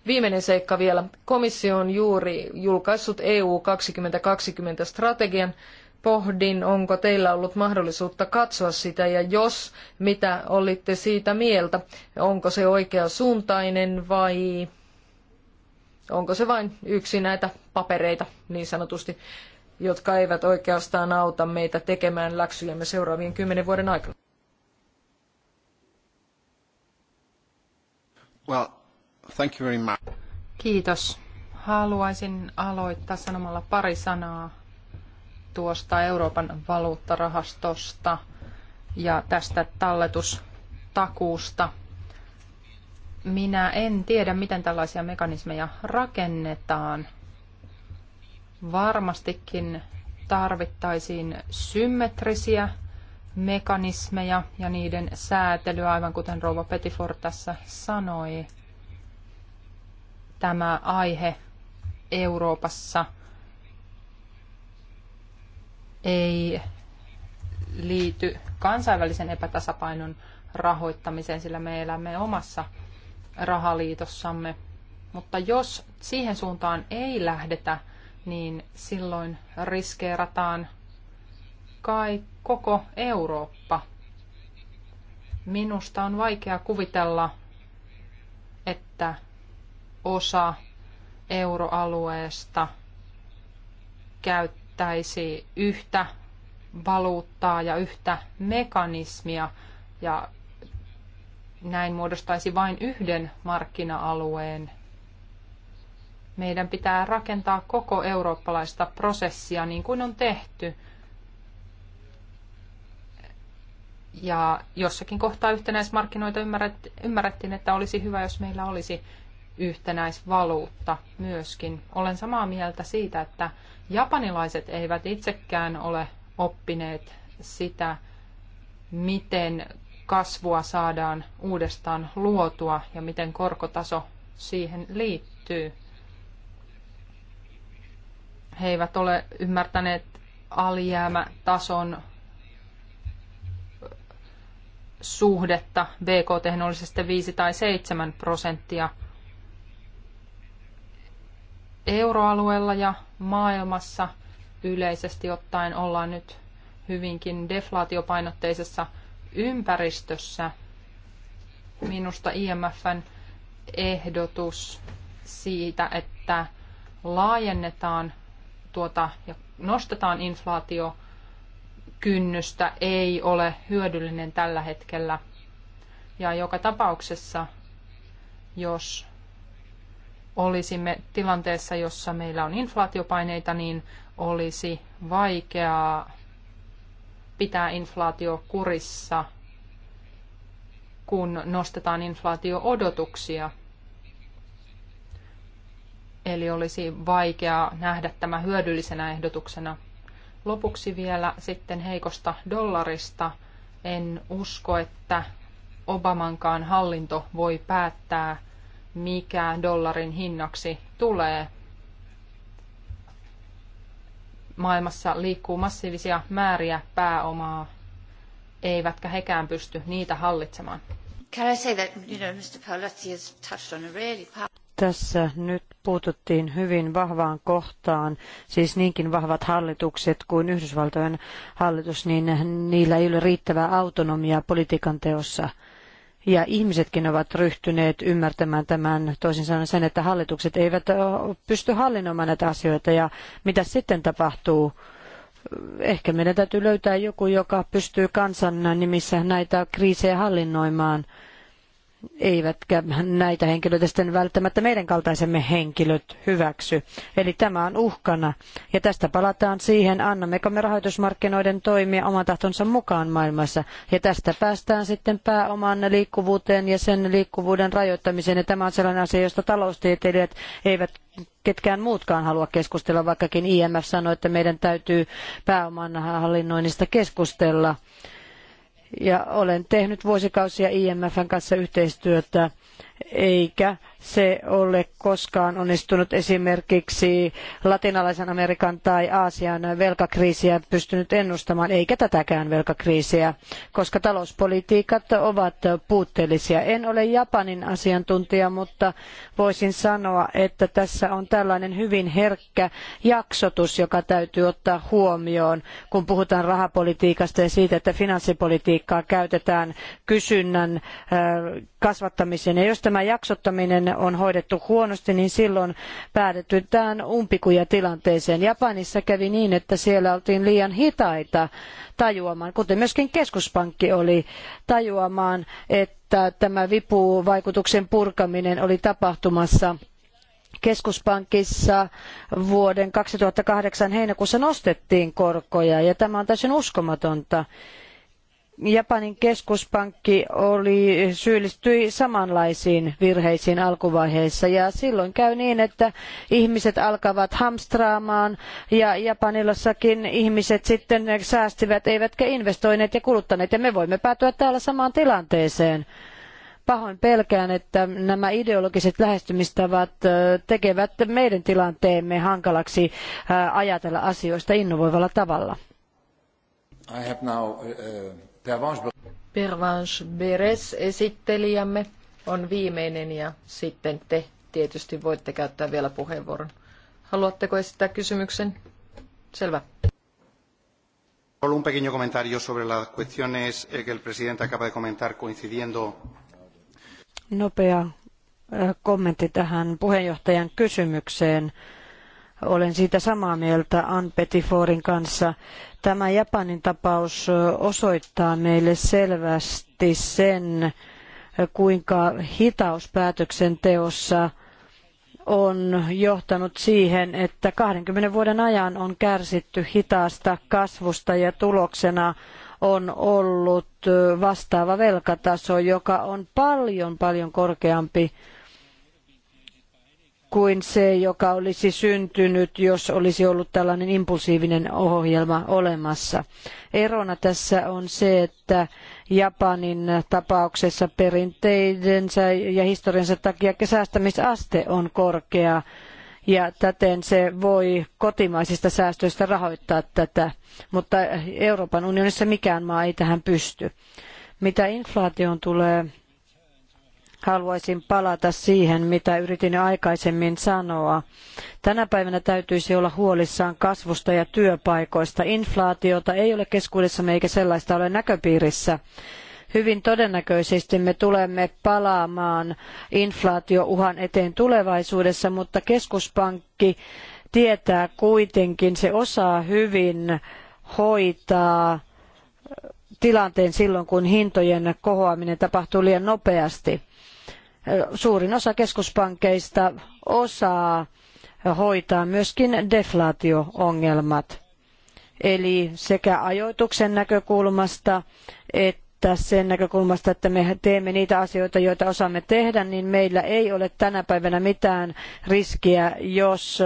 Viimeinen seikka vielä. Komissio on juuri julkaissut EU 2020 strategian, pohdin, onko teillä ollut mahdollisuutta katsoa sitä ja jos, mitä olitte siitä mieltä, onko se oikea suuntainen vai onko se vain yksi näitä papereita niin sanotusti, jotka eivät oikeastaan auta meitä tekemään läksyjämme seuraavien kymmenen vuoden aikana. Well, thank you very much. Kiitos. Haluaisin aloittaa sanomalla pari sanaa tuosta Euroopan valuuttarahastosta ja tästä talletustakuusta. Minä en tiedä, miten tällaisia mekanismeja rakennetaan. Varmastikin tarvittaisiin symmetrisiä mekanismeja ja niiden säätelyä, aivan kuten Rouva Petifor tässä sanoi. Tämä aihe Euroopassa – ei liity kansainvälisen epätasapainon rahoittamiseen, sillä me elämme omassa rahaliitossamme. Mutta jos siihen suuntaan ei lähdetä, niin silloin riskeerataan kai koko Eurooppa. Minusta on vaikea kuvitella, että osa euroalueesta käyttää käyttäisi yhtä valuuttaa ja yhtä mekanismia ja näin muodostaisi vain yhden markkina-alueen. Meidän pitää rakentaa koko eurooppalaista prosessia niin kuin on tehty. Ja jossakin kohtaa yhtenäismarkkinoita ymmärrettiin, että olisi hyvä, jos meillä olisi yhtenäisvaluutta myöskin. Olen samaa mieltä siitä, että Japanilaiset eivät itsekään ole oppineet sitä, miten kasvua saadaan uudestaan luotua ja miten korkotaso siihen liittyy. He eivät ole ymmärtäneet alijäämätason suhdetta BKT, oli se sitten 5 tai 7 prosenttia – euroalueella ja maailmassa yleisesti ottaen ollaan nyt hyvinkin deflaatiopainotteisessa ympäristössä. Minusta IMFn ehdotus siitä, että laajennetaan tuota ja nostetaan inflaatiokynnystä ei ole hyödyllinen tällä hetkellä. Ja joka tapauksessa, jos olisimme tilanteessa, jossa meillä on inflaatiopaineita, niin olisi vaikeaa pitää inflaatio kurissa, kun nostetaan inflaatio-odotuksia. Eli olisi vaikeaa nähdä tämä hyödyllisenä ehdotuksena. Lopuksi vielä sitten heikosta dollarista. En usko, että Obamankaan hallinto voi päättää – mikä dollarin hinnaksi tulee. Maailmassa liikkuu massiivisia määriä pääomaa, eivätkä hekään pysty niitä hallitsemaan. Tässä nyt puututtiin hyvin vahvaan kohtaan, siis niinkin vahvat hallitukset kuin Yhdysvaltojen hallitus, niin niillä ei ole riittävää autonomiaa politiikan teossa – ja ihmisetkin ovat ryhtyneet ymmärtämään tämän, toisin sanoen sen, että hallitukset eivät pysty hallinnoimaan näitä asioita. Ja mitä sitten tapahtuu? Ehkä meidän täytyy löytää joku, joka pystyy kansan nimissä näitä kriisejä hallinnoimaan – eivätkä näitä henkilöitä sitten välttämättä meidän kaltaisemme henkilöt hyväksy. Eli tämä on uhkana. Ja tästä palataan siihen, annammeko me rahoitusmarkkinoiden toimia oman tahtonsa mukaan maailmassa. Ja tästä päästään sitten pääoman liikkuvuuteen ja sen liikkuvuuden rajoittamiseen. Ja tämä on sellainen asia, josta taloustieteilijät eivät ketkään muutkaan halua keskustella, vaikkakin IMF sanoi, että meidän täytyy pääoman hallinnoinnista keskustella ja olen tehnyt vuosikausia IMFn kanssa yhteistyötä eikä se ole koskaan onnistunut esimerkiksi latinalaisen Amerikan tai Aasian velkakriisiä pystynyt ennustamaan, eikä tätäkään velkakriisiä, koska talouspolitiikat ovat puutteellisia. En ole Japanin asiantuntija, mutta voisin sanoa, että tässä on tällainen hyvin herkkä jaksotus, joka täytyy ottaa huomioon, kun puhutaan rahapolitiikasta ja siitä, että finanssipolitiikkaa käytetään kysynnän äh, kasvattamiseen. Ja jos tämä jaksottaminen on hoidettu huonosti, niin silloin päädytään umpikuja tilanteeseen. Japanissa kävi niin, että siellä oltiin liian hitaita tajuamaan, kuten myöskin keskuspankki oli tajuamaan, että tämä vipuvaikutuksen purkaminen oli tapahtumassa keskuspankissa vuoden 2008 heinäkuussa nostettiin korkoja ja tämä on täysin uskomatonta. Japanin keskuspankki oli, syyllistyi samanlaisiin virheisiin alkuvaiheessa ja silloin käy niin, että ihmiset alkavat hamstraamaan ja Japanilassakin ihmiset sitten säästivät eivätkä investoineet ja kuluttaneet ja me voimme päätyä täällä samaan tilanteeseen. Pahoin pelkään, että nämä ideologiset lähestymistavat tekevät meidän tilanteemme hankalaksi ajatella asioista innovoivalla tavalla. I have now, uh... Pervanche Beres esittelijämme on viimeinen ja sitten te tietysti voitte käyttää vielä puheenvuoron. Haluatteko esittää kysymyksen? Selvä. Solo un pequeño comentario sobre las cuestiones eh, que el presidente acaba de comentar coincidiendo. Nopea eh, kommentti tähän puheenjohtajan kysymykseen. Olen siitä samaa mieltä Anpetiforin kanssa. Tämä Japanin tapaus osoittaa meille selvästi sen, kuinka hitaus päätöksenteossa on johtanut siihen, että 20 vuoden ajan on kärsitty hitaasta kasvusta ja tuloksena on ollut vastaava velkataso, joka on paljon paljon korkeampi kuin se, joka olisi syntynyt, jos olisi ollut tällainen impulsiivinen ohjelma olemassa. Erona tässä on se, että Japanin tapauksessa perinteidensä ja historiansa takia säästämisaste on korkea ja täten se voi kotimaisista säästöistä rahoittaa tätä, mutta Euroopan unionissa mikään maa ei tähän pysty. Mitä inflaatioon tulee, haluaisin palata siihen, mitä yritin jo aikaisemmin sanoa. Tänä päivänä täytyisi olla huolissaan kasvusta ja työpaikoista. Inflaatiota ei ole keskuudessamme eikä sellaista ole näköpiirissä hyvin todennäköisesti me tulemme palaamaan inflaatiouhan eteen tulevaisuudessa, mutta keskuspankki tietää kuitenkin, se osaa hyvin hoitaa tilanteen silloin, kun hintojen kohoaminen tapahtuu liian nopeasti suurin osa keskuspankkeista osaa hoitaa myöskin deflaatio-ongelmat. Eli sekä ajoituksen näkökulmasta että sen näkökulmasta, että me teemme niitä asioita, joita osaamme tehdä, niin meillä ei ole tänä päivänä mitään riskiä, jos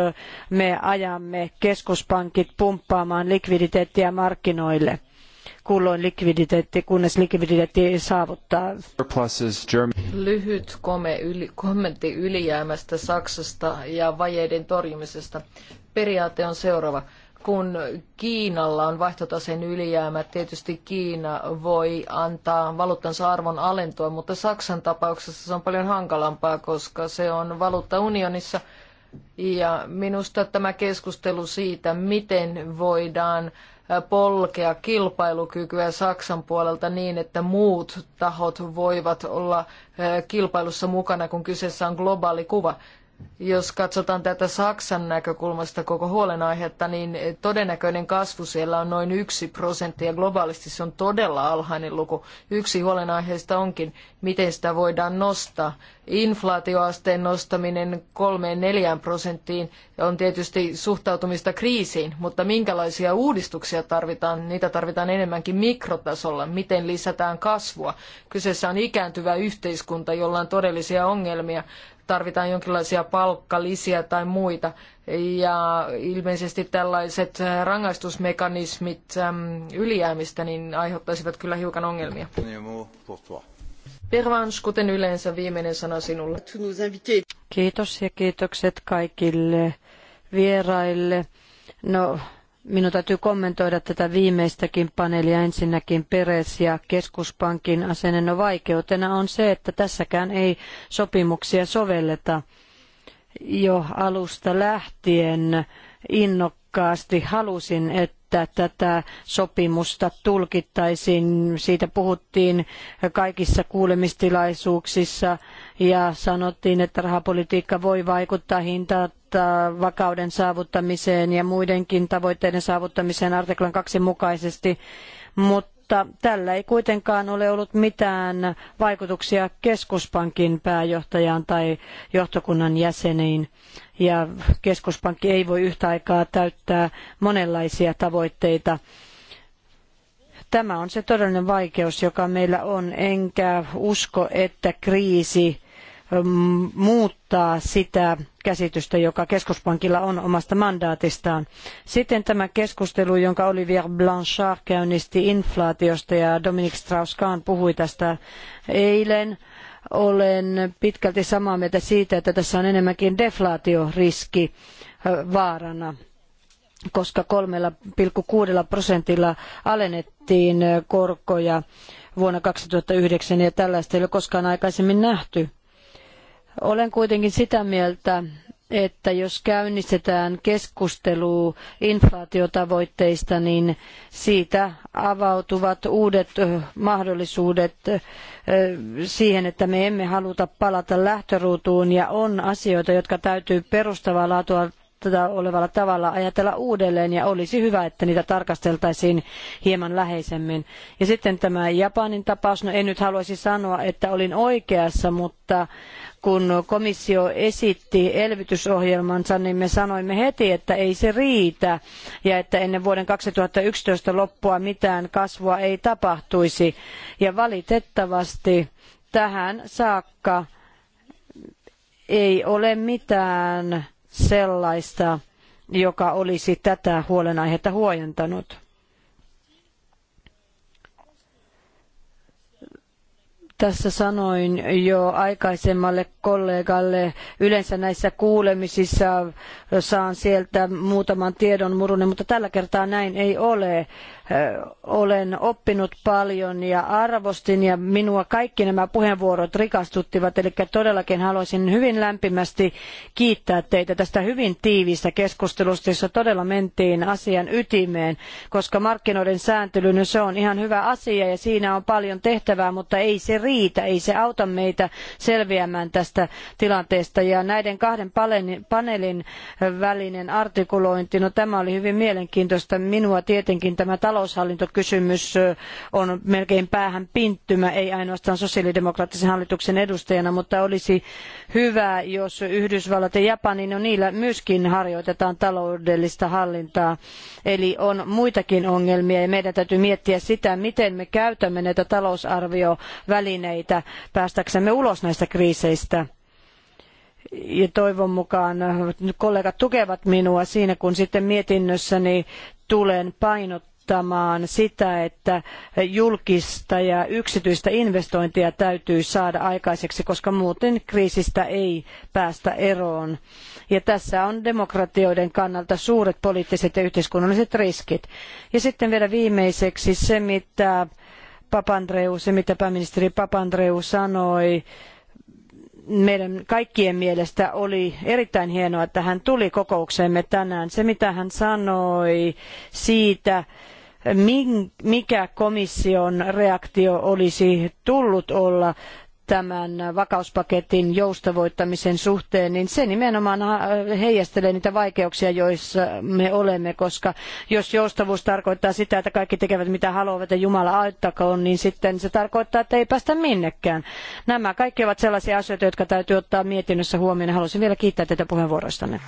me ajamme keskuspankit pumppaamaan likviditeettiä markkinoille kulloin likviditeetti, kunnes likviditeetti saavuttaa. Lyhyt kome yli, kommentti ylijäämästä Saksasta ja vajeiden torjumisesta. Periaate on seuraava kun Kiinalla on vaihtotaseen ylijäämä, tietysti Kiina voi antaa valuuttansa arvon alentua, mutta Saksan tapauksessa se on paljon hankalampaa, koska se on valuuttaunionissa. Ja minusta tämä keskustelu siitä, miten voidaan polkea kilpailukykyä Saksan puolelta niin, että muut tahot voivat olla eh, kilpailussa mukana, kun kyseessä on globaali kuva. Jos katsotaan tätä Saksan näkökulmasta koko huolenaihetta, niin todennäköinen kasvu siellä on noin yksi prosentti ja globaalisti se on todella alhainen luku. Yksi huolenaiheista onkin, miten sitä voidaan nostaa. Inflaatioasteen nostaminen 3-4 prosenttiin on tietysti suhtautumista kriisiin, mutta minkälaisia uudistuksia tarvitaan? Niitä tarvitaan enemmänkin mikrotasolla. Miten lisätään kasvua? Kyseessä on ikääntyvä yhteiskunta, jolla on todellisia ongelmia tarvitaan jonkinlaisia palkkalisiä tai muita. Ja ilmeisesti tällaiset rangaistusmekanismit ylijäämistä niin aiheuttaisivat kyllä hiukan ongelmia. Pervans, kuten yleensä, viimeinen sana sinulle. Kiitos ja kiitokset kaikille vieraille. No, Minun täytyy kommentoida tätä viimeistäkin paneelia ensinnäkin Peres ja keskuspankin asennon vaikeutena on se, että tässäkään ei sopimuksia sovelleta jo alusta lähtien innokkaasti halusin, että että tätä sopimusta tulkittaisiin. Siitä puhuttiin kaikissa kuulemistilaisuuksissa ja sanottiin, että rahapolitiikka voi vaikuttaa hintaan vakauden saavuttamiseen ja muidenkin tavoitteiden saavuttamiseen artiklan 2 mukaisesti, mutta mutta tällä ei kuitenkaan ole ollut mitään vaikutuksia keskuspankin pääjohtajaan tai johtokunnan jäseniin. Ja keskuspankki ei voi yhtä aikaa täyttää monenlaisia tavoitteita. Tämä on se todellinen vaikeus, joka meillä on, enkä usko, että kriisi Ähm, muuttaa sitä käsitystä, joka keskuspankilla on omasta mandaatistaan. Sitten tämä keskustelu, jonka Olivier Blanchard käynnisti inflaatiosta ja Dominique Strauss-Kahn puhui tästä eilen. Olen pitkälti samaa mieltä siitä, että tässä on enemmänkin deflaatioriski äh, vaarana koska 3,6 prosentilla alennettiin äh, korkoja vuonna 2009 ja tällaista ei ole koskaan aikaisemmin nähty. Olen kuitenkin sitä mieltä, että jos käynnistetään keskustelu inflaatiotavoitteista, niin siitä avautuvat uudet mahdollisuudet siihen, että me emme haluta palata lähtöruutuun ja on asioita, jotka täytyy perustavaa laatua olevalla tavalla ajatella uudelleen ja olisi hyvä, että niitä tarkasteltaisiin hieman läheisemmin. Ja sitten tämä Japanin tapaus, no en nyt haluaisi sanoa, että olin oikeassa, mutta kun komissio esitti elvytysohjelmansa, niin me sanoimme heti, että ei se riitä ja että ennen vuoden 2011 loppua mitään kasvua ei tapahtuisi. Ja valitettavasti tähän saakka ei ole mitään sellaista, joka olisi tätä huolenaihetta huojentanut. Tässä sanoin jo aikaisemmalle kollegalle, yleensä näissä kuulemisissa saan sieltä muutaman tiedon murunen, mutta tällä kertaa näin ei ole olen oppinut paljon ja arvostin ja minua kaikki nämä puheenvuorot rikastuttivat. Eli todellakin haluaisin hyvin lämpimästi kiittää teitä tästä hyvin tiiviistä keskustelusta, jossa todella mentiin asian ytimeen, koska markkinoiden sääntely, no se on ihan hyvä asia ja siinä on paljon tehtävää, mutta ei se riitä, ei se auta meitä selviämään tästä tilanteesta. Ja näiden kahden paneelin välinen artikulointi, no tämä oli hyvin mielenkiintoista. Minua tietenkin tämä talous taloushallintokysymys on melkein päähänpinttymä pinttymä, ei ainoastaan sosiaalidemokraattisen hallituksen edustajana, mutta olisi hyvä, jos Yhdysvallat ja Japani, no niillä myöskin harjoitetaan taloudellista hallintaa. Eli on muitakin ongelmia ja meidän täytyy miettiä sitä, miten me käytämme näitä talousarviovälineitä päästäksemme ulos näistä kriiseistä ja toivon mukaan kollegat tukevat minua siinä, kun sitten mietinnössäni tulen painottamaan korostamaan sitä, että julkista ja yksityistä investointia täytyy saada aikaiseksi, koska muuten kriisistä ei päästä eroon. Ja tässä on demokratioiden kannalta suuret poliittiset ja yhteiskunnalliset riskit. Ja sitten vielä viimeiseksi se, mitä Papandreou, se mitä pääministeri Papandreou sanoi, meidän kaikkien mielestä oli erittäin hienoa, että hän tuli kokoukseemme tänään. Se, mitä hän sanoi siitä, mikä komission reaktio olisi tullut olla tämän vakauspaketin joustavoittamisen suhteen, niin se nimenomaan äh, heijastelee niitä vaikeuksia, joissa me olemme, koska jos joustavuus tarkoittaa sitä, että kaikki tekevät mitä haluavat ja Jumala auttakoon, niin sitten se tarkoittaa, että ei päästä minnekään. Nämä kaikki ovat sellaisia asioita, jotka täytyy ottaa mietinnössä huomioon. Haluaisin vielä kiittää teitä puheenvuoroistanne.